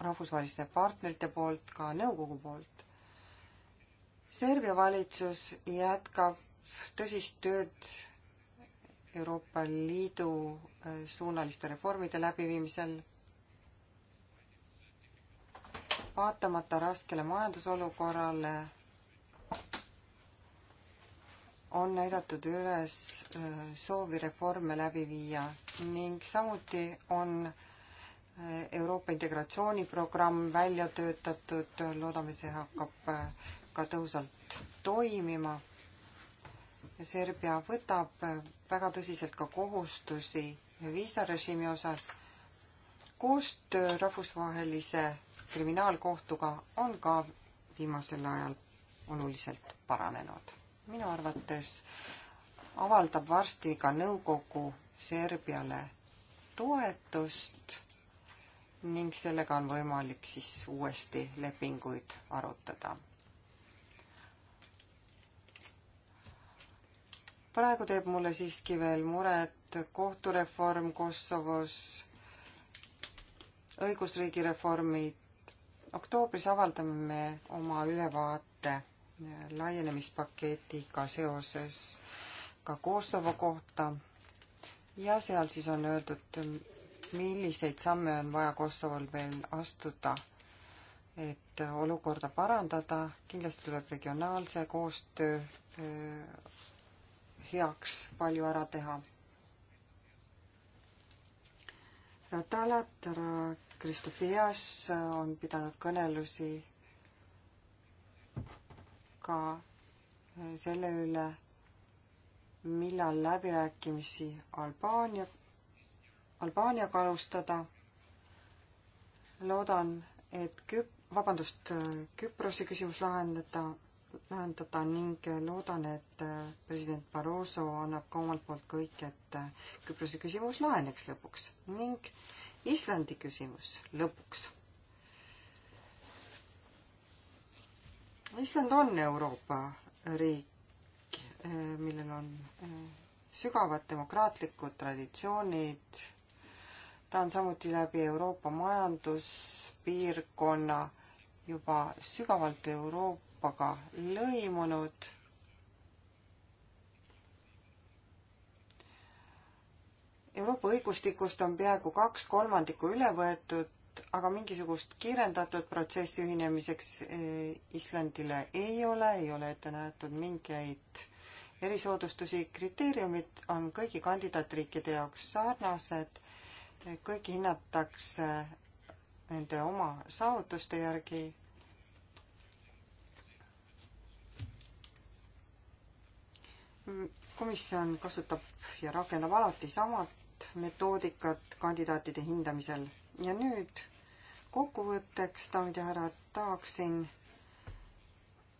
rahvusvaheliste partnerite poolt, ka nõukogu poolt. Serbia valitsus jätkab tõsist tööd Euroopa Liidu eh, suunaliste reformide läbiviimisel. vaatamata raskele majandusolukorrale on näidatud üles soovi reforme läbi viia ning samuti on Euroopa integratsiooniprogramm välja töötatud, loodame, see hakkab ka tõhusalt toimima. Serbia võtab väga tõsiselt ka kohustusi viisarežiimi osas. koostöö rahvusvahelise kriminaalkohtuga on ka viimasel ajal oluliselt paranenud minu arvates avaldab varsti ka nõukogu Serbiale toetust ning sellega on võimalik siis uuesti lepinguid arutada. praegu teeb mulle siiski veel muret kohtureform Kosovos, õigusriigi reformid. oktoobris avaldame me oma ülevaate laienemispaketiga seoses ka Kosovo kohta ja seal siis on öeldud, milliseid samme on vaja Kosovol veel astuda, et olukorda parandada, kindlasti tuleb regionaalse koostöö eh, heaks palju ära teha. Ratalat, härra Kristofias on pidanud kõnelusi ka äh, selle üle, millal läbirääkimisi Albaania, Albaaniaga alustada. loodan, et Küp-, vabandust, äh, Küprose küsimus lahendada, lahendada ning äh, loodan, et president Barroso annab ka omalt poolt kõik, et Küprose küsimus laheneks lõpuks ning Islandi küsimus lõpuks Island on Euroopa riik, eh, millel on eh, sügavad demokraatlikud traditsioonid. ta on samuti läbi Euroopa majanduspiirkonna juba sügavalt Euroopaga lõimunud. Euroopa õigustikust on peaaegu kaks kolmandikku üle võetud aga mingisugust kiirendatud protsessi ühinemiseks eh, Islandile ei ole, ei ole ette nähtud mingeid erisoodustusi, kriteeriumid on kõigi kandidaatriikide jaoks sarnased, kõiki hinnatakse nende oma saavutuste järgi. komisjon kasutab ja rakendab alati samat metoodikat kandidaatide hindamisel ja nüüd kokkuvõtteks, daamid ja härrad, tahaksin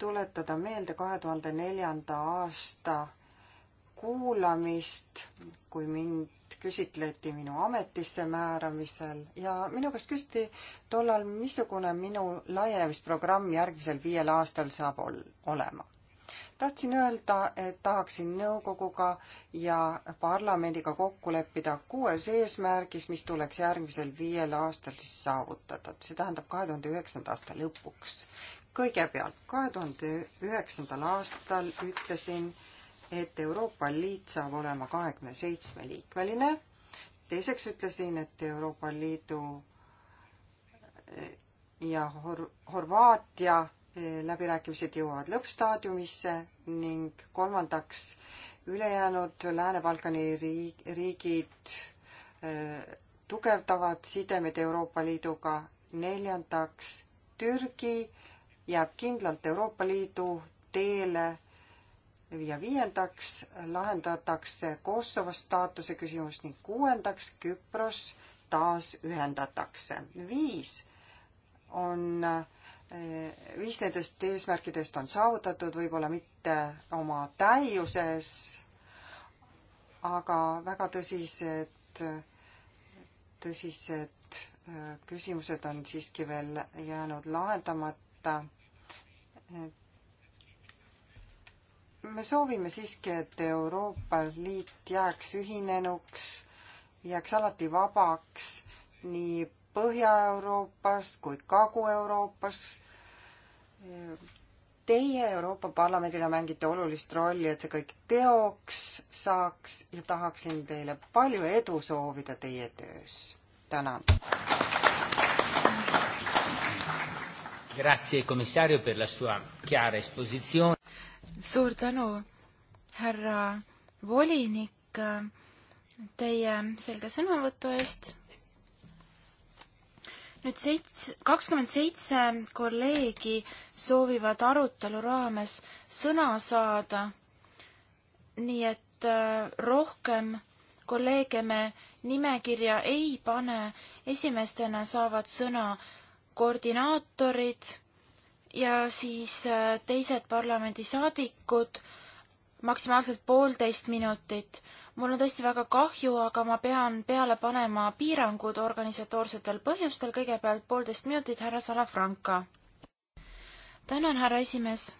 tuletada meelde kahe tuhande neljanda aasta kuulamist, kui mind küsitleti minu ametisse määramisel ja minu käest küsiti tollal, missugune minu laienemisprogramm järgmisel viiel aastal saab ol-, olema tahtsin öelda, et tahaksin nõukoguga ja parlamendiga kokku leppida kuues eesmärgis, mis tuleks järgmisel viiel aastal siis saavutada, see tähendab kahe tuhande üheksanda aasta lõpuks. kõigepealt kahe tuhande üheksandal aastal ütlesin, et Euroopa Liit saab olema kahekümne seitsme liikmeline. teiseks ütlesin, et Euroopa Liidu eh, ja Hor-, Horvaatia läbirääkimised jõuavad lõppstaadiumisse ning kolmandaks ülejäänud Lääne-Balkani riik, riigid äh, tugevdavad sidemed Euroopa Liiduga. neljandaks, Türgi jääb kindlalt Euroopa Liidu teele ja viiendaks lahendatakse Kosovo staatuse küsimus ning kuuendaks Küpros taas ühendatakse. viis on äh, viis eh, nendest eesmärkidest on saavutatud, võib-olla mitte oma täiuses, aga väga tõsised, tõsised eh, küsimused on siiski veel jäänud lahendamata. Eh, me soovime siiski, et Euroopa Liit jääks ühinenuks, jääks alati vabaks nii Põhja-Euroopas kui Kagu-Euroopas. Teie Euroopa Parlamendina mängite olulist rolli, et see kõik teoks saaks ja tahaksin teile palju edu soovida teie töös. tänan. Grazie commissario per la sua chiara esposizione. Suur tänu, härra volinik, teie selge sõnavõtu eest nüüd seits-, kakskümmend seitse kolleegi soovivad arutelu raames sõna saada, nii et äh, rohkem kolleege me nimekirja ei pane, esimestena saavad sõna koordinaatorid ja siis äh, teised parlamendisaadikud, maksimaalselt poolteist minutit mul on tõesti väga kahju, aga ma pean peale panema piirangud organisatoorsetel põhjustel, kõigepealt poolteist minutit, härra Salafranca. tänan, härra esimees.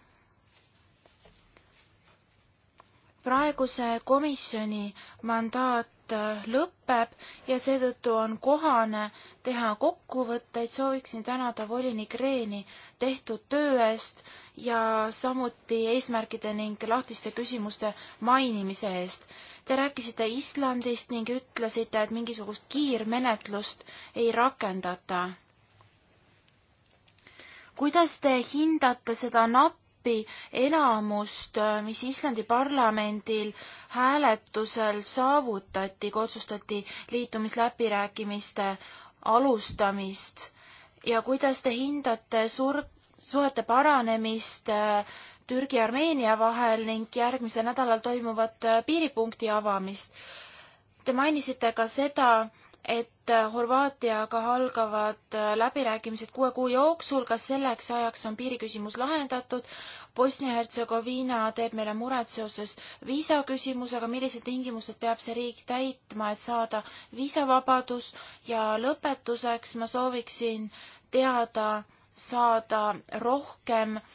praeguse komisjoni mandaat äh, lõpeb ja seetõttu on kohane teha kokkuvõtteid, sooviksin tänada volinik Reeni tehtud töö eest ja samuti eesmärkide ning lahtiste küsimuste mainimise eest Te rääkisite Islandist ning ütlesite, et mingisugust kiirmenetlust ei rakendata. kuidas te hindate seda nappi enamust, äh, mis Islandi parlamendil hääletusel saavutati, kui otsustati liitumisläbirääkimiste alustamist ja kuidas te hindate sur-, suhete paranemist äh, Türgi ja Armeenia vahel ning järgmisel nädalal toimuvat äh, piiripunkti avamist. Te mainisite ka seda, et äh, Horvaatiaga algavad äh, läbirääkimised kuue kuu jooksul, kas selleks ajaks on piiriküsimus lahendatud? Bosnia-Hertsegoviina teeb meile muret seoses viisaküsimusega, millised tingimused peab see riik täitma, et saada viisavabadus ja lõpetuseks ma sooviksin teada saada rohkem äh,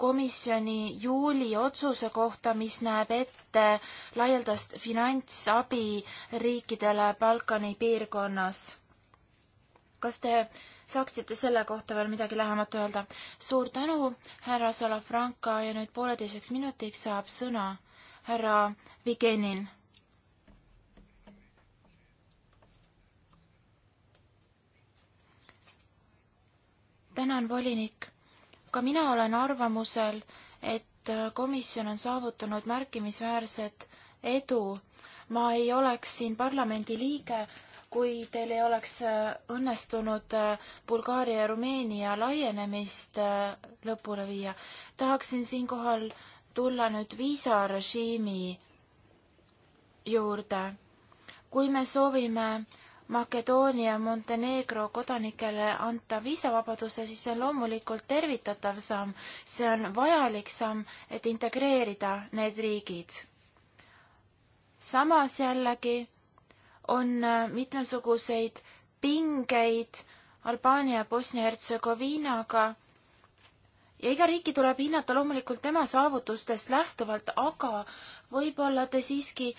komisjoni juuli otsuse kohta, mis näeb ette laialdast finantsabi riikidele Balkani piirkonnas. kas te saaksite selle kohta veel midagi lähemat öelda? suur tänu, härra Salafranca ja nüüd pooleteiseks minutiks saab sõna härra Vigenin. tänan, volinik ka mina olen arvamusel, et komisjon on saavutanud märkimisväärset edu. ma ei oleks siin parlamendi liige, kui teil ei oleks õnnestunud Bulgaaria ja Rumeenia laienemist lõpule viia. tahaksin siinkohal tulla nüüd viisarežiimi juurde. kui me soovime Makedoonia Montenegro kodanikele anta viisavabaduse, siis see on loomulikult tervitatav samm. see on vajalik samm, et integreerida need riigid. samas jällegi on äh, mitmesuguseid pingeid Albaania ja Bosnia-Hertsegoviinaga ja iga riiki tuleb hinnata loomulikult tema saavutustest lähtuvalt, aga võib-olla te siiski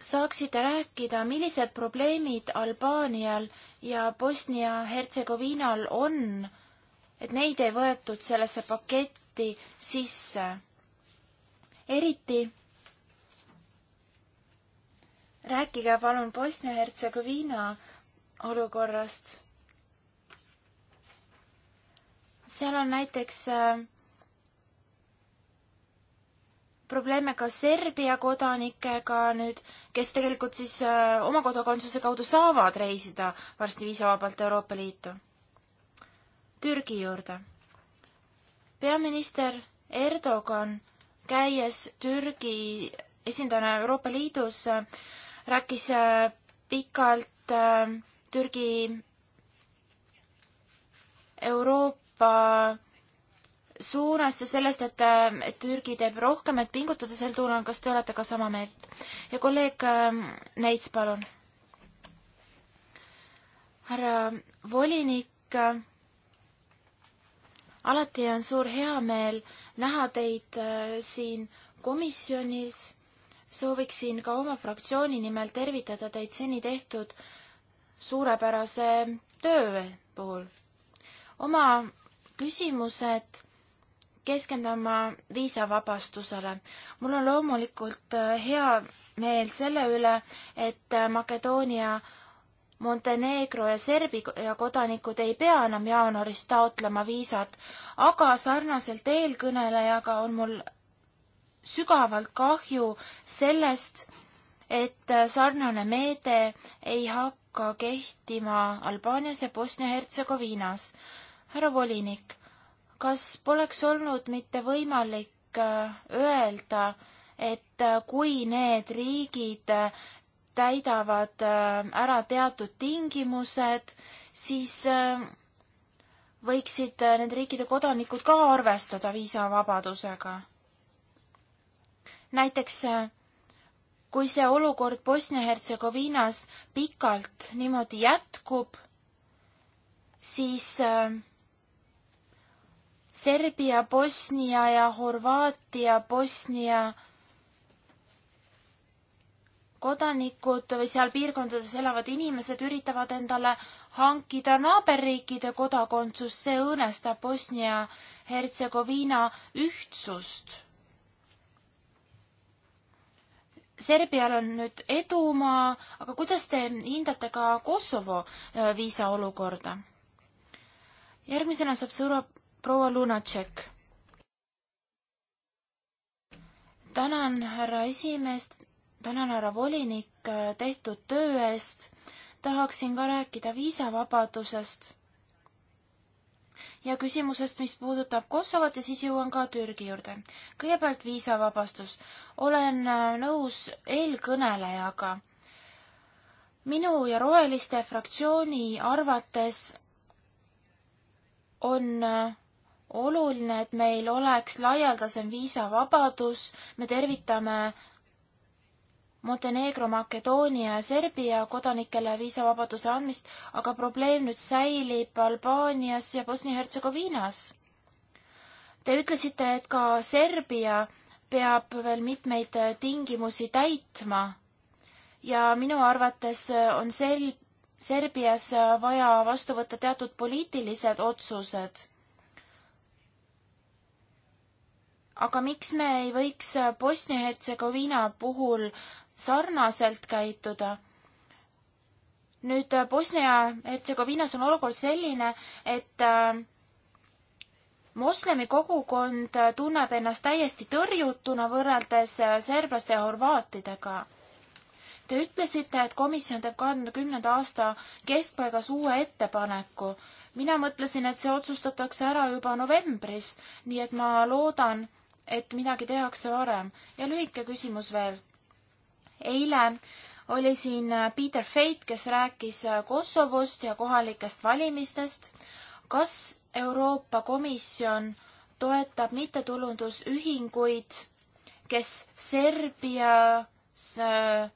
saaksite rääkida, millised probleemid Albaanial ja Bosnia-Hertsegoviinal on, et neid ei võetud sellesse paketti sisse. eriti rääkige palun Bosnia-Hertsegoviina olukorrast. seal on näiteks äh, probleeme ka Serbia kodanikega nüüd, kes tegelikult siis äh, oma kodakondsuse kaudu saavad reisida varsti viisavabalt Euroopa Liitu. Türgi juurde. peaminister Erdogan, käies Türgi esindajana Euroopa Liidus, äh, rääkis äh, pikalt Türgi Euroopa suunast ja sellest, et, äh, et Türgi teeb rohkem, et pingutada sel tuulel, kas te olete ka sama meelt? ja kolleeg ähm, Neits, palun. härra volinik, äh, alati on suur heameel näha teid äh, siin komisjonis. sooviksin ka oma fraktsiooni nimel tervitada teid seni tehtud suurepärase töö puhul. oma küsimused keskenduma viisavabastusele. mul on loomulikult äh, hea meel selle üle, et äh, Makedoonia Montenegro ja Serbia kodanikud ei pea enam jaanuaris taotlema viisat, aga sarnaselt eelkõnelejaga on mul sügavalt kahju sellest, et äh, sarnane meede ei hakka kehtima Albaanias ja Bosnia-Hertsegoviinas. härra volinik, kas poleks olnud mitte võimalik äh, öelda, et äh, kui need riigid äh, täidavad ära teatud tingimused, siis võiksid nende riikide kodanikud ka arvestada viisavabadusega. näiteks kui see olukord Bosnia-Hertsegoviinas pikalt niimoodi jätkub, siis äh, Serbia, Bosnia ja Horvaatia, Bosnia kodanikud või seal piirkondades elavad inimesed üritavad endale hankida naaberriikide kodakondsust, see õõnestab Bosnia-Hertsegoviina ühtsust. Serbial on nüüd edumaa, aga kuidas te hindate ka Kosovo äh, viisa olukorda? järgmisena saab sõna proua Lunatšek. tänan, härra esimees, tänan, härra volinik, äh, tehtud töö eest. tahaksin ka rääkida viisavabadusest ja küsimusest, mis puudutab Kosovot ja siis jõuan ka Türgi juurde. kõigepealt viisavabastus. olen äh, nõus eelkõnelejaga. minu ja Roheliste fraktsiooni arvates on äh, oluline, et meil oleks laialdasem viisavabadus, me tervitame Montenegro, Makedoonia ja Serbia kodanikele viisavabaduse andmist, aga probleem nüüd säilib Albaanias ja Bosnia-Hertsegoviinas. Te ütlesite, et ka Serbia peab veel mitmeid tingimusi täitma ja minu arvates on sel-, Serbias vaja vastu võtta teatud poliitilised otsused aga miks me ei võiks Bosnia-Hertsegoviina puhul sarnaselt käituda? nüüd äh, Bosnia-Hertsegoviinas on olukord selline, et äh, moslemi kogukond äh, tunneb ennast täiesti tõrjutuna võrreldes serblaste ja horvaatidega. Te ütlesite, et komisjon teeb kahe tuhande kümnenda aasta keskpaigas uue ettepaneku. mina mõtlesin, et see otsustatakse ära juba novembris, nii et ma loodan, et midagi tehakse varem. ja lühike küsimus veel. eile oli siin Peter Feit, kes rääkis Kosovost ja kohalikest valimistest. kas Euroopa Komisjon toetab mittetulundusühinguid, kes Serbias äh,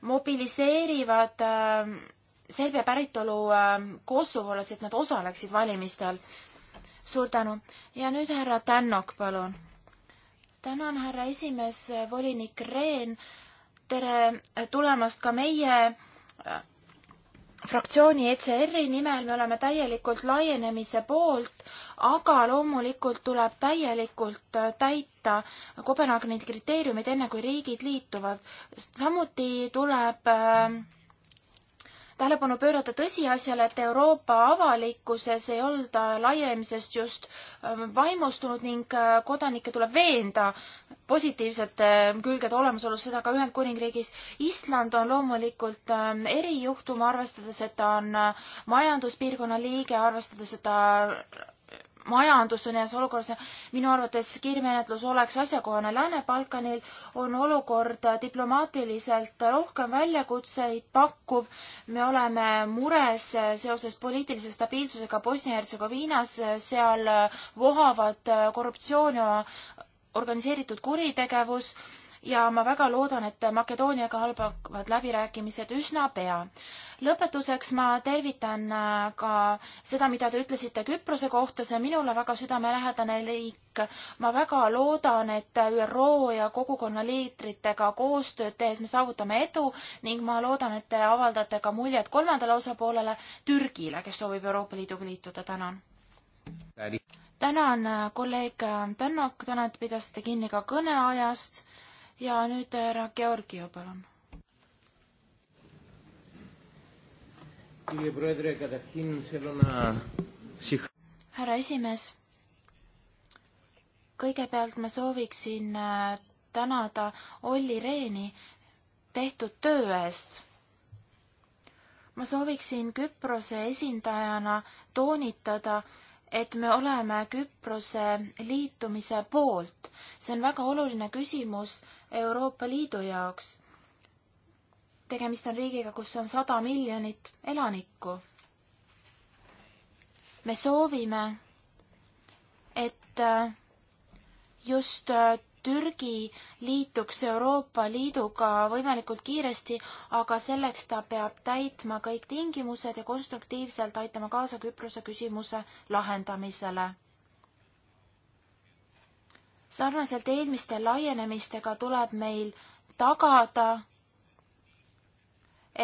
mobiliseerivad äh, Serbia päritolu äh, kosovolased, nad osaleksid valimistel suur tänu. ja nüüd härra Tännok, palun. tänan, härra esimees, volinik Rehn. tere tulemast ka meie äh, fraktsiooni ECR-i nimel me oleme täielikult laienemise poolt, aga loomulikult tuleb täielikult äh, täita Kopenhaageni kriteeriumid, enne kui riigid liituvad. samuti tuleb äh, tähelepanu pöörata tõsiasjale, et Euroopa avalikkuses ei olda laienemisest just ähm, vaimustunud ning äh, kodanikke tuleb veenda positiivsete ähm, külgede olemasolus, seda ka Ühendkuningriigis. Island on loomulikult ähm, erijuhtum, arvestades, et ta on äh, majanduspiirkonna liige, arvestades, et ta majandus on heas olukorras ja minu arvates kiirmenetlus oleks asjakohane. Lääne-Balkanil on olukord diplomaatiliselt rohkem väljakutseid pakkuv. me oleme mures seoses poliitilise stabiilsusega Bosnia-Hertsegoviinas, seal vohavad korruptsioon ja organiseeritud kuritegevus ja ma väga loodan, et Makedooniaga algavad läbirääkimised üsna pea. lõpetuseks ma tervitan äh, ka seda, mida te ütlesite Küprose kohta, see on minule väga südamelähedane liik. ma väga loodan, et ÜRO ja kogukonna liidritega koostööd tehes me saavutame edu ning ma loodan, et te avaldate ka muljet kolmandale osapoolele, Türgile, kes soovib Euroopa Liiduga liituda. tänan tänan kolleeg Tänak, tänan, et pidasite kinni ka kõneajast ja nüüd äh, härra Georgiev, palun. härra esimees, kõigepealt ma sooviksin äh, tänada Olli Rehni tehtud töö eest ma sooviksin Küprose esindajana toonitada, et me oleme Küprose liitumise poolt. see on väga oluline küsimus Euroopa Liidu jaoks. tegemist on riigiga, kus on sada miljonit elanikku. me soovime, et äh, just äh, Türgi liituks Euroopa Liiduga võimalikult kiiresti, aga selleks ta peab täitma kõik tingimused ja konstruktiivselt aitama kaasa Küprose küsimuse lahendamisele sarnaselt eelmiste laienemistega tuleb meil tagada,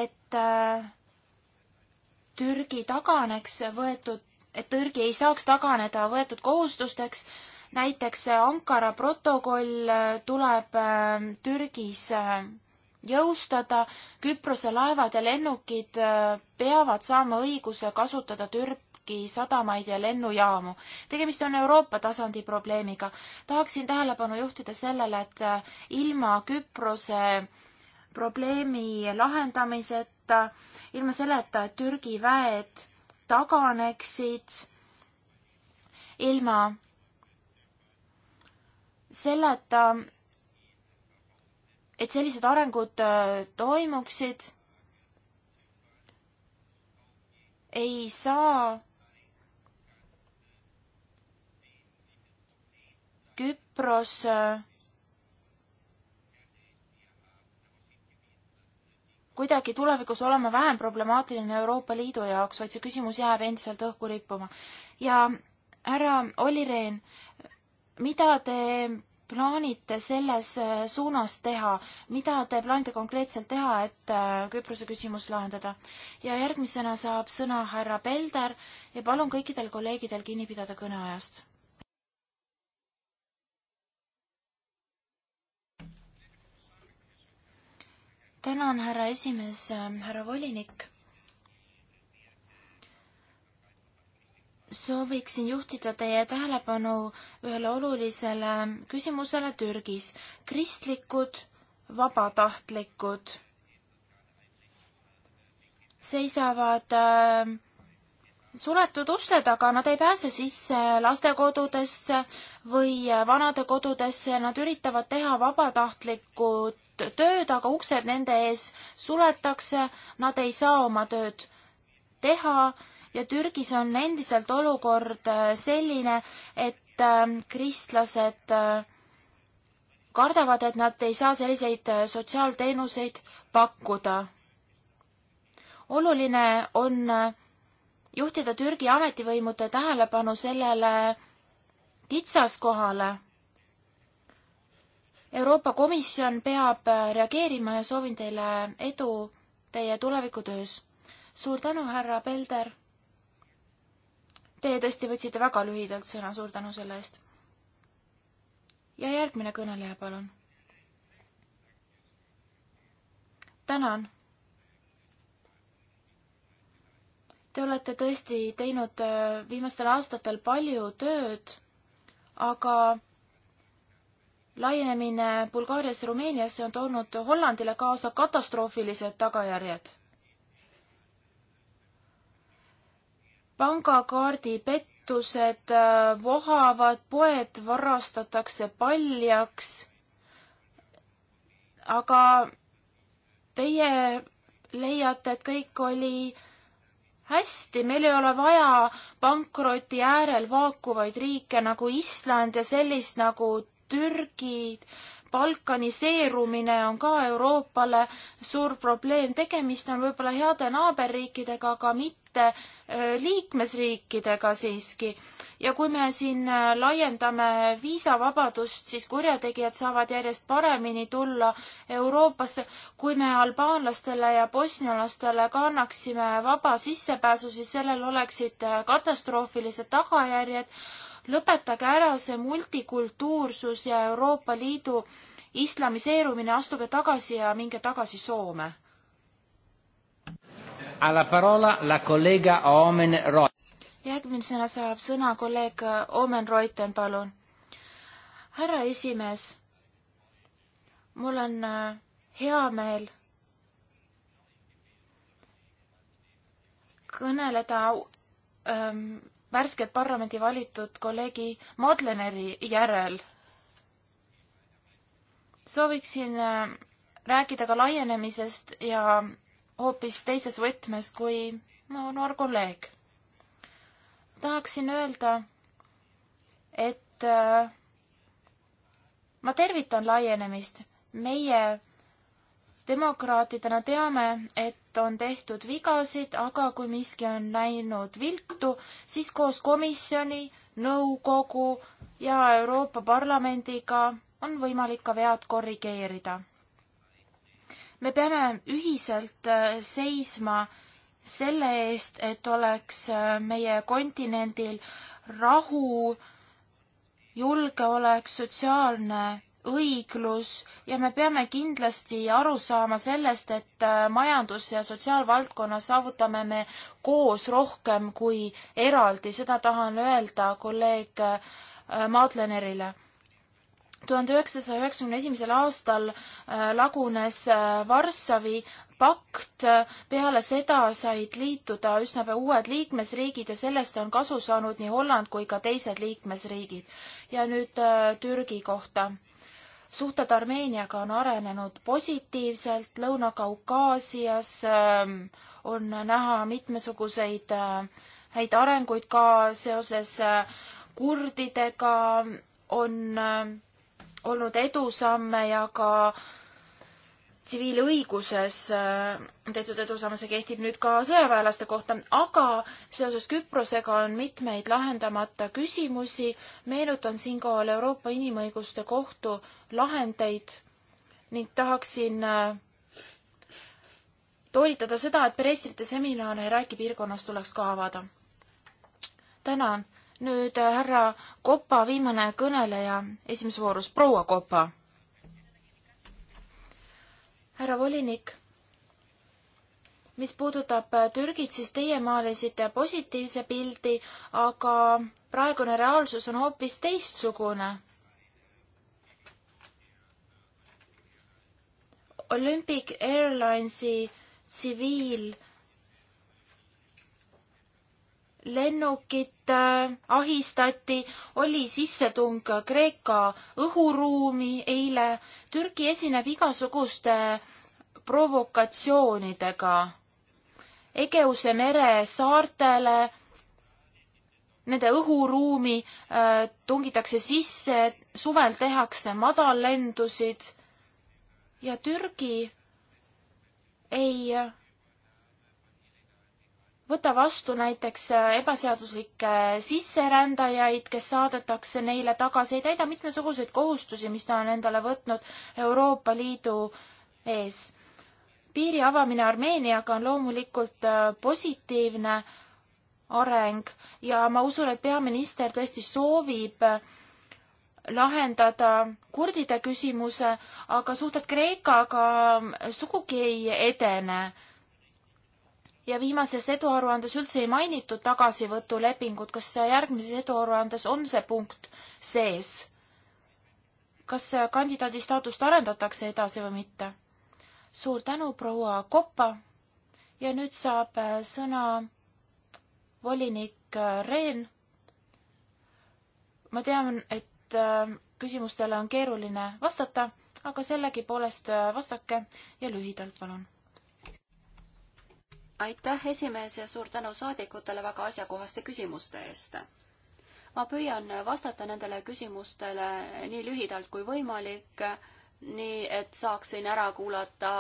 et äh, Türgi taganeks võetud, et Türgi ei saaks taganeda võetud kohustusteks, näiteks Ankara protokoll äh, tuleb äh, Türgis jõustada, Küprose laevad ja lennukid peavad saama õiguse kasutada Tür-, parki, sadamaid ja lennujaamu. tegemist on Euroopa tasandi probleemiga. tahaksin tähelepanu juhtida sellele, et äh, ilma Küprose äh, probleemi lahendamiseta, ilma selleta, et Türgi väed taganeksid, ilma selleta, et sellised arengud äh, toimuksid, ei saa Küpros äh, kuidagi tulevikus olema vähem problemaatiline Euroopa Liidu jaoks, vaid see küsimus jääb endiselt õhku rippuma. ja härra Olli Rehn, mida te plaanite selles äh, suunas teha, mida te plaanite konkreetselt teha, et äh, Küprose küsimus lahendada? ja järgmisena saab sõna härra Pelder ja palun kõikidel kolleegidel kinni pidada kõneajast tänan, härra esimees, härra volinik. sooviksin juhtida teie tähelepanu ühele olulisele küsimusele Türgis. kristlikud vabatahtlikud seisavad äh, suletud uste taga, nad ei pääse sisse lastekodudesse või vanadekodudesse, nad üritavad teha vabatahtlikku tööd, aga uksed nende ees suletakse, nad ei saa oma tööd teha ja Türgis on endiselt olukord äh, selline, et äh, kristlased äh, kardavad, et nad ei saa selliseid sotsiaalteenuseid pakkuda. oluline on juhtida Türgi ametivõimude tähelepanu sellele kitsaskohale. Euroopa Komisjon peab äh, reageerima ja soovin teile edu teie tulevikutöös. suur tänu, härra Pelder. Teie tõesti võtsite väga lühidalt sõna, suur tänu selle eest. ja järgmine kõneleja, palun. tänan Te olete tõesti teinud äh, viimastel aastatel palju tööd, aga laienemine Bulgaarias ja Rumeeniasse on toonud Hollandile kaasa katastroofilised tagajärjed. pangakaardi pettused äh, vohavad, poed varastatakse paljaks, aga teie leiate, et kõik oli hästi, meil ei ole vaja pankroti äärel vaakuvaid riike nagu Island ja sellist nagu Türgi balkaniseerumine on ka Euroopale suur probleem. tegemist on võib-olla heade naaberriikidega, aga mitte äh, liikmesriikidega siiski. ja kui me siin äh, laiendame viisavabadust, siis kurjategijad saavad järjest paremini tulla Euroopasse. kui me albaanlastele ja bosnialastele ka annaksime vaba sissepääsu, siis sellel oleksid äh, katastroofilised tagajärjed lõpetage ära see multikultuursus ja Euroopa Liidu islamiseerumine, astuge tagasi ja minge tagasi Soome. järgmisena saab sõna kolleeg Omen Reuten, palun. härra esimees, mul on äh, hea meel kõneleda ähm, värsket parlamendi valitud kolleegi Madleneri järel. sooviksin äh, rääkida ka laienemisest ja hoopis teises võtmes kui mu noor kolleeg. tahaksin öelda, et äh, ma tervitan laienemist. meie demokraatidena teame, et on tehtud vigasid, aga kui miski on läinud viltu, siis koos komisjoni, nõukogu ja Euroopa Parlamendiga on võimalik ka vead korrigeerida. me peame ühiselt äh, seisma selle eest, et oleks äh, meie kontinendil rahu, julgeolek, sotsiaalne õiglus ja me peame kindlasti aru saama sellest, et äh, majandus- ja sotsiaalvaldkonna saavutame me koos rohkem kui eraldi, seda tahan öelda kolleeg äh, Maadlenerile. tuhande üheksasaja üheksakümne esimesel aastal äh, lagunes Varssavi pakt, peale seda said liituda üsna pea uued liikmesriigid ja sellest on kasu saanud nii Holland kui ka teised liikmesriigid. ja nüüd Türgi kohta suhted Armeeniaga on arenenud positiivselt, Lõuna-Kaukaasias ähm, on näha mitmesuguseid äh, häid arenguid ka seoses äh, kurdidega, on äh, olnud edusamme ja ka tsiviilõiguses tehtud edusamme, see kehtib nüüd ka sõjaväelaste kohta, aga seoses Küprosega on mitmeid lahendamata küsimusi. meenutan siinkohal Euroopa Inimõiguste Kohtu lahendeid ning tahaksin äh, toonitada seda, et preestrite seminare Räägi piirkonnas tuleks ka avada. tänan. nüüd äh, härra Kopa, viimane kõneleja esimeses voorus, proua Kopa. härra volinik, mis puudutab äh, Türgit, siis teie maalisite positiivse pildi, aga praegune reaalsus on hoopis teistsugune Olympic Airlinesi tsiviil lennukit äh, ahistati, oli sissetung Kreeka õhuruumi eile. Türgi esineb igasuguste provokatsioonidega. Egeuse mere saartele, nende õhuruumi äh, tungitakse sisse, suvel tehakse madallendusid ja Türgi ei võta vastu näiteks ebaseaduslikke sisserändajaid, kes saadetakse neile tagasi, ei täida mitmesuguseid kohustusi, mis ta on endale võtnud Euroopa Liidu ees. piiri avamine Armeeniaga on loomulikult äh, positiivne areng ja ma usun, et peaminister tõesti soovib äh, lahendada kurdide küsimuse, aga suhted Kreekaga sugugi ei edene. ja viimases eduaruandes üldse ei mainitud tagasivõtulepingut, kas järgmises eduaruandes on see punkt sees? kas kandidaadi staatust arendatakse edasi või mitte? suur tänu, proua Koppa ja nüüd saab sõna volinik Rehn. ma tean, et et äh, küsimustele on keeruline vastata, aga sellegipoolest äh, vastake ja lühidalt, palun. aitäh, esimees, ja suur tänu saadikutele väga asjakohaste küsimuste eest. ma püüan vastata nendele küsimustele nii lühidalt kui võimalik, nii et saaksin ära kuulata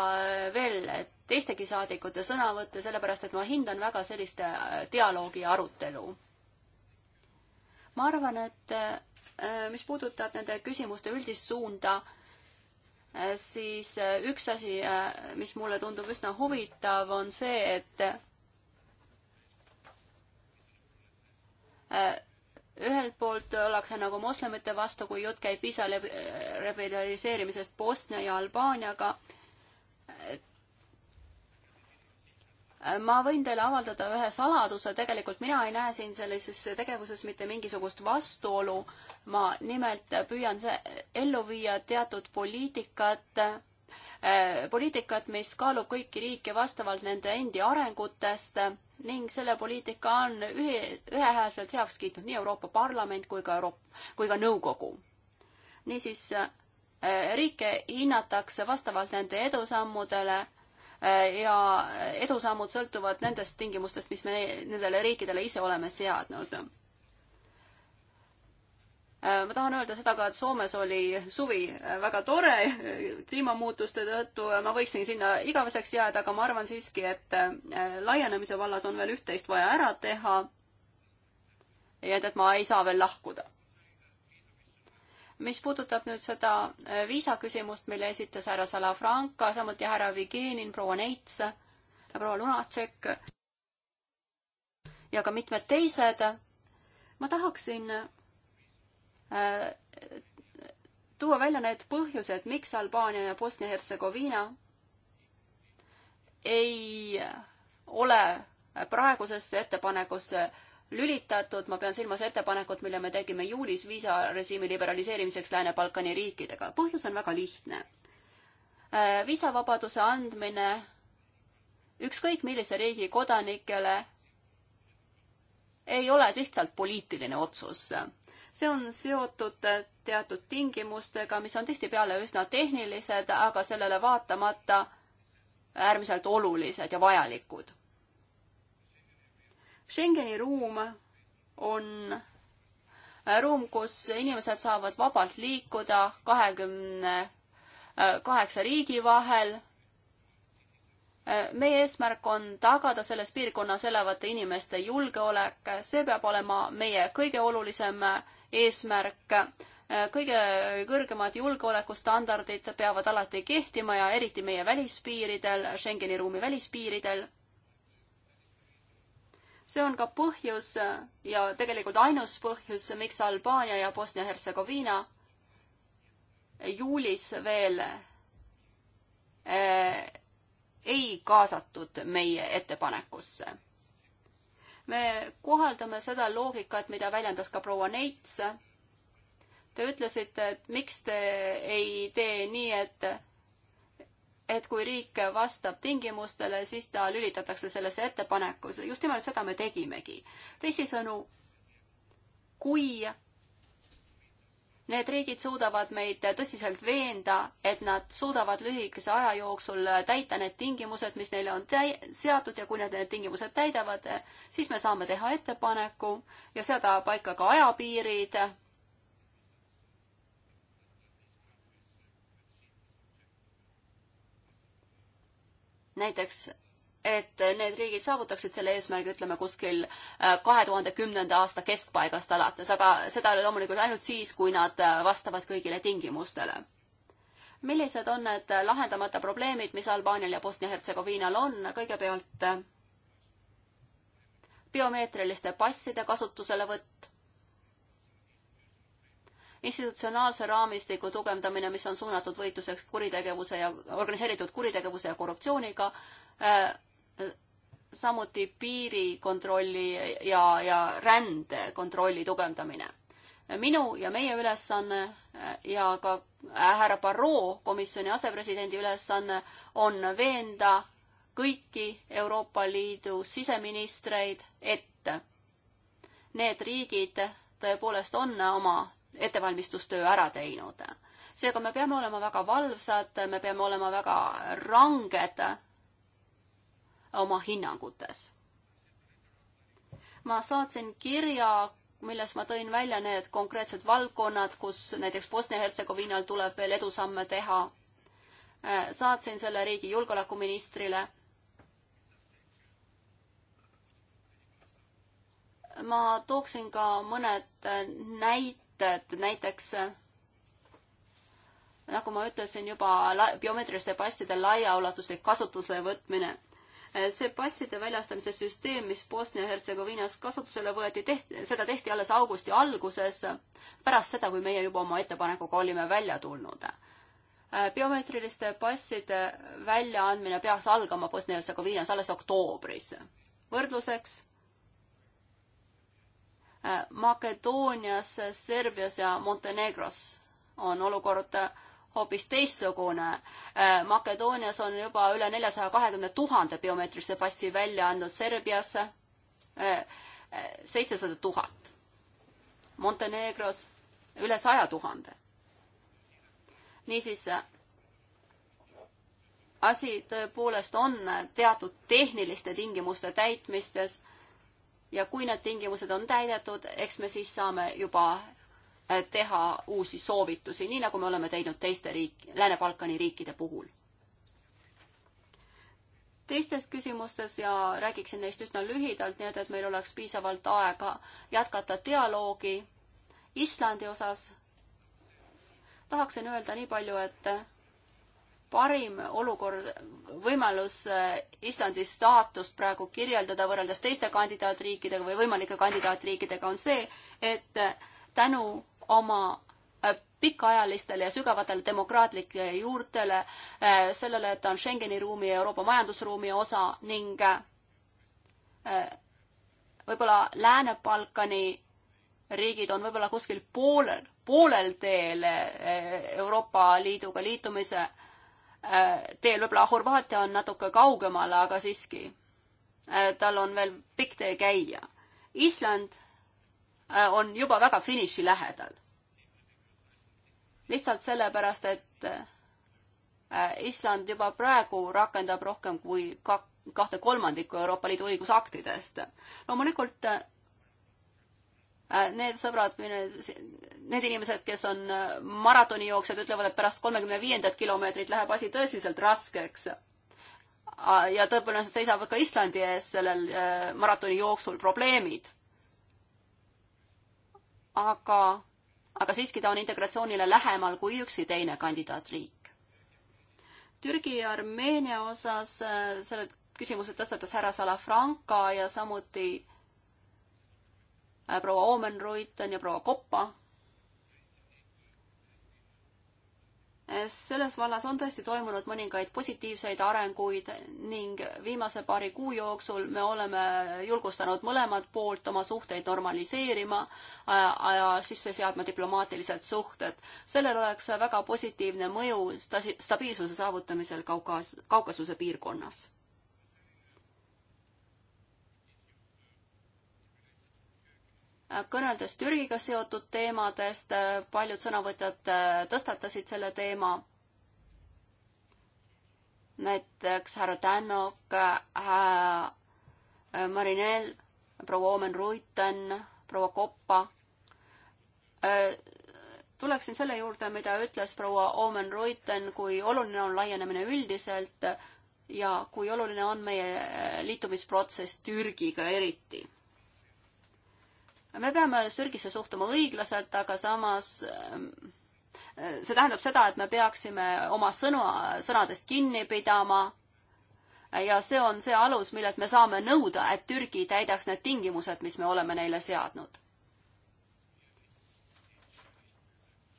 veel teistegi saadikute sõnavõtte, sellepärast et ma hindan väga sellist dialoogi ja arutelu. ma arvan, et Äh, mis puudutab nende küsimuste üldist suunda, äh, siis äh, üks asi, mis mulle tundub üsna huvitav, on see, et ühelt poolt ollakse nagu moslemite vastu, kui jutt käib viisa liberaliseerimisest Bosnia ja Albaaniaga. ma võin teile avaldada ühe saladuse, tegelikult mina ei näe siin sellises tegevuses mitte mingisugust vastuolu ma nimelt püüan ellu viia teatud poliitikat, eh, poliitikat, mis kaalub kõiki riike vastavalt nende endi arengutest ning selle poliitika on ühe, ühehäälselt heaks kiitnud nii Euroopa Parlament kui ka Euroop-, kui ka Nõukogu. niisiis, eh, riike hinnatakse vastavalt nende edusammudele eh, ja edusammud sõltuvad nendest tingimustest, mis me nendele riikidele ise oleme seadnud Äh, ma tahan öelda seda ka, et Soomes oli suvi äh, väga tore <laughs> kliimamuutuste tõttu, ma võiksin sinna igaveseks jääda, aga ma arvan siiski, et äh, laienemise vallas on veel üht-teist vaja ära teha. ja et, et ma ei saa veel lahkuda. mis puudutab nüüd seda viisaküsimust, mille esitas härra Salafranca, samuti härra Vigenin, proua Neits, proua Lunatšek ja ka mitmed teised, ma tahaksin Äh, tuua välja need põhjused, miks Albaania ja Bosnia-Hertsegoviina ei ole praegusesse ettepanekusse lülitatud, ma pean silmas ettepanekut, mille me tegime juulis viisarežiimi liberaliseerimiseks Lääne-Balkani riikidega. põhjus on väga lihtne. Äh, viisavabaduse andmine ükskõik millise riigi kodanikele ei ole lihtsalt poliitiline otsus see on seotud äh, teatud tingimustega, mis on tihtipeale üsna tehnilised, aga sellele vaatamata äärmiselt olulised ja vajalikud. Schengeni ruum on äh, ruum, kus inimesed saavad vabalt liikuda kahekümne äh, kaheksa riigi vahel. meie eesmärk on tagada selles piirkonnas elavate inimeste julgeolek, see peab olema meie kõige olulisem äh, eesmärk. kõige kõrgemad julgeolekustandardid peavad alati kehtima ja eriti meie välispiiridel, Schengeni ruumi välispiiridel. see on ka põhjus ja tegelikult ainus põhjus, miks Albaania ja Bosnia-Hertsegoviina juulis veel eh, ei kaasatud meie ettepanekusse me kohaldame seda loogikat, mida väljendas ka proua Neits. Te ütlesite, et miks te ei tee nii, et, et kui riik vastab tingimustele, siis ta lülitatakse sellesse ettepanekusse. just nimelt seda me tegimegi. teisisõnu, kui Need riigid suudavad meid tõsiselt veenda, et nad suudavad lühikese aja jooksul täita need tingimused, mis neile on seatud ja kui nad need tingimused täidavad, siis me saame teha ettepaneku ja seada paika ka ajapiirid. näiteks et need riigid saavutaksid selle eesmärgi, ütleme kuskil äh, kahe tuhande kümnenda aasta keskpaigast alates, aga seda loomulikult ainult siis, kui nad äh, vastavad kõigile tingimustele. millised on need lahendamata probleemid, mis Albaanial ja Bosnia-Hertsegoviinal on, kõigepealt äh, biomeetriliste passide kasutuselevõtt, institutsionaalse raamistiku tugevdamine, mis on suunatud võitluseks kuritegevuse ja organiseeritud kuritegevuse ja korruptsiooniga äh,, samuti piirikontrolli ja, ja rändekontrolli tugevdamine. minu ja meie ülesanne äh, ja ka äh, härra Barrot, komisjoni asepresidendi ülesanne, on veenda kõiki Euroopa Liidu siseministreid, et need riigid tõepoolest on oma ettevalmistustöö ära teinud. seega me peame olema väga valvsad, me peame olema väga ranged oma hinnangutes. ma saatsin kirja, milles ma tõin välja need konkreetsed valdkonnad, kus näiteks Bosnia-Hertsegoviinal tuleb veel edusamme teha. saatsin selle riigi julgeolekuministrile. ma tooksin ka mõned näited, näiteks nagu ma ütlesin juba, biomeetriliste passide laiaulatuslik kasutusele võtmine see passide väljastamise süsteem, mis Bosnia-Hertsegoviinas kasutusele võeti, tehti, seda tehti alles augusti alguses, pärast seda, kui meie juba oma ettepanekuga olime välja tulnud. Äh, biomeetriliste passide väljaandmine peaks algama Bosnia-Hertsegoviinas alles oktoobris. võrdluseks äh, Makedoonias, Serbias ja Montenegros on olukord äh, hoopis teistsugune. Äh, Makedoonias on juba üle neljasaja kahekümne tuhande biomeetrilise passi välja andnud, Serbias äh, äh, seitsesada tuhat, Montenegros üle saja tuhande. niisiis, asi tõepoolest on teatud tehniliste tingimuste täitmistes ja kui need tingimused on täidetud, eks me siis saame juba teha uusi soovitusi, nii nagu me oleme teinud teiste riik, Lääne-Balkani riikide puhul. teistes küsimustes ja räägiksin neist üsna lühidalt, nii et, et meil oleks piisavalt aega jätkata dialoogi Islandi osas. tahaksin öelda nii palju, et parim olukord, võimalus eh, Islandi staatust praegu kirjeldada võrreldes teiste kandidaatriikidega või võimalike kandidaatriikidega on see, et eh, tänu oma äh, pikaajalistele ja sügavatele demokraatlikele juurtele, äh, sellele, et ta on Schengeni ruumi ja Euroopa majandusruumi osa ning äh, võib-olla Lääne-Balkani riigid on võib-olla kuskil poolel, poolel teel Euroopa Liiduga liitumise teel, võib-olla Horvaatia on natuke kaugemal, aga siiski tal on veel pikk tee käia. Island Äh, on juba väga finiši lähedal. lihtsalt sellepärast, et äh, Island juba praegu rakendab rohkem kui kak-, kahte kolmandikku Euroopa Liidu õigusaktidest. loomulikult äh, need sõbrad, need inimesed, kes on maratonijooksjad, ütlevad, et pärast kolmekümne viiendat kilomeetrit läheb asi tõsiselt raskeks. ja tõepoolest seisavad ka Islandi ees sellel maratoni jooksul probleemid aga, aga siiski ta on integratsioonile lähemal kui ükski teine kandidaatriik. Türgi ja Armeenia osas äh, selle küsimuse tõstatas härra Salafranca ja samuti äh, proua Oomen Ruiten ja proua Koppa selles vallas on tõesti toimunud mõningaid positiivseid arenguid ning viimase paari kuu jooksul me oleme julgustanud mõlemat poolt oma suhteid normaliseerima äh, ja sisse seadma diplomaatilised suhted. sellel oleks väga positiivne mõju stabiilsuse saavutamisel Kaukaas-, Kaukasuse piirkonnas kõneldes Türgiga seotud teemadest, paljud sõnavõtjad äh, tõstatasid selle teema. näiteks härra Tänok, äh, Marinel, proua Omen Ruiten, proua Koppa. Äh, tuleksin selle juurde, mida ütles proua Omen Ruiten, kui oluline on laienemine üldiselt ja kui oluline on meie liitumisprotsess Türgiga eriti me peame Türgisse suhtuma õiglaselt, aga samas ähm, äh, see tähendab seda, et me peaksime oma sõnu, sõnadest kinni pidama. ja see on see alus, millelt me saame nõuda, et Türgi täidaks need tingimused, mis me oleme neile seadnud.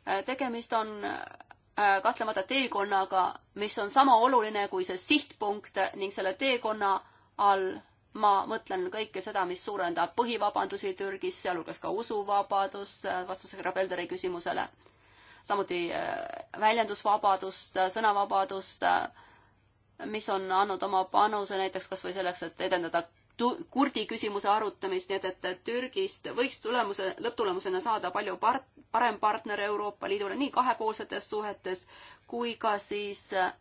Äh, tegemist on äh, kahtlemata teekonnaga, mis on sama oluline kui see sihtpunkt ning selle teekonna all ma mõtlen kõike seda, mis suurendab põhivabandusi Türgis, sealhulgas ka usuvabadust, äh, vastuseks Rabelderi küsimusele. samuti äh, väljendusvabadust, äh, sõnavabadust, mis on andnud oma panuse näiteks kas või selleks, et edendada kurdi küsimuse arutamist, nii et, et Türgist võiks tulemuse, lõpptulemusena saada palju part-, parem partner Euroopa Liidule nii kahepoolsetes suhetes kui ka siis äh,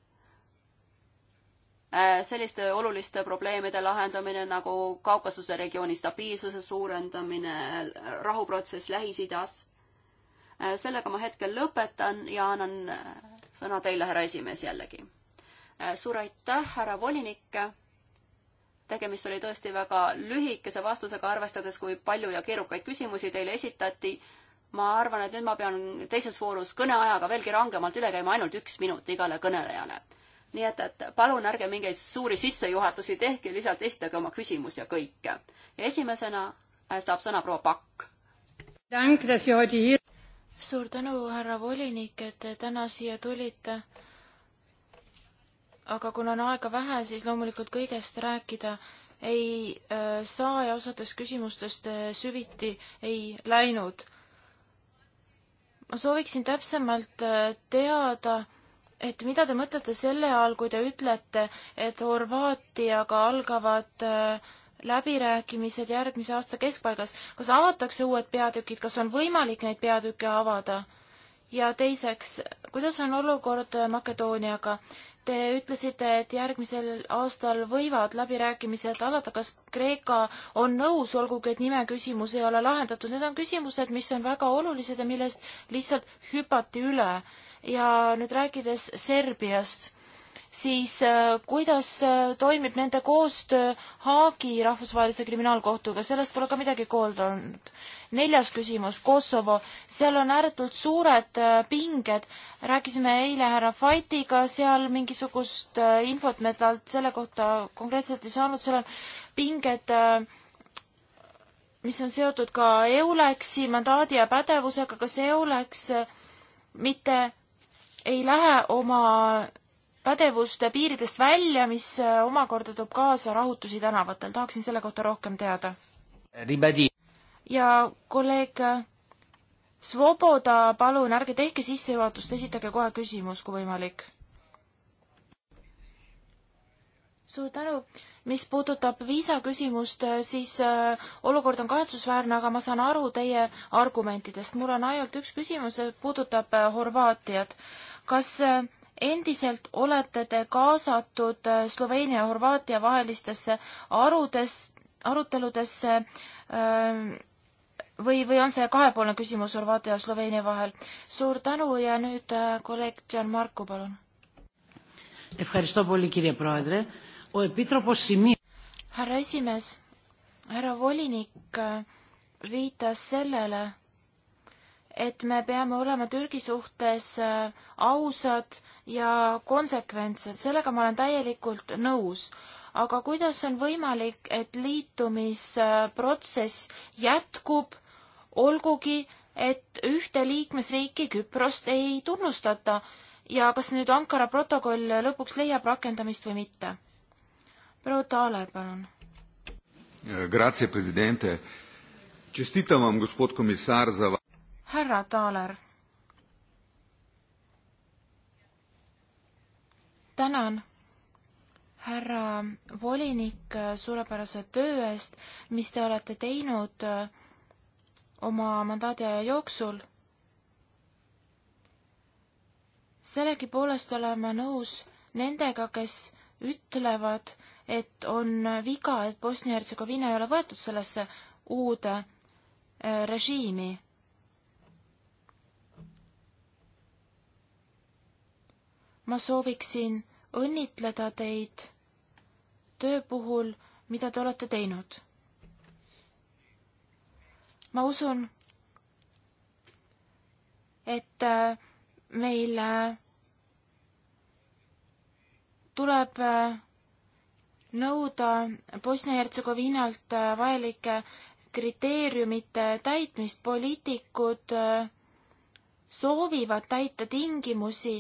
Äh, selliste oluliste probleemide lahendamine nagu Kaukasuse regiooni stabiilsuse suurendamine, rahuprotsess Lähis-Idas. Äh, sellega ma hetkel lõpetan ja annan äh, sõna teile, härra esimees, jällegi. suur aitäh, härra volinik. tegemist oli tõesti väga lühikese vastusega, arvestades, kui palju ja keerukaid küsimusi teile esitati ma arvan, et nüüd ma pean teises voorus kõneajaga veelgi rangemalt üle käima, ainult üks minut igale kõnelejale nii et, et palun ärge mingeid suuri sissejuhatusi tehke, lihtsalt esitage oma küsimus ja kõik. ja esimesena äh, saab sõna proua Pakk. suur tänu, härra volinik, et te täna siia tulite. aga kuna on aega vähe, siis loomulikult kõigest rääkida ei äh, saa ja osades küsimustest äh, süviti ei läinud. ma sooviksin täpsemalt äh, teada äh, et mida te mõtlete selle all, kui te ütlete, et Horvaatiaga algavad äh, läbirääkimised järgmise aasta keskpaigas, kas avatakse uued peatükid, kas on võimalik neid peatükke avada? ja teiseks, kuidas on olukord äh, Makedooniaga? Te ütlesite, et järgmisel aastal võivad läbirääkimised alata, kas Kreeka on nõus, olgugi et nime küsimus ei ole lahendatud, need on küsimused, mis on väga olulised ja millest lihtsalt hüpati üle ja nüüd rääkides Serbiast, siis äh, kuidas äh, toimib nende koostöö Haagi rahvusvahelise kriminaalkohtuga, sellest pole ka midagi kuulda olnud. neljas küsimus, Kosovo, seal on ääretult suured äh, pinged, rääkisime eile härra Fatiga, seal mingisugust infot me talt selle kohta konkreetselt ei saanud, seal on pinged mis on seotud ka EULEX-i mandaadi ja pädevusega, kas EULEX mitte ei lähe oma pädevuste piiridest välja, mis äh, omakorda toob kaasa rahutusi tänavatel. tahaksin selle kohta rohkem teada. ja kolleeg äh, Svoboda, palun ärge tehke sissejuhatust, esitage kohe küsimus, kui võimalik. suur tänu. mis puudutab viisaküsimust, äh, siis olukord on kahetsusväärne, aga ma saan aru teie argumentidest. mul on ainult üks küsimus, puudutab Horvaatiat kas äh, endiselt olete te kaasatud äh, Sloveenia ja Horvaatia vahelistesse arudes, aruteludesse äh, või, või on see kahepoolne küsimus Horvaatia ja Sloveenia vahel? suur tänu ja nüüd kolleeg Gianmarco, palun. härra esimees, härra volinik viitas sellele, et me peame olema Türgi suhtes äh, ausad ja konsekventsed, sellega ma olen täielikult nõus. aga kuidas on võimalik, et liitumisprotsess jätkub, olgugi et ühte liikmesriiki, Küprost, ei tunnustata ja kas nüüd Ankara protokoll lõpuks leiab rakendamist või mitte? proua Taaler, palun. Grazie, president. Čestitam vam, gospod komisar, za härra Taaler. tänan, härra volinik, suurepärase töö eest, mis te olete teinud äh, oma mandaadi aja jooksul. sellegipoolest olen ma nõus nendega, kes ütlevad, et on viga, et Bosnia-Hertsegoviina ei ole võetud sellesse uude äh, režiimi. ma sooviksin õnnitleda teid töö puhul, mida te olete teinud. ma usun, et äh, meil äh, tuleb äh, nõuda Bosnia-Hertsegoviinalt vajalike kriteeriumite täitmist, poliitikud äh, soovivad täita tingimusi,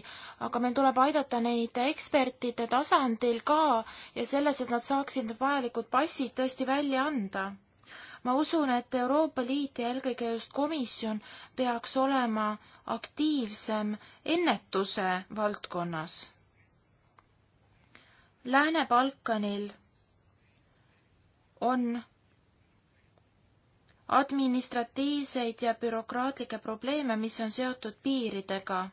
aga meil tuleb aidata neid ekspertide tasandil ka ja selles, et nad saaksid need vajalikud passid tõesti välja anda. ma usun, et Euroopa Liit ja eelkõige just komisjon peaks olema aktiivsem ennetuse valdkonnas. Lääne-Balkanil on administratiivseid ja bürokraatlikke probleeme, mis on seotud piiridega.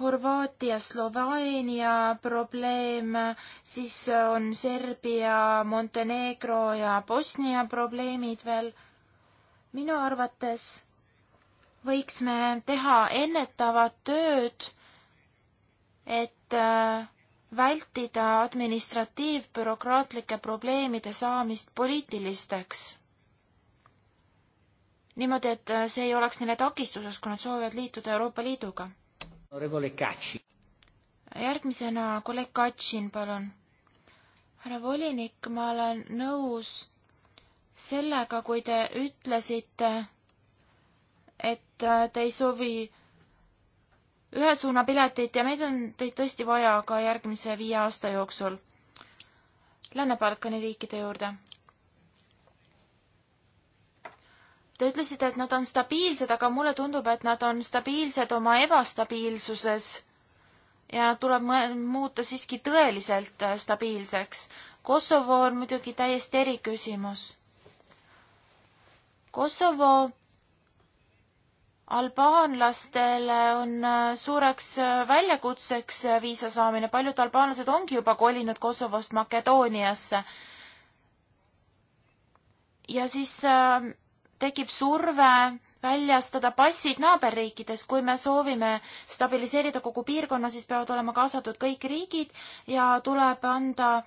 Horvaatia, Sloveenia probleem, siis on Serbia, Montenegro ja Bosnia probleemid veel. minu arvates võiks me teha ennetavat tööd, et äh, vältida administratiivbürokraatlike probleemide saamist poliitilisteks. niimoodi, et äh, see ei oleks neile takistuseks, kui nad soovivad liituda Euroopa Liiduga. järgmisena kolleeg Katšin, palun. härra volinik, ma olen nõus sellega, kui te ütlesite, et äh, te ei soovi ühe suuna piletit ja meid on teid tõesti vaja ka järgmise viie aasta jooksul Lääne-Balkani riikide juurde. Te ütlesite, et nad on stabiilsed, aga mulle tundub, et nad on stabiilsed oma ebastabiilsuses ja nad tuleb muuta siiski tõeliselt äh, stabiilseks. Kosovo on muidugi täiesti eriküsimus. Kosovo albaanlastele on äh, suureks äh, väljakutseks äh, viisa saamine, paljud albaanlased ongi juba kolinud Kosovost Makedooniasse. ja siis tekib surve väljastada passid naaberriikides, kui me soovime stabiliseerida kogu piirkonna, siis peavad olema kaasatud kõik riigid ja tuleb anda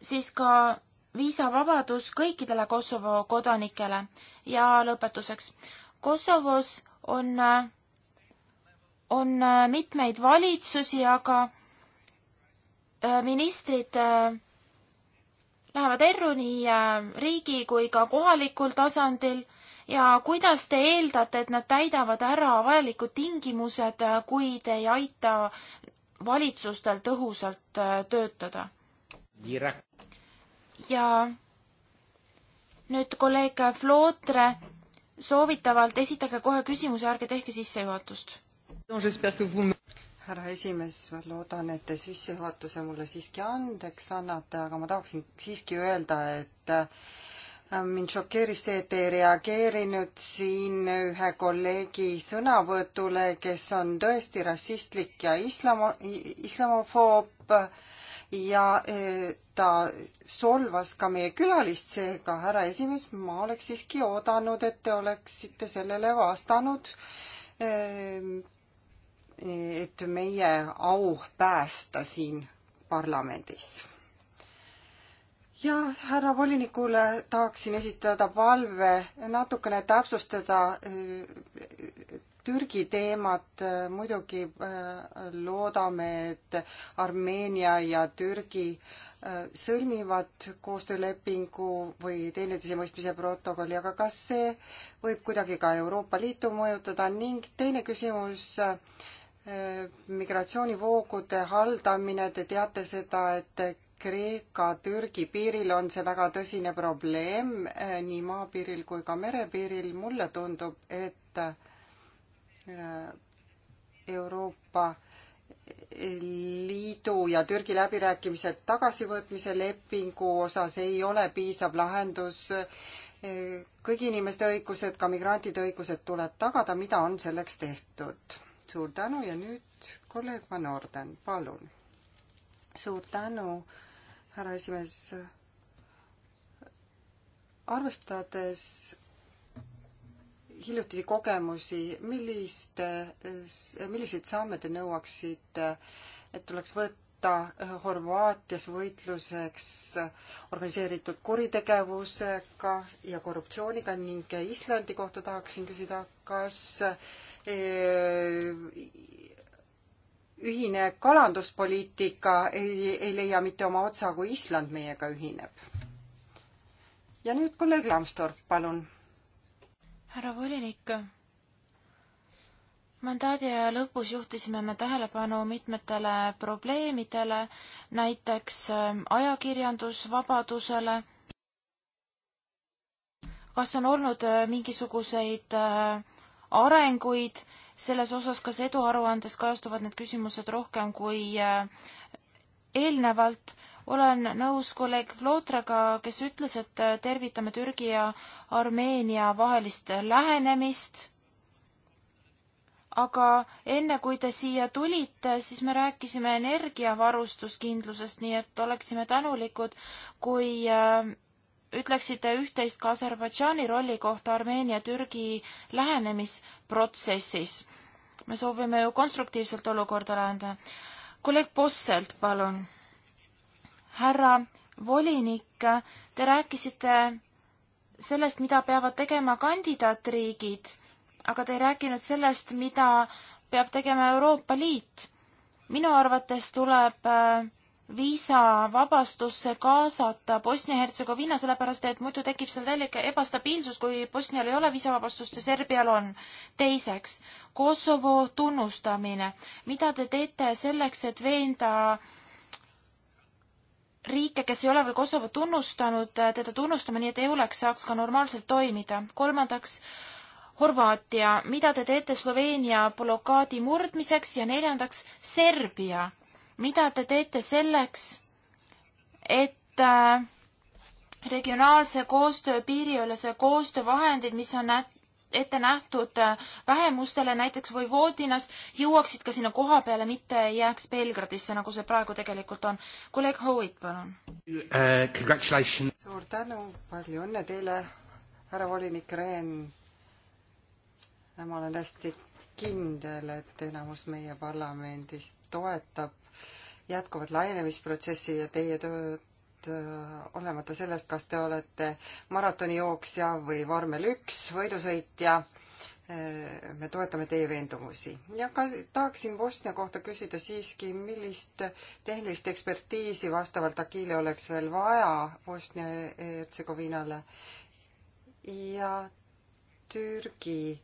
siis ka viisavabadus kõikidele Kosovo kodanikele. ja lõpetuseks Kosovos on, on mitmeid valitsusi, aga äh, ministrid äh, lähevad erru nii äh, riigi kui ka kohalikul tasandil ja kuidas te eeldate, et nad täidavad ära vajalikud tingimused, kui te ei aita valitsustel tõhusalt töötada? ja nüüd kolleeg Flootre soovitavalt esitage kohe küsimuse, ärge tehke sissejuhatust. härra esimees, ma loodan, et te sissejuhatuse mulle siiski andeks annate, aga ma tahaksin siiski öelda, et äh, mind šokeeris see, et te ei reageerinud siin ühe kolleegi sõnavõtule, kes on tõesti rassistlik ja islamo, islamofoob ja eh, ta solvas ka meie külalist, seega härra esimees, ma oleks siiski oodanud, et te oleksite sellele vastanud. Ehm, et meie au päästa siin parlamendis ja härra volinikule tahaksin esitada palve natukene täpsustada eh, Türgi teemat äh, muidugi äh, loodame, et Armeenia ja Türgi äh, sõlmivad koostöölepingu või teineteise mõistmise protokolli, aga kas see võib kuidagi ka Euroopa Liitu mõjutada ning teine küsimus, migratsioonivoogude haldamine, te teate seda, et Kreeka-Türgi piiril on see väga tõsine probleem nii maapiiril kui ka merepiiril. mulle tundub, et Äh, Euroopa Liidu ja Türgi läbirääkimised tagasivõtmise lepingu osas ei ole piisav lahendus. kõigi inimeste õigused, ka migrantide õigused tuleb tagada, mida on selleks tehtud. suur tänu ja nüüd kolleeg Van Orden, palun. suur tänu, härra esimees. arvestades hiljutisi kogemusi, milliste, milliseid samme te nõuaksite, et tuleks võtta Horvaatias võitluseks organiseeritud kuritegevusega ja korruptsiooniga ning Islandi kohta tahaksin küsida, kas eh, ühine kalanduspoliitika ei, ei leia mitte oma otsa, kui Island meiega ühineb. ja nüüd kolleeg Lambsdorff, palun härra volinik, mandaadi aja lõpus juhtisime me tähelepanu mitmetele probleemidele, näiteks ähm, ajakirjandusvabadusele. kas on olnud äh, mingisuguseid äh, arenguid selles osas, kas eduaruandes kajastuvad need küsimused rohkem kui äh, eelnevalt olen nõus kolleeg Vlotraga, kes ütles, et tervitame Türgi ja Armeenia vahelist lähenemist. aga enne, kui te siia tulite, siis me rääkisime energiavarustuskindlusest, nii et oleksime tänulikud, kui äh, ütleksite üht-teist ka Aserbaidžaani rolli kohta Armeenia-Türgi lähenemisprotsessis. me soovime ju konstruktiivselt olukorda lahendada. kolleeg Posselt, palun härra volinik, te rääkisite sellest, mida peavad tegema kandidaatriigid, aga te ei rääkinud sellest, mida peab tegema Euroopa Liit. minu arvates tuleb äh, viisavabastusse kaasata Bosnia-Hertsegoviina, sellepärast et muidu tekib seal täielik ebastabiilsus, kui Bosnial ei ole viisavabastust ja Serbial on. teiseks, Kosovo tunnustamine. mida te teete selleks, et veenda äh, riike, kes ei ole veel Kosovo tunnustanud, äh, teda tunnustama, nii et EULEX saaks ka normaalselt toimida. kolmandaks, Horvaatia, mida te teete Sloveenia blokaadi murdmiseks ja neljandaks, Serbia, mida te teete selleks, et äh, regionaalse koostöö, piiriülese koostöö vahendid, mis on ette nähtud äh, vähemustele, näiteks Vojvodinas, jõuaksid ka sinna koha peale, mitte ei jääks Belgradisse, nagu see praegu tegelikult on. kolleeg Howitt, palun uh,. suur tänu, palju õnne teile, härra volinik Rehn. ma olen hästi kindel, et enamus meie parlamendist toetab jätkuvat laienemisprotsessi ja teie tööd et äh, olemata sellest, kas te olete maratonijooksja või vormel üks võidusõitja, äh, me toetame teie veendumusi. ja ka tahaksin Bosnia kohta küsida siiski, millist tehnilist ekspertiisi vastavalt Akiile oleks veel vaja Bosnia-Hertsegoviinale ja Türgi,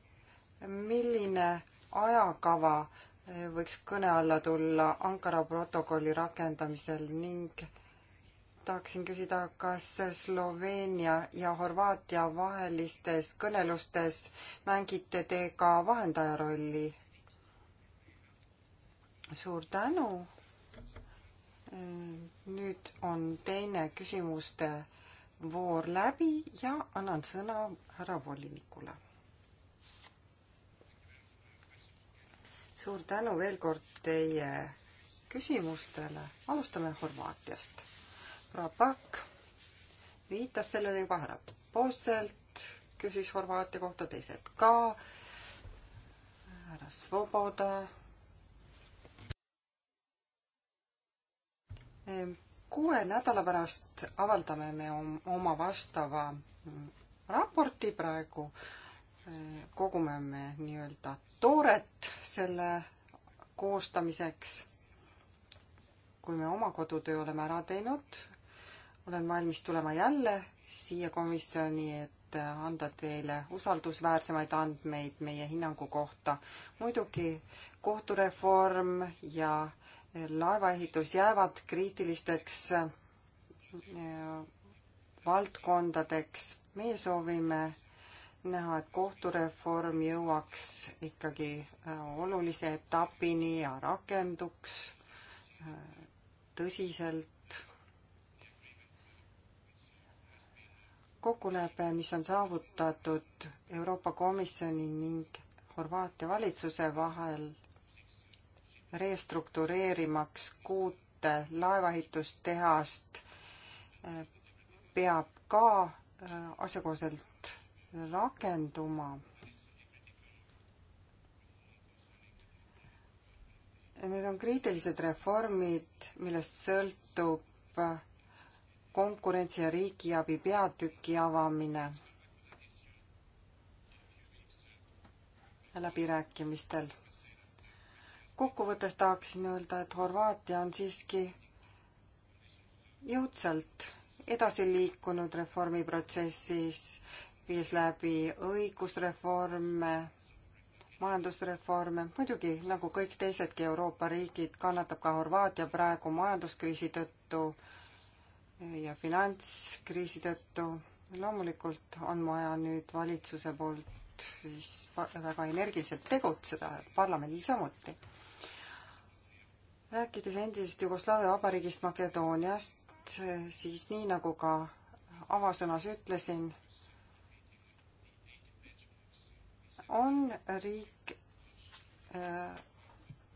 milline ajakava äh, võiks kõne alla tulla Ankara protokolli rakendamisel ning tahaksin küsida, kas Sloveenia ja Horvaatia vahelistes kõnelustes mängite te ka vahendaja rolli? suur tänu. nüüd on teine küsimuste voor läbi ja annan sõna härra volinikule. suur tänu veel kord teie küsimustele. alustame Horvaatiast Rabak viitas sellele juba härra Posselt, küsis Horvaatia kohta, teised ka, härra Svoboda. Ehm, kuue nädala pärast avaldame me oma vastava mm, raporti praegu, ehm, kogume me nii-öelda tooret selle koostamiseks. kui me oma kodutöö oleme ära teinud, olen valmis tulema jälle siia komisjoni, et anda teile usaldusväärsemaid andmeid meie hinnangu kohta. muidugi kohtureform ja laevaehitus jäävad kriitilisteks äh, valdkondadeks. meie soovime näha, et kohtureform jõuaks ikkagi äh, olulise etapini ja rakenduks äh, tõsiselt kokkulepe, mis on saavutatud Euroopa Komisjoni ning Horvaatia valitsuse vahel restruktureerimaks kuute laevaehitustehast, peab ka äh, asjakohaselt rakenduma. Need on kriitilised reformid, millest sõltub äh, konkurentsi ja riigiabi peatüki avamine läbirääkimistel. kokkuvõttes tahaksin öelda, et Horvaatia on siiski jõudsalt edasi liikunud reformiprotsessis, viis läbi õigusreforme, majandusreforme, muidugi nagu kõik teisedki Euroopa riigid, kannatab ka Horvaatia praegu majanduskriisi tõttu ja finantskriisi tõttu. loomulikult on vaja nüüd valitsuse poolt siis väga energiliselt tegutseda, parlamendil samuti. rääkides endisest Jugoslaavia vabariigist Makedooniast, siis nii nagu ka avasõnas ütlesin, on riik äh,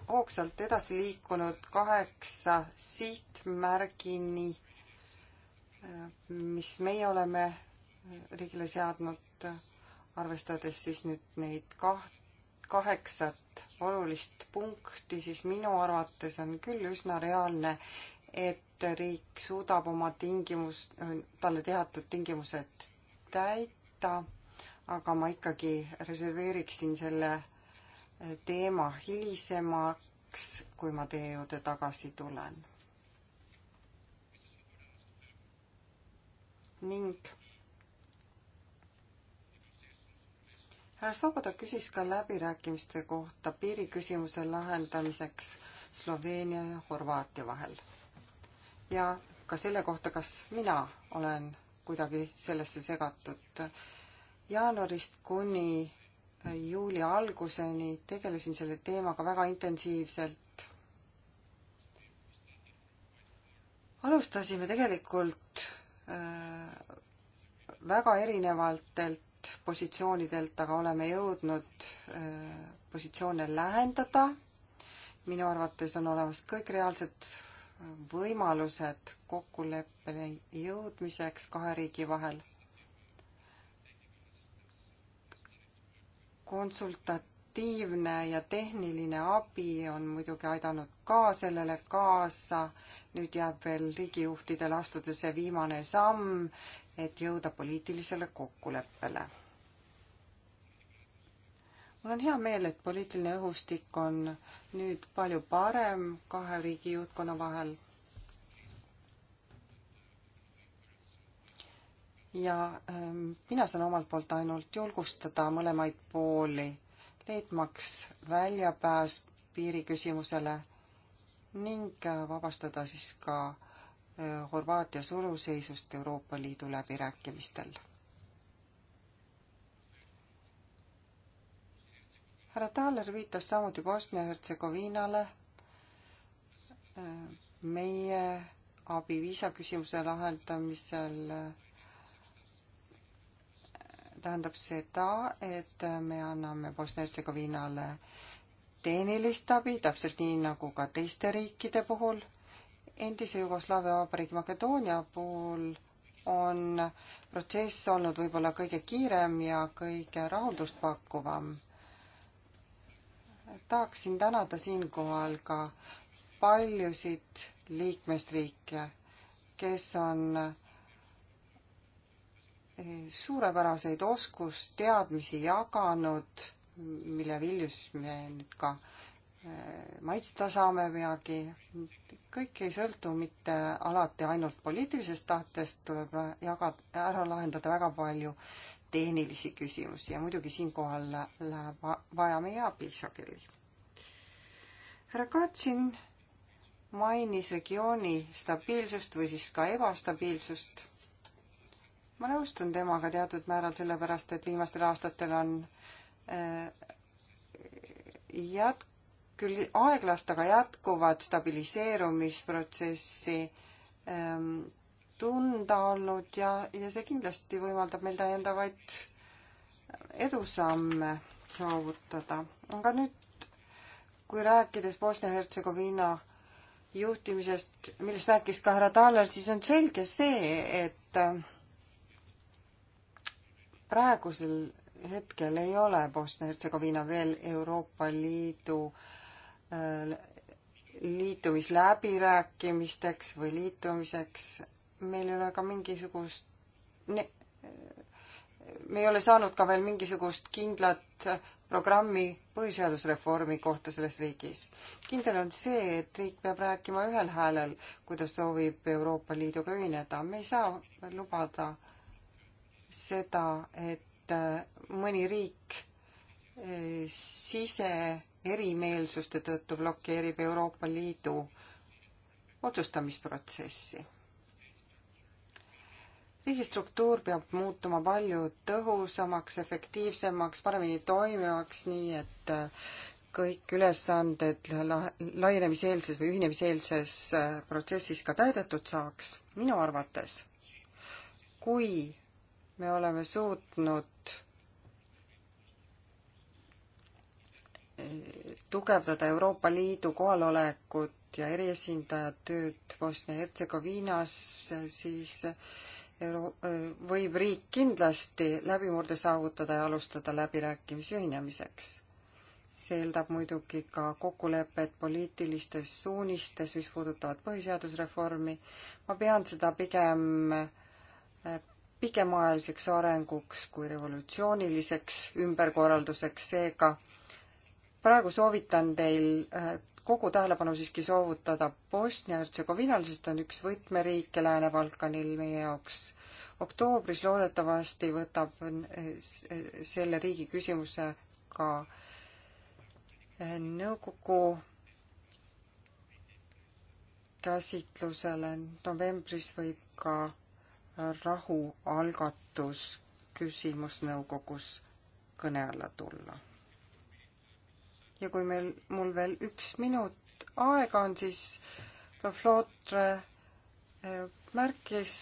hoogsalt edasi liikunud kaheksa sihtmärgini mis meie oleme riigile seadnud, arvestades siis nüüd neid kaht, kaheksat olulist punkti, siis minu arvates on küll üsna reaalne, et riik suudab oma tingimus, talle teatud tingimused täita, aga ma ikkagi reserveeriksin selle eh, teema hilisemaks, kui ma teie juurde tagasi tulen ning härra Svoboda küsis ka läbirääkimiste kohta piiriküsimuse lahendamiseks Sloveenia ja Horvaatia vahel. ja ka selle kohta, kas mina olen kuidagi sellesse segatud. jaanuarist kuni juuli alguseni tegelesin selle teemaga väga intensiivselt. alustasime tegelikult Äh, väga erinevatelt positsioonidelt, aga oleme jõudnud äh, positsioone lähendada. minu arvates on olemas kõik reaalsed võimalused kokkuleppele jõudmiseks kahe riigi vahel. konsultat-, operatiivne ja tehniline abi on muidugi aidanud ka sellele kaasa. nüüd jääb veel riigijuhtidel astuda see viimane samm, et jõuda poliitilisele kokkuleppele. mul on hea meel, et poliitiline õhustik on nüüd palju parem kahe riigi juhtkonna vahel ja ähm, mina saan omalt poolt ainult julgustada mõlemaid pooli leidmaks väljapääs piiriküsimusele ning vabastada siis ka äh, Horvaatia suluseisust Euroopa Liidu läbirääkimistel. härra Taaler viitas samuti Bosnia-Hertsegoviinale. Äh, meie abi viisaküsimuse lahendamisel äh, tähendab seda, et me anname Bosnia-Hertsegoviinale tehnilist abi, täpselt nii nagu ka teiste riikide puhul. endise Jugoslaavia Vabariigi Makedoonia puhul on protsess olnud võib-olla kõige kiirem ja kõige rahuldustpakkuvam. tahaksin tänada siinkohal ka paljusid liikmesriike, kes on äh, suurepäraseid oskusteadmisi jaganud, mille vilju siis me nüüd ka äh, maitsta saame peagi. kõik ei sõltu mitte alati ainult poliitilisest tahtest, tuleb jaga, ära lahendada väga palju tehnilisi küsimusi ja muidugi siinkohal läheb vaja meie abi sageli. härra Katsin mainis regiooni stabiilsust või siis ka ebastabiilsust ma nõustun temaga teatud määral sellepärast, et viimastel aastatel on äh, jät-, küll aeglast, aga jätkuvat stabiliseerumisprotsessi ähm, tunda olnud ja, ja see kindlasti võimaldab meil täiendavaid edusamme saavutada. aga nüüd, kui rääkides Bosnia-Hertsegoviina juhtimisest, millest rääkis ka härra Taaler, siis on selge see, et äh, praegusel hetkel ei ole Bosnia-Hertsegoviina veel Euroopa Liidu äh, liitumisläbirääkimisteks või liitumiseks. meil ei ole ka mingisugust ne, me ei ole saanud ka veel mingisugust kindlat programmi põhiseadusreformi kohta selles riigis. kindel on see, et riik peab rääkima ühel häälel, kui ta soovib Euroopa Liiduga ühineda. me ei saa lubada äh, seda, et äh, mõni riik äh, sise erimeelsuste tõttu blokeerib Euroopa Liidu otsustamisprotsessi. riigistruktuur peab muutuma palju tõhusamaks, efektiivsemaks, paremini toimivaks, nii et äh, kõik ülesanded la-, laienemiseelses või ühinemiseelses protsessis ka täidetud saaks, minu arvates, kui me oleme suutnud tugevdada Euroopa Liidu kohalolekut ja eriesindaja tööd Bosnia-Hertsegoviinas, siis Euro-, võib riik kindlasti läbimurde saavutada ja alustada läbirääkimisi ühinemiseks. see eeldab muidugi ka kokkulepet poliitilistes suunistes, mis puudutavad põhiseadusreformi. ma pean seda pigem pikemaajaliseks arenguks kui revolutsiooniliseks ümberkorralduseks, seega praegu soovitan teil äh, kogu tähelepanu siiski soovutada Bosnia-Hertsegoviinal, sest ta on üks võtmeriike Lääne-Balkanil meie jaoks. oktoobris loodetavasti võtab äh, selle riigi küsimuse ka äh, nõukogu käsitlusele, novembris võib ka rahualgatus küsimus nõukogus kõne alla tulla. ja kui meil, mul veel üks minut aega on, siis Flotre eh, märkis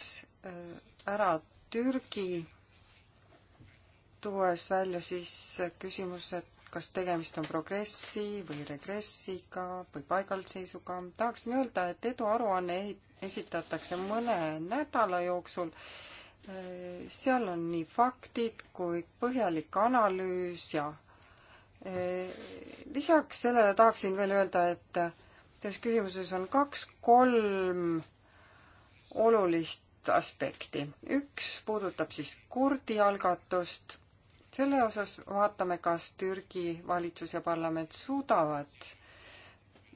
eh, ära Türgi, tuues välja siis küsimuse, et kas tegemist on progressi või regressiga või paigalseisuga. tahaksin öelda, et eduaruanne esitatakse mõne nädala jooksul. seal on nii faktid kui põhjalik analüüs ja eh, lisaks sellele tahaksin veel öelda, et selles küsimuses on kaks-kolm olulist aspekti. üks puudutab siis kurdi algatust. selle osas vaatame, kas Türgi valitsus ja parlament suudavad äh,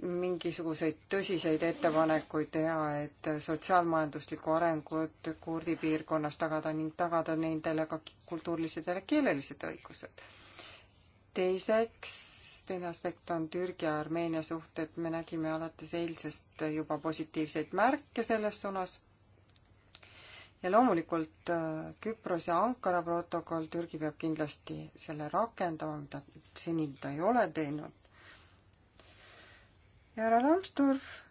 mingisuguseid tõsiseid ettepanekuid teha, et sotsiaalmajanduslikku arengut kurdi piirkonnas tagada ning tagada nendele ka kultuurilised ja keelelised õigused. teiseks, teine aspekt on Türgi ja Armeenia suhted, me nägime alates eilsest juba positiivseid märke selles suunas. ja loomulikult äh, Küpros ja Ankara protokoll, Türgi peab kindlasti selle rakendama, mida senini ta ei ole teinud härra Lambsdorff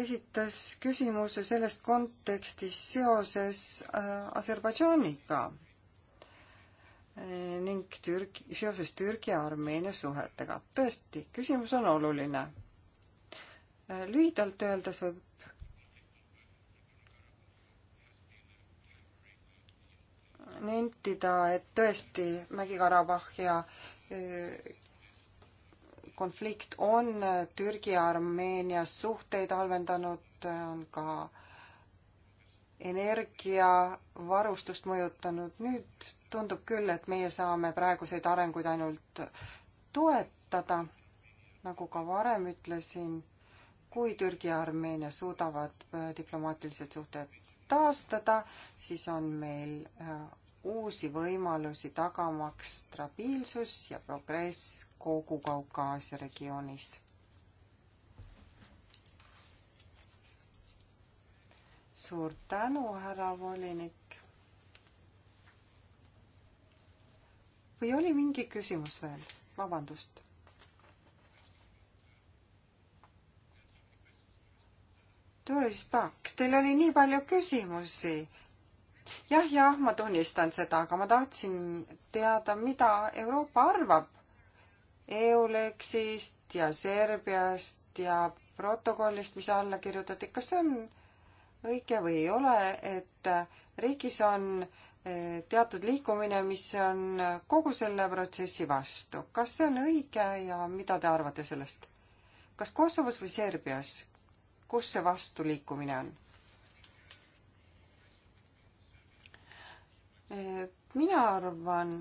esitas küsimuse sellest kontekstis seoses äh, Aserbaidžaaniga äh, ning Türgi, seoses Türgi ja Armeenia suhetega. tõesti, küsimus on oluline. Äh, lühidalt öeldes võib nentida, et tõesti Mägi-Karabahh ja konflikt on Türgi ja Armeenia suhteid halvendanud, on ka energiavarustust mõjutanud. nüüd tundub küll, et meie saame praeguseid arenguid ainult toetada. nagu ka varem ütlesin, kui Türgi ja Armeenia suudavad äh, diplomaatilised suhted taastada, siis on meil äh, uusi võimalusi tagamaks stabiilsus ja progress kogu Kaukaasia regioonis. suur tänu, härra volinik. või oli mingi küsimus veel? vabandust Doris Pakk, teil oli nii palju küsimusi, jah, jah, ma tunnistan seda, aga ma tahtsin teada, mida Euroopa arvab EULEX-ist ja Serbiast ja protokollist, mis alla kirjutati, kas see on õige või ei ole, et riigis on eh, teatud liikumine, mis on kogu selle protsessi vastu. kas see on õige ja mida te arvate sellest? kas Kosovos või Serbias, kus see vastuliikumine on? mina arvan,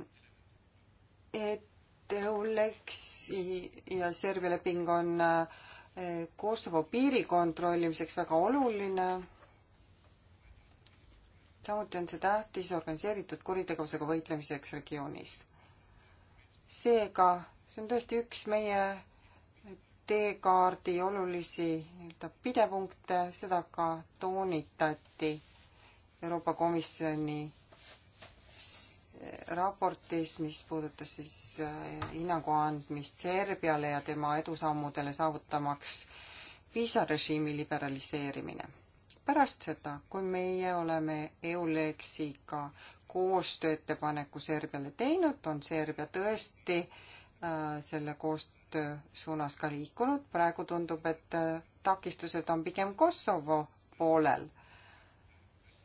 et EULEX-i ja Serbia leping on eh, Kosovo piiri kontrollimiseks väga oluline. samuti on see tähtis organiseeritud kuritegevusega võitlemiseks regioonis. seega see on tõesti üks meie teekaardi olulisi nii-öelda pidepunkte, seda ka toonitati Euroopa Komisjoni raportis, mis puudutas siis äh, hinnangu andmist Serbiale ja tema edusammudele saavutamaks viisarežiimi liberaliseerimine. pärast seda, kui meie oleme EULEX-iga koostööettepaneku Serbiale teinud, on Serbia tõesti äh, selle koostöö suunas ka liikunud, praegu tundub, et äh, takistused on pigem Kosovo poolel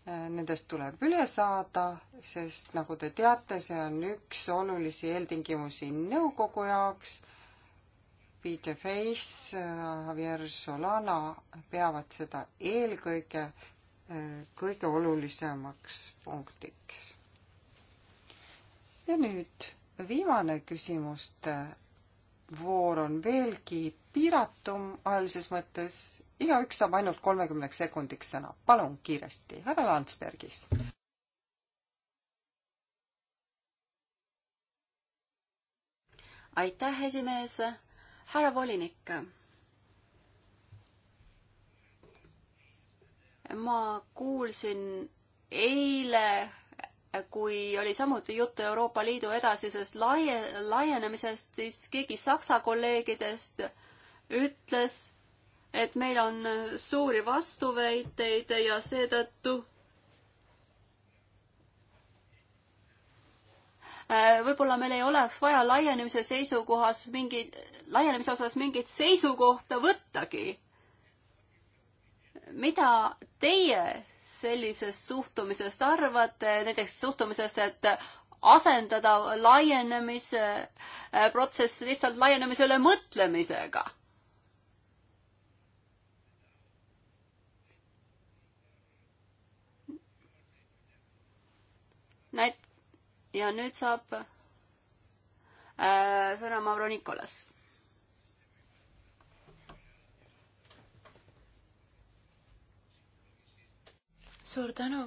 Äh, nendest tuleb üle saada, sest nagu te teate, see on üks olulisi eeltingimusi nõukogu jaoks. Peter Face, äh, Javier Solana peavad seda eelkõige äh, kõige olulisemaks punktiks. ja nüüd viimane küsimuste voor on veelgi piiratum ajalises mõttes igaüks saab ainult kolmekümneks sekundiks sõna. palun kiiresti, härra Landsbergist. aitäh, esimees. härra volinik. ma kuulsin eile kui oli samuti juttu Euroopa Liidu edasisest laie, laienemisest, siis keegi Saksa kolleegidest ütles, et meil on suuri vastuväiteid ja seetõttu äh, võib-olla meil ei oleks vaja laienemise seisukohas mingi, laienemise osas mingit seisukohta võttagi. mida teie sellisest suhtumisest arvate, näiteks suhtumisest, et asendada laienemise äh, protsess lihtsalt laienemise üle mõtlemisega? näit-, ja nüüd saab äh, sõna Mauro Nikolas. suur tänu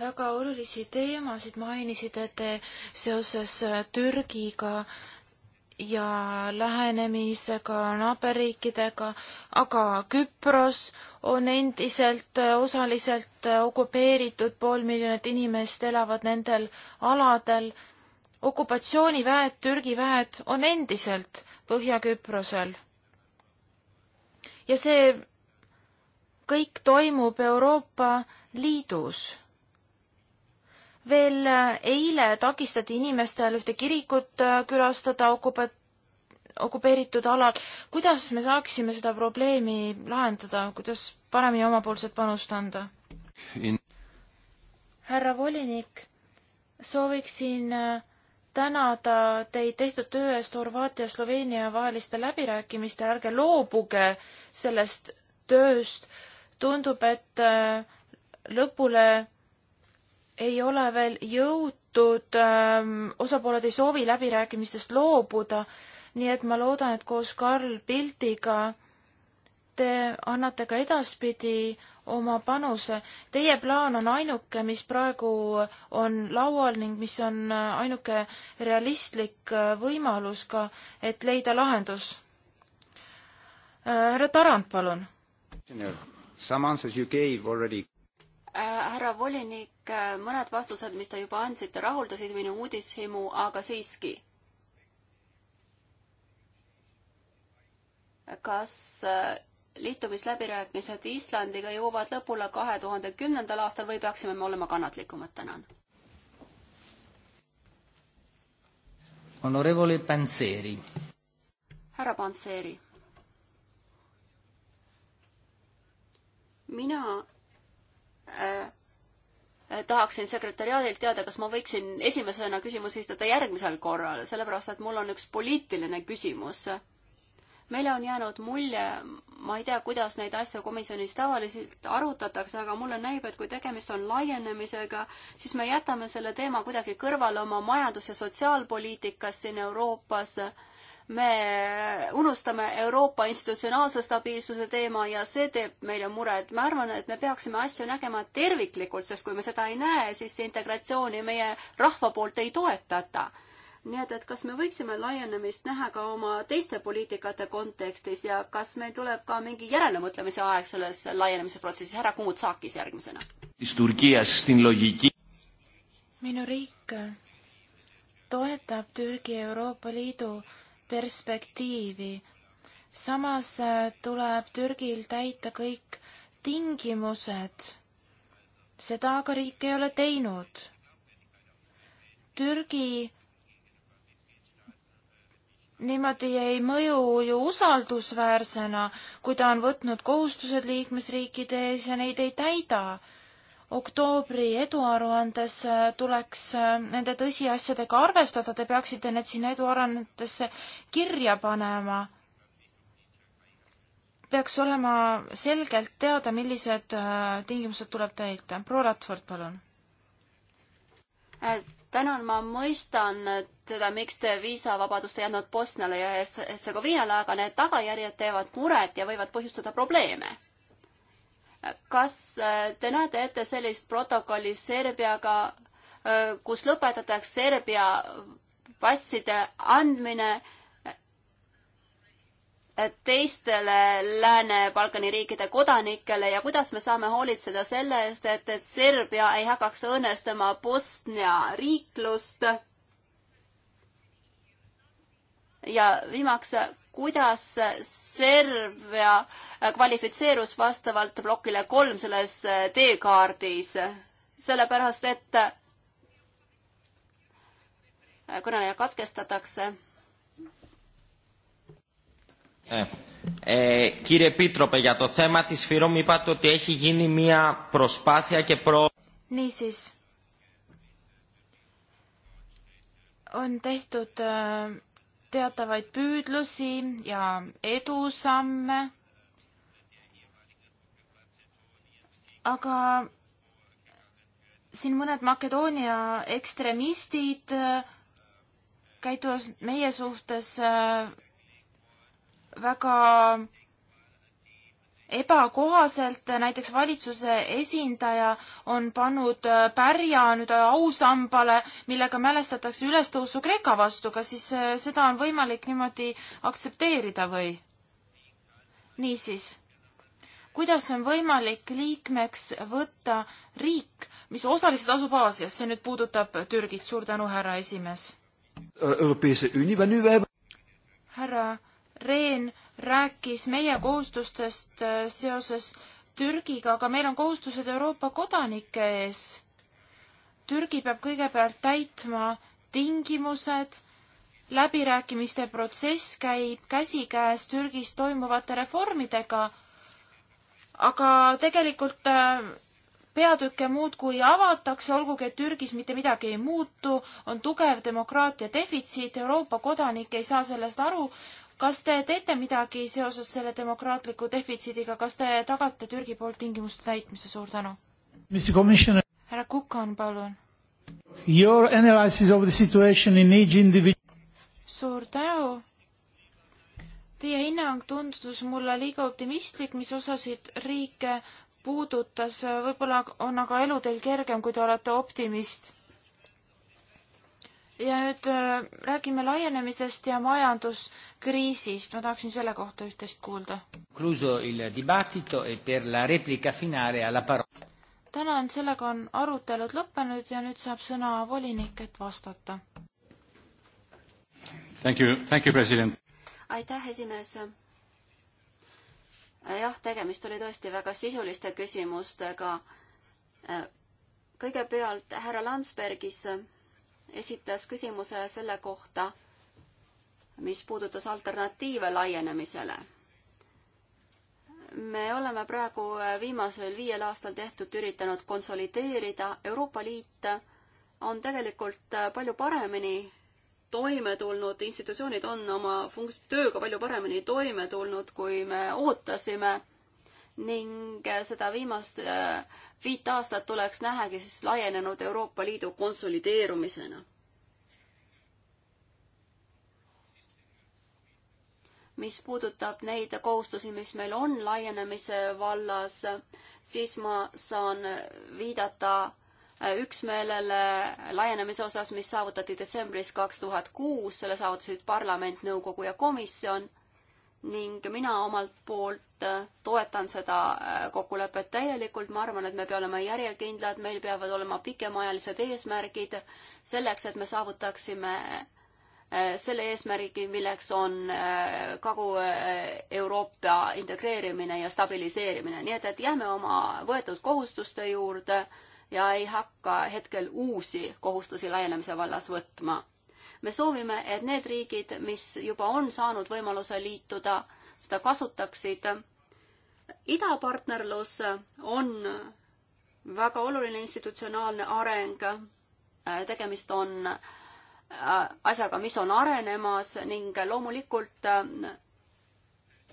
väga olulisi teemasid mainisite te seoses äh, Türgiga ja lähenemisega naaberriikidega, aga Küpros on endiselt äh, osaliselt äh, okupeeritud, pool miljonit inimest elavad nendel aladel. okupatsiooniväed, Türgi väed on endiselt Põhja-Küprosel. ja see kõik toimub Euroopa Liidus veel äh, eile takistati inimestel ühte kirikut äh, külastada okupa-, okupeeritud alal. kuidas me saaksime seda probleemi lahendada, kuidas paremini omapoolset panust anda In...? härra volinik, sooviksin äh, tänada teid tehtud töö eest Horvaatia ja Sloveenia vaheliste läbirääkimistel, ärge loobuge sellest tööst, tundub, et lõpule ei ole veel jõutud, ähm, osapooled ei soovi läbirääkimistest loobuda, nii et ma loodan, et koos Karl Piltiga te annate ka edaspidi oma panuse. Teie plaan on ainuke, mis praegu on laual ning mis on äh, ainuke realistlik äh, võimalus ka, et leida lahendus. Äh, härra Tarand, palun. Some answers you gave already Äh, härra volinik, äh, mõned vastused, mis te juba andsite, rahuldasid minu uudishimu, aga siiski. kas äh, liitumisläbirääkimised Islandiga jõuavad lõpule kahe tuhande kümnendal aastal või peaksime me olema kannatlikumad, tänan? Honorevole Panseri. härra Panseri. mina Äh, tahaksin sekretäriaadilt teada, kas ma võiksin esimesena küsimusi esitada järgmisel korral, sellepärast et mul on üks poliitiline küsimus. meile on jäänud mulje, ma ei tea, kuidas neid asju komisjonis tavaliselt arutatakse, aga mulle näib, et kui tegemist on laienemisega, siis me jätame selle teema kuidagi kõrvale oma majandus- ja sotsiaalpoliitikas siin Euroopas me unustame Euroopa institutsionaalse stabiilsuse teema ja see teeb meile muret. ma arvan, et me peaksime asju nägema terviklikult, sest kui me seda ei näe, siis integratsiooni meie rahva poolt ei toetata nii et, et kas me võiksime laienemist näha ka oma teiste poliitikate kontekstis ja kas meil tuleb ka mingi järelemõtlemise aeg selles laienemise protsessis, härra Kumut Saakis järgmisena? minu riik toetab Türgi Euroopa Liidu perspektiivi. samas äh, tuleb Türgil täita kõik tingimused. seda aga riik ei ole teinud. Türgi niimoodi ei mõju ju usaldusväärsena, kui ta on võtnud kohustused liikmesriikide ees ja neid ei täida oktoobri eduaruandes äh, tuleks äh, nende tõsiasjadega arvestada, te peaksite need sinna eduaruannetesse kirja panema. peaks olema selgelt teada, millised äh, tingimused tuleb täita. proua Ratford, palun. tänan, ma mõistan seda, miks te viisavabadust ei andnud Bosniale ja Hertsegoviinale, aga need tagajärjed teevad muret ja võivad põhjustada probleeme kas äh, te näete ette sellist protokolli Serbiaga, äh, kus lõpetatakse Serbia passide andmine äh, teistele Lääne-Balkani riikide kodanikele ja kuidas me saame hoolitseda selle eest, et, et Serbia ei hakkaks õõnestama Bosnia riiklust. ja viimaks, kuidas Serbia kvalifitseerus vastavalt plokile kolm selles eh, teekaardis, sellepärast et eh, kõneleja katkestatakse ε, ε, κύριε Επίτροπε, για το θέμα της Φύρομ είπατε ότι έχει γίνει μια προσπάθεια και προ... Niisiis, on tehtud äh, teatavaid püüdlusi ja edusamme, aga siin mõned Makedoonia ekstremistid äh, käituvad meie suhtes äh, väga ebakohaselt, näiteks valitsuse esindaja on pannud äh, pärja nüüd ausambale, millega mälestatakse ülestõusu Kreeka vastu, kas siis äh, seda on võimalik niimoodi aktsepteerida või? niisiis, kuidas on võimalik liikmeks võtta riik, mis osaliselt asub Aasias, see nüüd puudutab Türgit, suur tänu, härra esimees. Äh, härra Rehn rääkis meie kohustustest äh, seoses Türgiga, aga meil on kohustused Euroopa kodanike ees. Türgi peab kõigepealt täitma tingimused, läbirääkimiste protsess käib käsikäes Türgis toimuvate reformidega, aga tegelikult äh, peatükke muudkui avatakse, olgugi et Türgis mitte midagi ei muutu, on tugev demokraatia defitsiit, Euroopa kodanik ei saa sellest aru, kas te teete midagi seoses selle demokraatliku defitsiidiga, kas te tagate Türgi poolt tingimuste täitmise, suur tänu! härra Kukan, palun! suur tänu! Teie hinnang tundus mulle liiga optimistlik, mis osasid riike puudutas, võib-olla on aga elu teil kergem, kui te olete optimist ja nüüd äh, räägime laienemisest ja majanduskriisist. ma tahaksin selle kohta üht-teist kuulda. E tänan, sellega on arutelud lõppenud ja nüüd saab sõna volinik, et vastata. Thank you, thank you, president. aitäh, esimees jah, tegemist oli tõesti väga sisuliste küsimustega. kõigepealt härra Landsbergis esitas küsimuse selle kohta, mis puudutas alternatiive laienemisele. me oleme praegu viimasel viiel aastal tehtud üritanud konsolideerida, Euroopa Liit on tegelikult palju paremini toime tulnud, institutsioonid on oma funks-, tööga palju paremini toime tulnud, kui me ootasime ning äh, seda viimast äh, viit aastat tuleks nähagi siis laienenud Euroopa Liidu konsolideerumisena. mis puudutab neid kohustusi, mis meil on laienemise vallas, siis ma saan viidata äh, üksmeelele laienemise osas, mis saavutati detsembris kaks tuhat kuus, selle saavutasid parlament, nõukogu ja komisjon ning mina omalt poolt äh, toetan seda äh, kokkulepet täielikult, ma arvan, et me peame olema järjekindlad, meil peavad olema pikemaajalised eesmärgid selleks, et me saavutaksime äh, selle eesmärgi, milleks on Kagu-Euroopa integreerimine ja stabiliseerimine, nii et, et jääme oma võetud kohustuste juurde ja ei hakka hetkel uusi kohustusi laienemise vallas võtma me soovime, et need riigid, mis juba on saanud võimaluse liituda, seda kasutaksid. idapartnerlus on väga oluline institutsionaalne areng. tegemist on äh, asjaga, mis on arenemas ning loomulikult äh,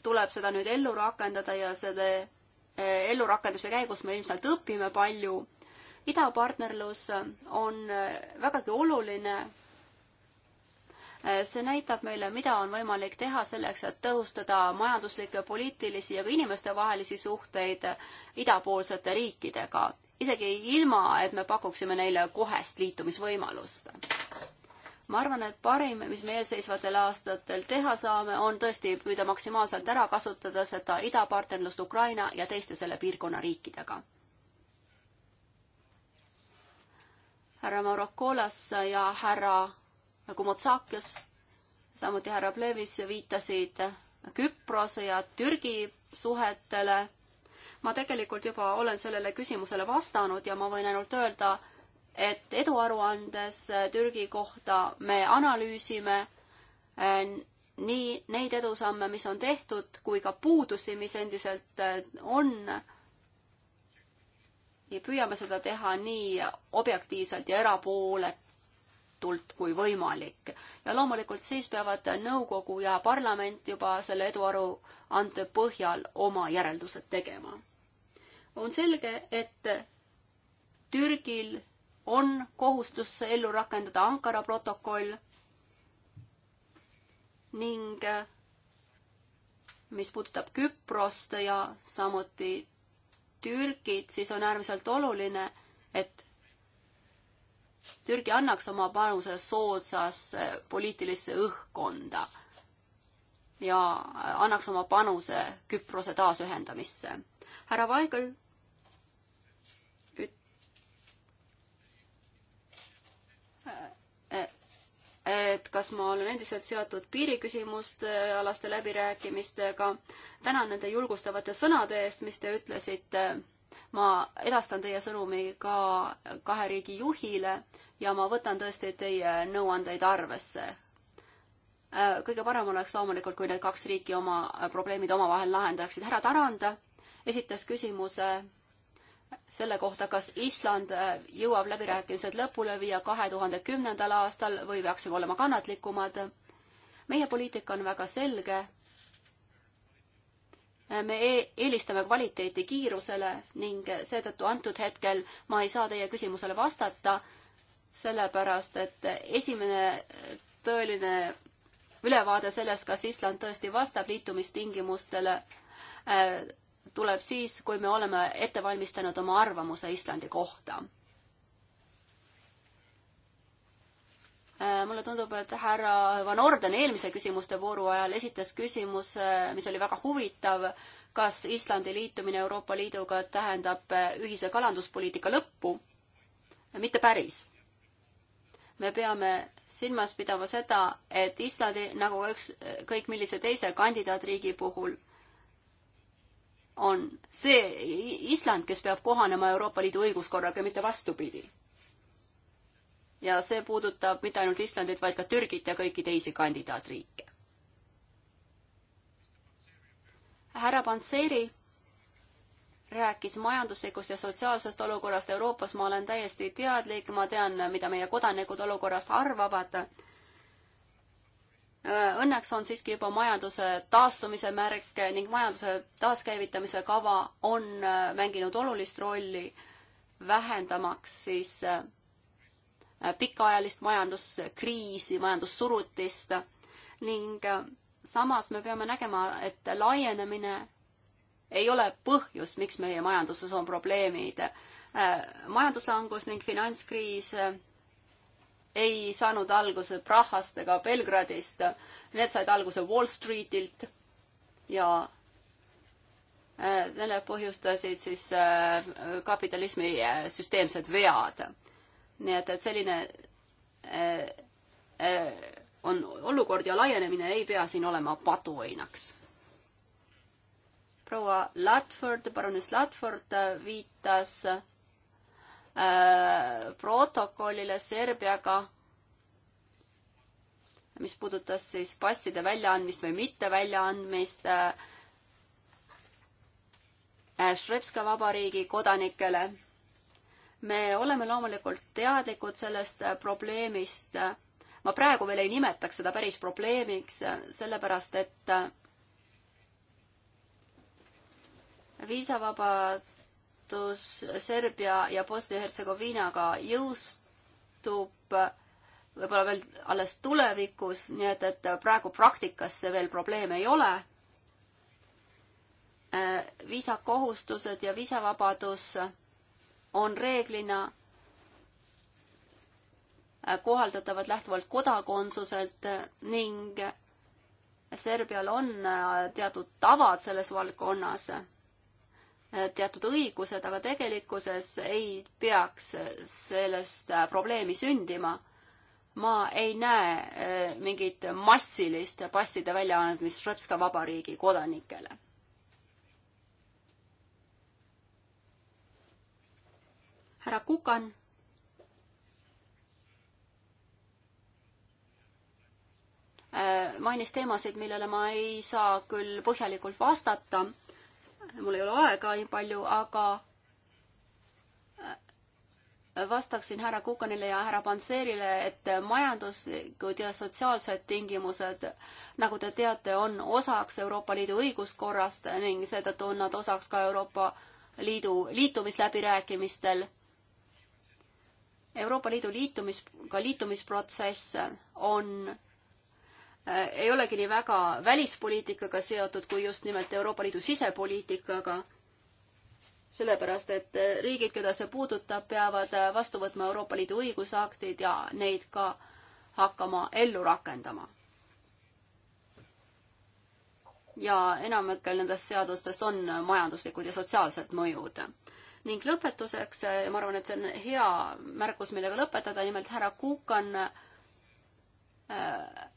tuleb seda nüüd ellu rakendada ja selle äh, ellurakenduse käigus me ilmselt õpime palju. idapartnerlus on vägagi oluline Eh, see näitab meile, mida on võimalik teha selleks, et tõhustada majanduslikke, poliitilisi ja ka inimestevahelisi suhteid idapoolsete riikidega, isegi ilma, et me pakuksime neile kohest liitumisvõimalust. ma arvan, et parim, mis me eelseisvatel aastatel teha saame, on tõesti püüda maksimaalselt ära kasutada seda idapartnerlust Ukraina ja teiste selle piirkonna riikidega härra Marokolas ja härra nagu Motsakios, samuti härra Plevis viitasid Küprose ja Türgi suhetele. ma tegelikult juba olen sellele küsimusele vastanud ja ma võin ainult öelda, et eduaruandes Türgi kohta me analüüsime eh, nii neid edusamme, mis on tehtud, kui ka puudusi, mis endiselt eh, on. ja püüame seda teha nii objektiivselt ja erapooletult tohutult kui võimalik. ja loomulikult siis peavad nõukogu ja parlament juba selle eduaruande põhjal oma järeldused tegema. on selge, et Türgil on kohustus ellu rakendada Ankara protokoll ning mis puudutab Küprost ja samuti Türgit, siis on äärmiselt oluline, et Türgi annaks oma panuse soodsasse poliitilisse õhkkonda ja annaks oma panuse Küprose taasühendamisse. härra Vaigel üt-, et kas ma olen endiselt seotud piiriküsimuste alaste läbirääkimistega. tänan nende julgustavate sõnade eest, mis te ütlesite ma edastan teie sõnumi ka kahe riigi juhile ja ma võtan tõesti teie nõuandeid arvesse. Äh, kõige parem oleks loomulikult, kui need kaks riiki oma äh, probleemid omavahel lahendaksid. härra Tarand esitas küsimuse selle kohta, kas Island äh, jõuab läbirääkimised lõpule viia kahe tuhande kümnendal aastal või peaksime olema kannatlikumad. meie poliitika on väga selge Äh, me e- eelistame kvaliteeti kiirusele ning seetõttu antud hetkel ma ei saa teie küsimusele vastata, sellepärast et esimene äh, tõeline ülevaade sellest, kas Island tõesti vastab liitumistingimustele, äh, tuleb siis, kui me oleme ette valmistanud oma arvamuse Islandi kohta Äh, mulle tundub, et härra Van Orden eelmise küsimuste vooru ajal esitas küsimuse, mis oli väga huvitav, kas Islandi liitumine Euroopa Liiduga tähendab äh, ühise kalanduspoliitika lõppu? mitte päris. me peame silmas pidama seda, et Islandi, nagu üks, äh, kõik millise teise kandidaatriigi puhul, on see Island, kes peab kohanema Euroopa Liidu õiguskorraga, mitte vastupidi ja see puudutab mitte ainult Islandit, vaid ka Türgit ja kõiki teisi kandidaatriike. härra Panseri rääkis majanduslikust ja sotsiaalsest olukorrast Euroopas, ma olen täiesti teadlik, ma tean, mida meie kodanikud olukorrast arvavad. Õnneks on siiski juba majanduse taastumise märk ning majanduse taaskäivitamise kava on mänginud olulist rolli, vähendamaks siis pikaajalist majanduskriisi, majandussurutist ning äh, samas me peame nägema, et laienemine ei ole põhjus, miks meie majanduses on probleemid. Äh, majanduslangus ning finantskriis äh, ei saanud alguse Prahast ega Belgradist, need said alguse Wall Streetilt ja selle põhjustasid siis kapitalismi süsteemsed vead nii et, et selline äh, äh, on olukord ja laienemine ei pea siin olema paduõinaks. proua Ladford, baroness Ladford viitas äh, protokollile Serbiaga, mis puudutas siis passide väljaandmist või mitte väljaandmist äh, Šrebska vabariigi kodanikele me oleme loomulikult teadlikud sellest probleemist. ma praegu veel ei nimetaks seda päris probleemiks, sellepärast et viisavabadus Serbia ja Bosnia-Hertsegoviinaga jõustub võib-olla veel alles tulevikus, nii et, et praegu praktikas see veel probleem ei ole. viisakohustused ja viisavabadus on reeglina äh, kohaldatavad lähtuvalt kodakondsuselt äh, ning Serbial on äh, teatud tavad selles valdkonnas, teatud õigused, aga tegelikkuses ei peaks sellest probleemi sündima. ma ei näe mingit massilist passide väljaandmist Srpska vabariigi kodanikele. härra Kukan. Äh, mainis teemasid, millele ma ei saa küll põhjalikult vastata. mul ei ole aega nii palju, aga äh, vastaksin härra Kukanile ja härra Panserile, et majanduslikud ja sotsiaalsed tingimused, nagu te teate, on osaks Euroopa Liidu õiguskorrast ning seetõttu on nad osaks ka Euroopa Liidu liitumisläbirääkimistel Euroopa Liidu liitumis, ka liitumisprotsess on, äh, ei olegi nii väga välispoliitikaga seotud kui just nimelt Euroopa Liidu sisepoliitikaga. sellepärast, et äh, riigid, keda see puudutab, peavad äh, vastu võtma Euroopa Liidu õigusaktid ja neid ka hakkama ellu rakendama. ja enamikel nendest seadustest on majanduslikud ja sotsiaalsed mõjud ning lõpetuseks, äh, ma arvan, et see on hea märkus, millega lõpetada, nimelt härra Kukan äh,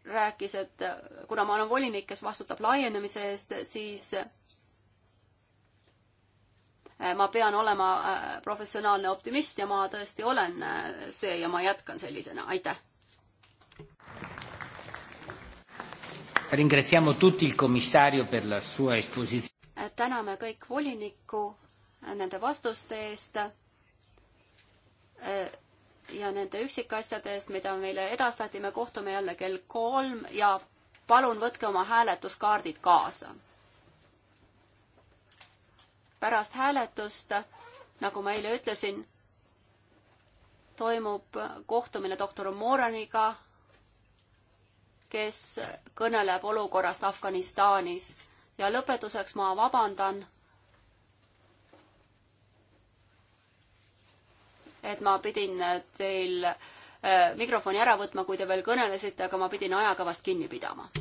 rääkis, et äh, kuna ma olen volinik, kes vastutab laienemise eest, siis ma pean olema professionaalne optimist ja ma tõesti olen see ja ma jätkan sellisena, aitäh. täname kõik volinikku nende vastuste eest eh, ja nende üksikasjade eest, mida meile edastati. me kohtume jälle kell kolm ja palun võtke oma hääletuskaardid kaasa. pärast hääletust, nagu ma eile ütlesin, toimub kohtumine doktor Moraniga, kes kõneleb olukorrast Afganistanis ja lõpetuseks ma vabandan et ma pidin teil äh, mikrofoni ära võtma, kui te veel kõnelesite, aga ma pidin ajakavast kinni pidama